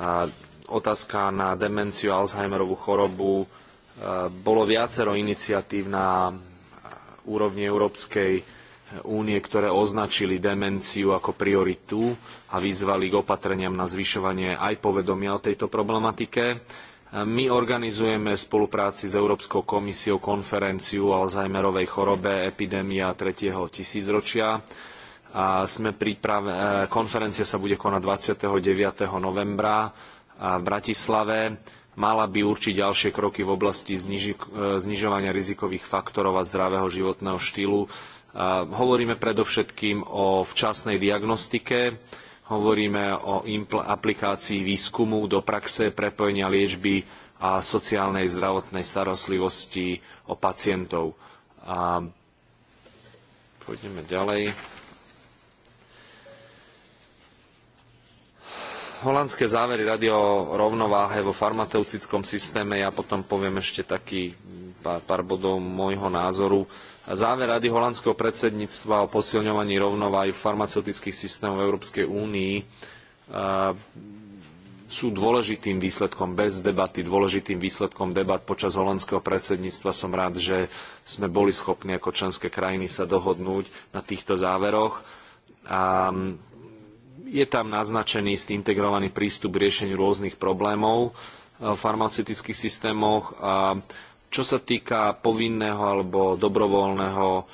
a, otázka na demenciu Alzheimerovú chorobu. Ehm, bolo viacero iniciatív na úrovni európskej únie, ktoré označili demenciu ako prioritu a vyzvali k opatreniam na zvyšovanie aj povedomia o tejto problematike. My organizujeme v spolupráci s Európskou komisiou konferenciu o Alzheimerovej chorobe epidémia 3. tisícročia. A sme priprave... E, konferencia sa bude konať 29. novembra e, v Bratislave. Mala by určiť ďalšie kroky v oblasti zniži... E, znižovania rizikových faktorov a zdravého životného štýlu Hovoríme predovšetkým o včasnej diagnostike, hovoríme o aplikácii výskumu do praxe prepojenia liečby a sociálnej zdravotnej starostlivosti o pacientov. A pôjdeme ďalej. holandské závery rady o rovnováhe vo farmaceutickom systéme, ja potom poviem ešte taký pár, pár bodov môjho názoru, záver Rady holandského predsedníctva o posilňovaní rovnováhy farmaceutických systémov Európskej únii sú dôležitým výsledkom bez debaty, dôležitým výsledkom debat počas holandského predsedníctva. Som rád, že sme boli schopní ako členské krajiny sa dohodnúť na týchto záveroch. A mm, je tam naznačený istý integrovaný prístup k riešeniu rôznych problémov v e, farmaceutických systémoch. A čo sa týka povinného alebo dobrovoľného eh,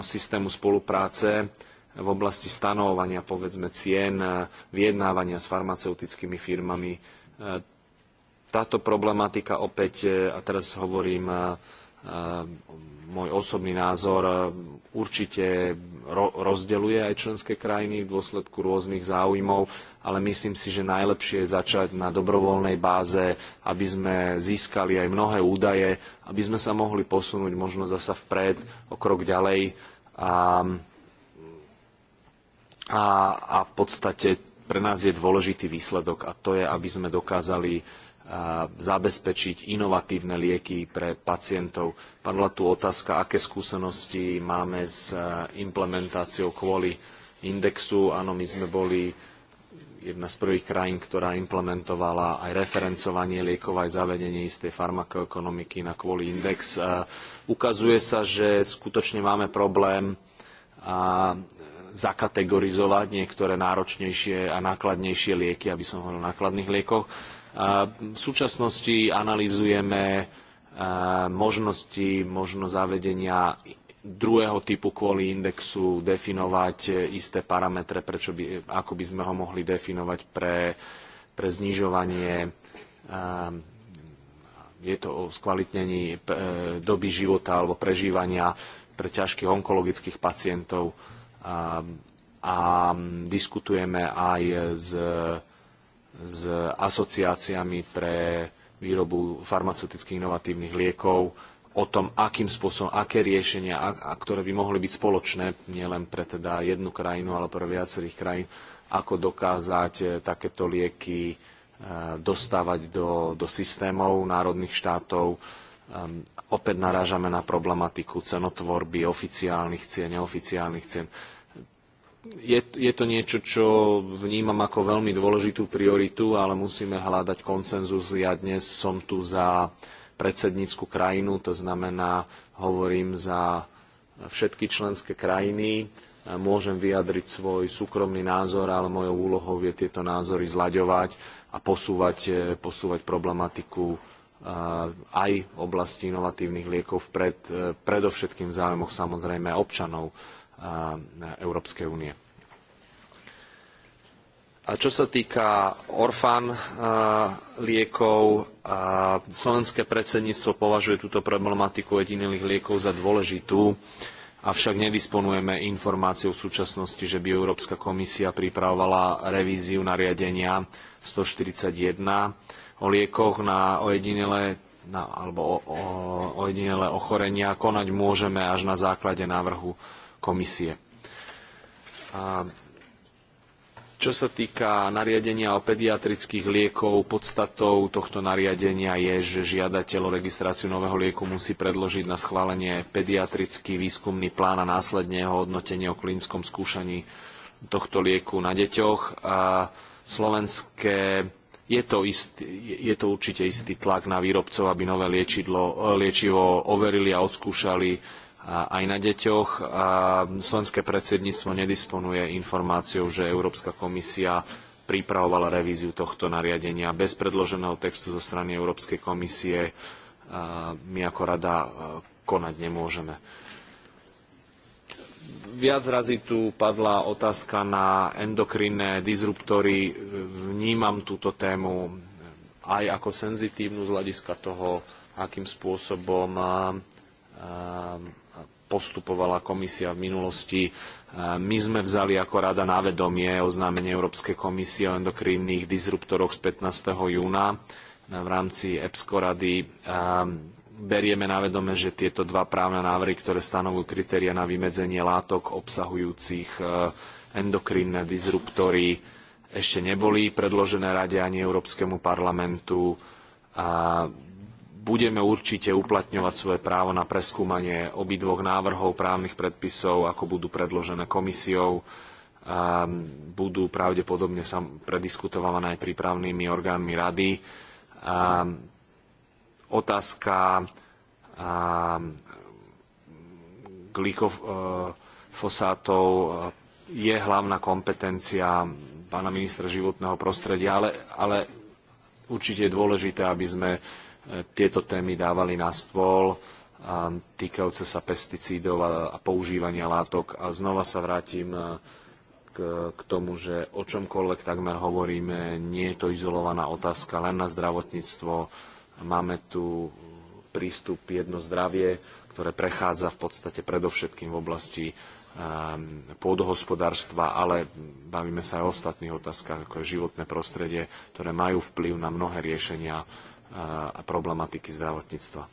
systému spolupráce v oblasti stanovania, povedzme, cien, eh, vyjednávania s farmaceutickými firmami, eh, táto problematika opäť, a teraz hovorím môj osobný názor, určite rozdeľuje aj členské krajiny v dôsledku rôznych záujmov ale myslím si, že najlepšie je začať na dobrovoľnej báze, aby sme získali aj mnohé údaje, aby sme sa mohli posunúť možno zasa vpred, o krok ďalej a, a, a v podstate pre nás je dôležitý výsledok a to je, aby sme dokázali zabezpečiť inovatívne lieky pre pacientov. Padla tu otázka, aké skúsenosti máme s implementáciou kvôli indexu. Áno, my sme boli jedna z prvých krajín, ktorá implementovala aj referencovanie liekov, aj zavedenie istej farmakoekonomiky na kvôli index. Ukazuje sa, že skutočne máme problém zakategorizovať niektoré náročnejšie a nákladnejšie lieky, aby som hovoril o nákladných liekoch. V súčasnosti analizujeme možnosti, možno zavedenia druhého typu kvôli indexu definovať e, isté parametre, prečo by, e, ako by sme ho mohli definovať pre, pre znižovanie. E, je to o skvalitnení doby života alebo prežívania pre ťažkých onkologických pacientov. A, a diskutujeme aj s, s asociáciami pre výrobu farmaceutických inovatívnych liekov o tom, akým spôsobom, aké riešenia, a, a ktoré by mohli byť spoločné, nielen pre teda jednu krajinu, ale pre viacerých krajín, ako dokázať e, takéto lieky e, dostávať do, do systémov národných štátov. Um, opäť narážame na problematiku cenotvorby oficiálnych cien, neoficiálnych cien. Je, je to niečo, čo vnímam ako veľmi dôležitú prioritu, ale musíme hľadať konsenzus. Ja dnes som tu za uh, predsednícku krajinu, to znamená, hovorím za všetky členské krajiny, e, môžem vyjadriť svoj súkromný názor, ale mojou úlohou je tieto názory zlaďovať a posúvať, e, posúvať problematiku e, aj v oblasti inovatívnych liekov pred, predovšetkým v záujmoch samozrejme občanov Európskej únie. Čo sa týka orfán eh, liekov, eh, slovenské predsedníctvo považuje túto problematiku jedinelých liekov za dôležitú, avšak nedisponujeme informáciou v súčasnosti, že by Európska komisia pripravovala revíziu nariadenia 141 o liekoch na ojedinelé na, alebo o, o, ojedinelé ochorenia. Konať môžeme až na základe návrhu komisie. A čo sa týka nariadenia o pediatrických liekov, podstatou tohto nariadenia je, že žiadateľ o registráciu nového lieku musí predložiť na schválenie pediatrický výskumný plán a následne jeho hodnotenie o klinickom skúšaní tohto lieku na deťoch. A slovenské je to, istý, je to určite istý tlak na výrobcov, aby nové liečidlo, liečivo overili a odskúšali aj na deťoch. Slovenské predsedníctvo nedisponuje informáciou, že Európska komisia pripravovala revíziu tohto nariadenia. Bez predloženého textu zo strany Európskej komisie my ako rada konať nemôžeme. Viac razy tu padla otázka na endokrinné disruptory. Vnímam túto tému aj ako senzitívnu z hľadiska toho, akým spôsobom postupovala komisia v minulosti. E, my sme vzali ako rada na vedomie oznámenie Európskej komisie o endokrinných disruptoroch z 15. júna e, v rámci EPSCO rady. E, berieme na vedome, že tieto dva právne návrhy, ktoré stanovujú kritéria na vymedzenie látok obsahujúcich endokrinné disruptory, ešte neboli predložené rade ani Európskemu parlamentu. A budeme určite uplatňovať svoje právo na preskúmanie obidvoch návrhov právnych predpisov, ako budú predložené komisiou. Budú pravdepodobne sa prediskutované aj prípravnými orgánmi rady. Otázka glikofosátov e, e, je hlavná kompetencia pána ministra životného prostredia, ale, ale určite je dôležité, aby sme tieto témy dávali na stôl týkajúce sa pesticídov a používania látok. A znova sa vrátim e, k tomu, že o čomkoľvek takmer hovoríme, nie je to izolovaná otázka len na zdravotníctvo. Máme tu prístup jedno zdravie, ktoré prechádza v podstate predovšetkým v oblasti e, pôdohospodárstva, ale bavíme sa aj o ostatných otázkach, ako je životné prostredie, ktoré majú vplyv na mnohé riešenia a problematiky zdravotníctva.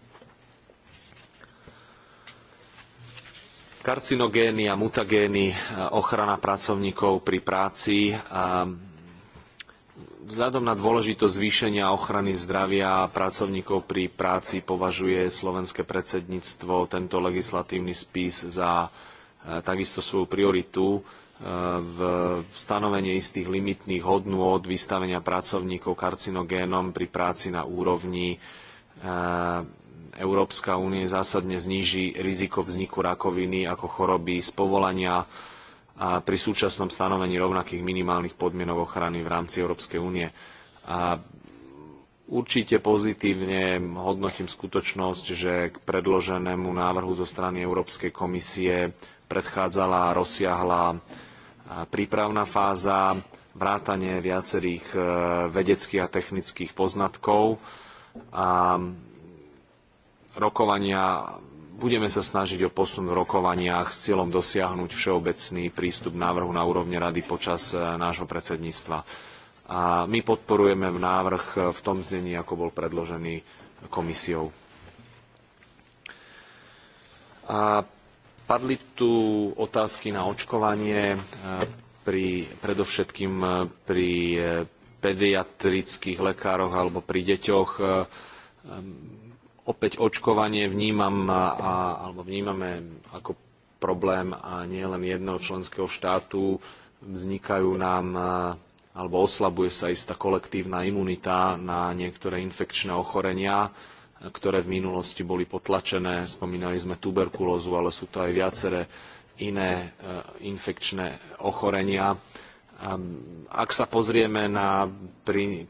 Karcinogény a mutagény, ochrana pracovníkov pri práci. Vzhľadom na dôležitosť zvýšenia ochrany zdravia pracovníkov pri práci považuje slovenské predsedníctvo tento legislatívny spis za takisto svoju prioritu v stanovenie istých limitných hodnôt vystavenia pracovníkov karcinogénom pri práci na úrovni e, Európska únie zásadne zniží riziko vzniku rakoviny ako choroby z povolania a pri súčasnom stanovení rovnakých minimálnych podmienok ochrany v rámci Európskej únie. A určite pozitívne hodnotím skutočnosť, že k predloženému návrhu zo strany Európskej komisie predchádzala rozsiahla prípravná fáza, vrátanie viacerých e, vedeckých a technických poznatkov a rokovania budeme sa snažiť o posun v rokovaniach s cieľom dosiahnuť všeobecný prístup návrhu na úrovne rady počas e, nášho predsedníctva. A my podporujeme v návrh e, v tom znení, ako bol predložený komisiou. A Padli tu otázky na očkovanie, e, pri, predovšetkým e, pri e, pediatrických lekároch alebo pri deťoch. Opäť očkovanie vnímam a, alebo vnímame ako problém a nie len jedného členského štátu. Vznikajú nám alebo oslabuje sa istá kolektívna imunita na niektoré infekčné ochorenia ktoré v minulosti boli potlačené. Spomínali sme tuberkulózu, ale sú to aj viaceré iné eh, infekčné ochorenia. Ehm, ak sa pozrieme na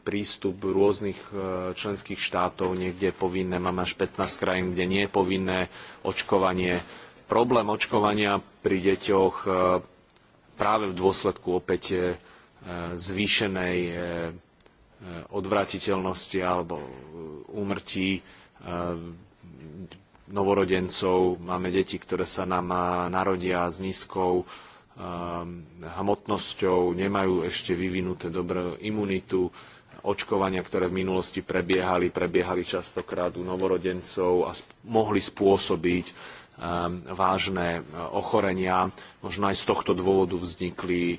prístup rôznych eh, členských štátov, niekde je povinné, máme až 15 krajín, kde nie je povinné očkovanie. Problém očkovania pri deťoch eh, práve v dôsledku opäť zvýšenej odvratiteľnosti alebo úmrtí Ehm, novorodencov, máme deti, ktoré sa nám narodia s nízkou ehm, hmotnosťou, nemajú ešte vyvinuté dobrú imunitu. Očkovania, ktoré v minulosti prebiehali, prebiehali častokrát u novorodencov a mohli spôsobiť ehm, vážne e, ochorenia. Možno aj z tohto dôvodu vznikli e,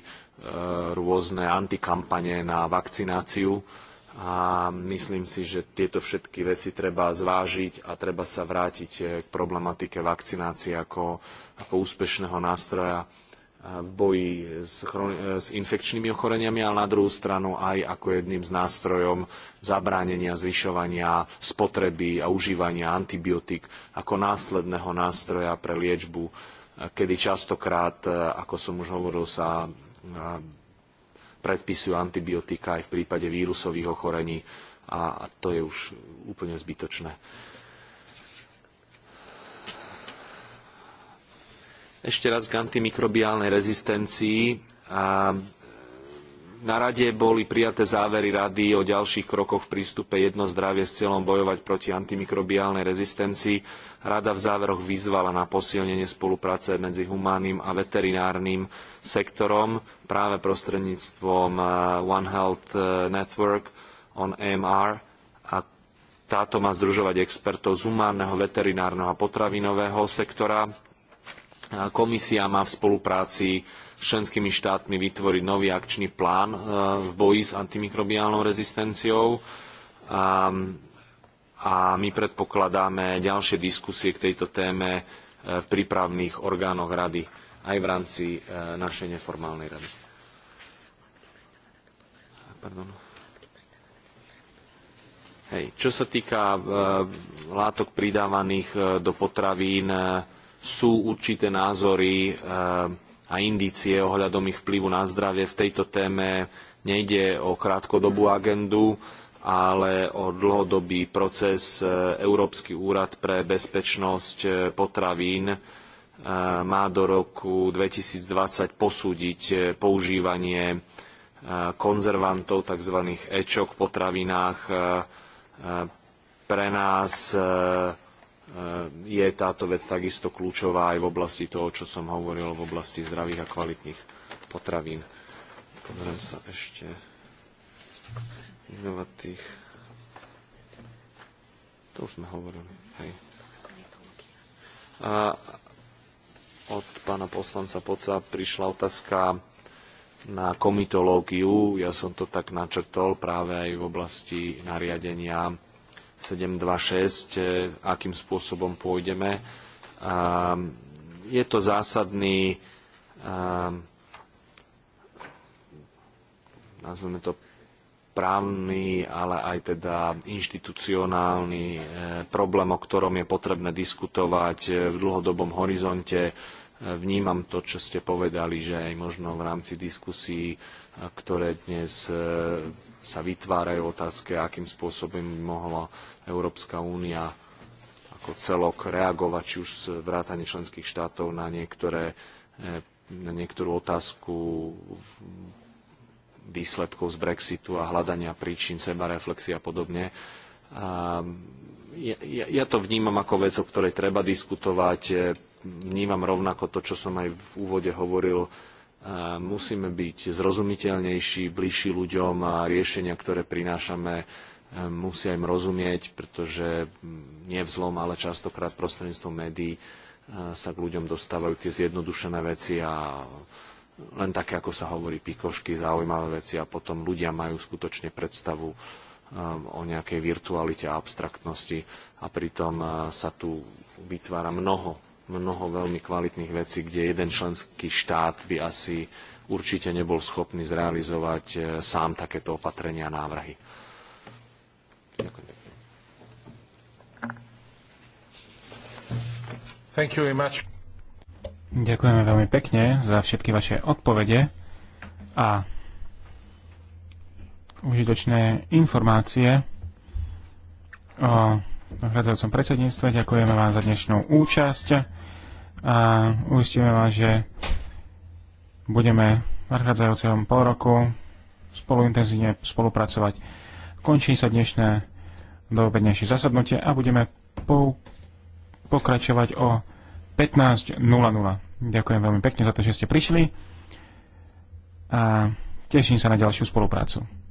rôzne antikampane na vakcináciu a myslím si, že tieto všetky veci treba zvážiť a treba sa vrátiť eh, k problematike vakcinácie ako, ako úspešného nástroja eh, v boji s, eh, s infekčnými ochoreniami, ale na druhú stranu aj ako jedným z nástrojom zabránenia zvyšovania spotreby a užívania antibiotík ako následného nástroja pre liečbu, kedy častokrát, ako som už hovoril, sa predpisujú antibiotika aj v prípade vírusových ochorení a to je už úplne zbytočné. Ešte raz k antimikrobiálnej rezistencii. Na rade boli prijaté závery rady o ďalších krokoch v prístupe jedno zdravie s cieľom bojovať proti antimikrobiálnej rezistencii Rada v záveroch vyzvala na posilnenie spolupráce medzi humánnym a veterinárnym sektorom práve prostredníctvom eh, One Health eh, Network on AMR a táto má združovať expertov z humánneho, veterinárneho a potravinového sektora. Eh, komisia má v spolupráci s členskými štátmi vytvoriť nový akčný plán v boji s antimikrobiálnou rezistenciou. Ehm, a my predpokladáme ďalšie diskusie k tejto téme e, v prípravných orgánoch rady aj v rámci e, našej neformálnej rady. Pardon. Hej. Čo sa týka e, látok pridávaných do potravín, sú určité názory a indície ohľadom ich vplyvu na zdravie. V tejto téme nejde o krátkodobú agendu, ale o dlhodobý proces. E, Európsky úrad pre bezpečnosť e, potravín e, má do roku 2020 posúdiť používanie konzervantov, tzv. ečok v potravinách. Pre nás je táto vec takisto kľúčová aj v oblasti toho, čo som hovoril, v oblasti zdravých a kvalitných potravín. Pozriem sa ešte veľa To už sme hovorili, hej. A od pána poslanca Poca prišla otázka na komitológiu. Ja som to tak načrtol práve aj v oblasti nariadenia 726, akým spôsobom pôjdeme. Je to zásadný, nazveme to právny, ale aj teda inštitucionálny e, problém, o ktorom je potrebné diskutovať e, v dlhodobom horizonte. E, vnímam to, čo ste povedali, že aj možno v rámci diskusí, ktoré dnes sa vytvárajú otázke, akým spôsobom by mohla Európska únia ako celok reagovať, či už vrátane členských štátov na niektoré na niektorú otázku výsledkov z Brexitu a hľadania príčin, sebareflexie a podobne. A ja, ja to vnímam ako vec, o ktorej treba diskutovať. E, vnímam rovnako to, čo som aj v úvode hovoril. A e, musíme byť zrozumiteľnejší, bližší ľuďom a riešenia, ktoré prinášame, e, musia im rozumieť, pretože nie vzlom, ale častokrát prostredníctvom médií sa k ľuďom dostávajú tie zjednodušené veci a len také, ako sa hovorí, pikošky, zaujímavé veci a potom ľudia majú skutočne predstavu um, o nejakej virtualite a abstraktnosti a pritom uh, sa tu vytvára mnoho, mnoho veľmi kvalitných vecí, kde jeden členský štát by asi určite nebol schopný zrealizovať uh, sám takéto opatrenia a návrhy. Ďakujem Thank you very much. Ďakujeme veľmi pekne za všetky vaše odpovede a užitočné informácie o nadchádzajúcom predsedníctve. Ďakujeme vám za dnešnú účasť a uistíme vás, že budeme v nadchádzajúcom pol roku spolu intenzívne spolupracovať. Končí sa dnešné doobednejšie zasadnutie a budeme pokračovať o 15.00. Ďakujem veľmi pekne za to, že ste prišli a teším sa na ďalšiu spoluprácu.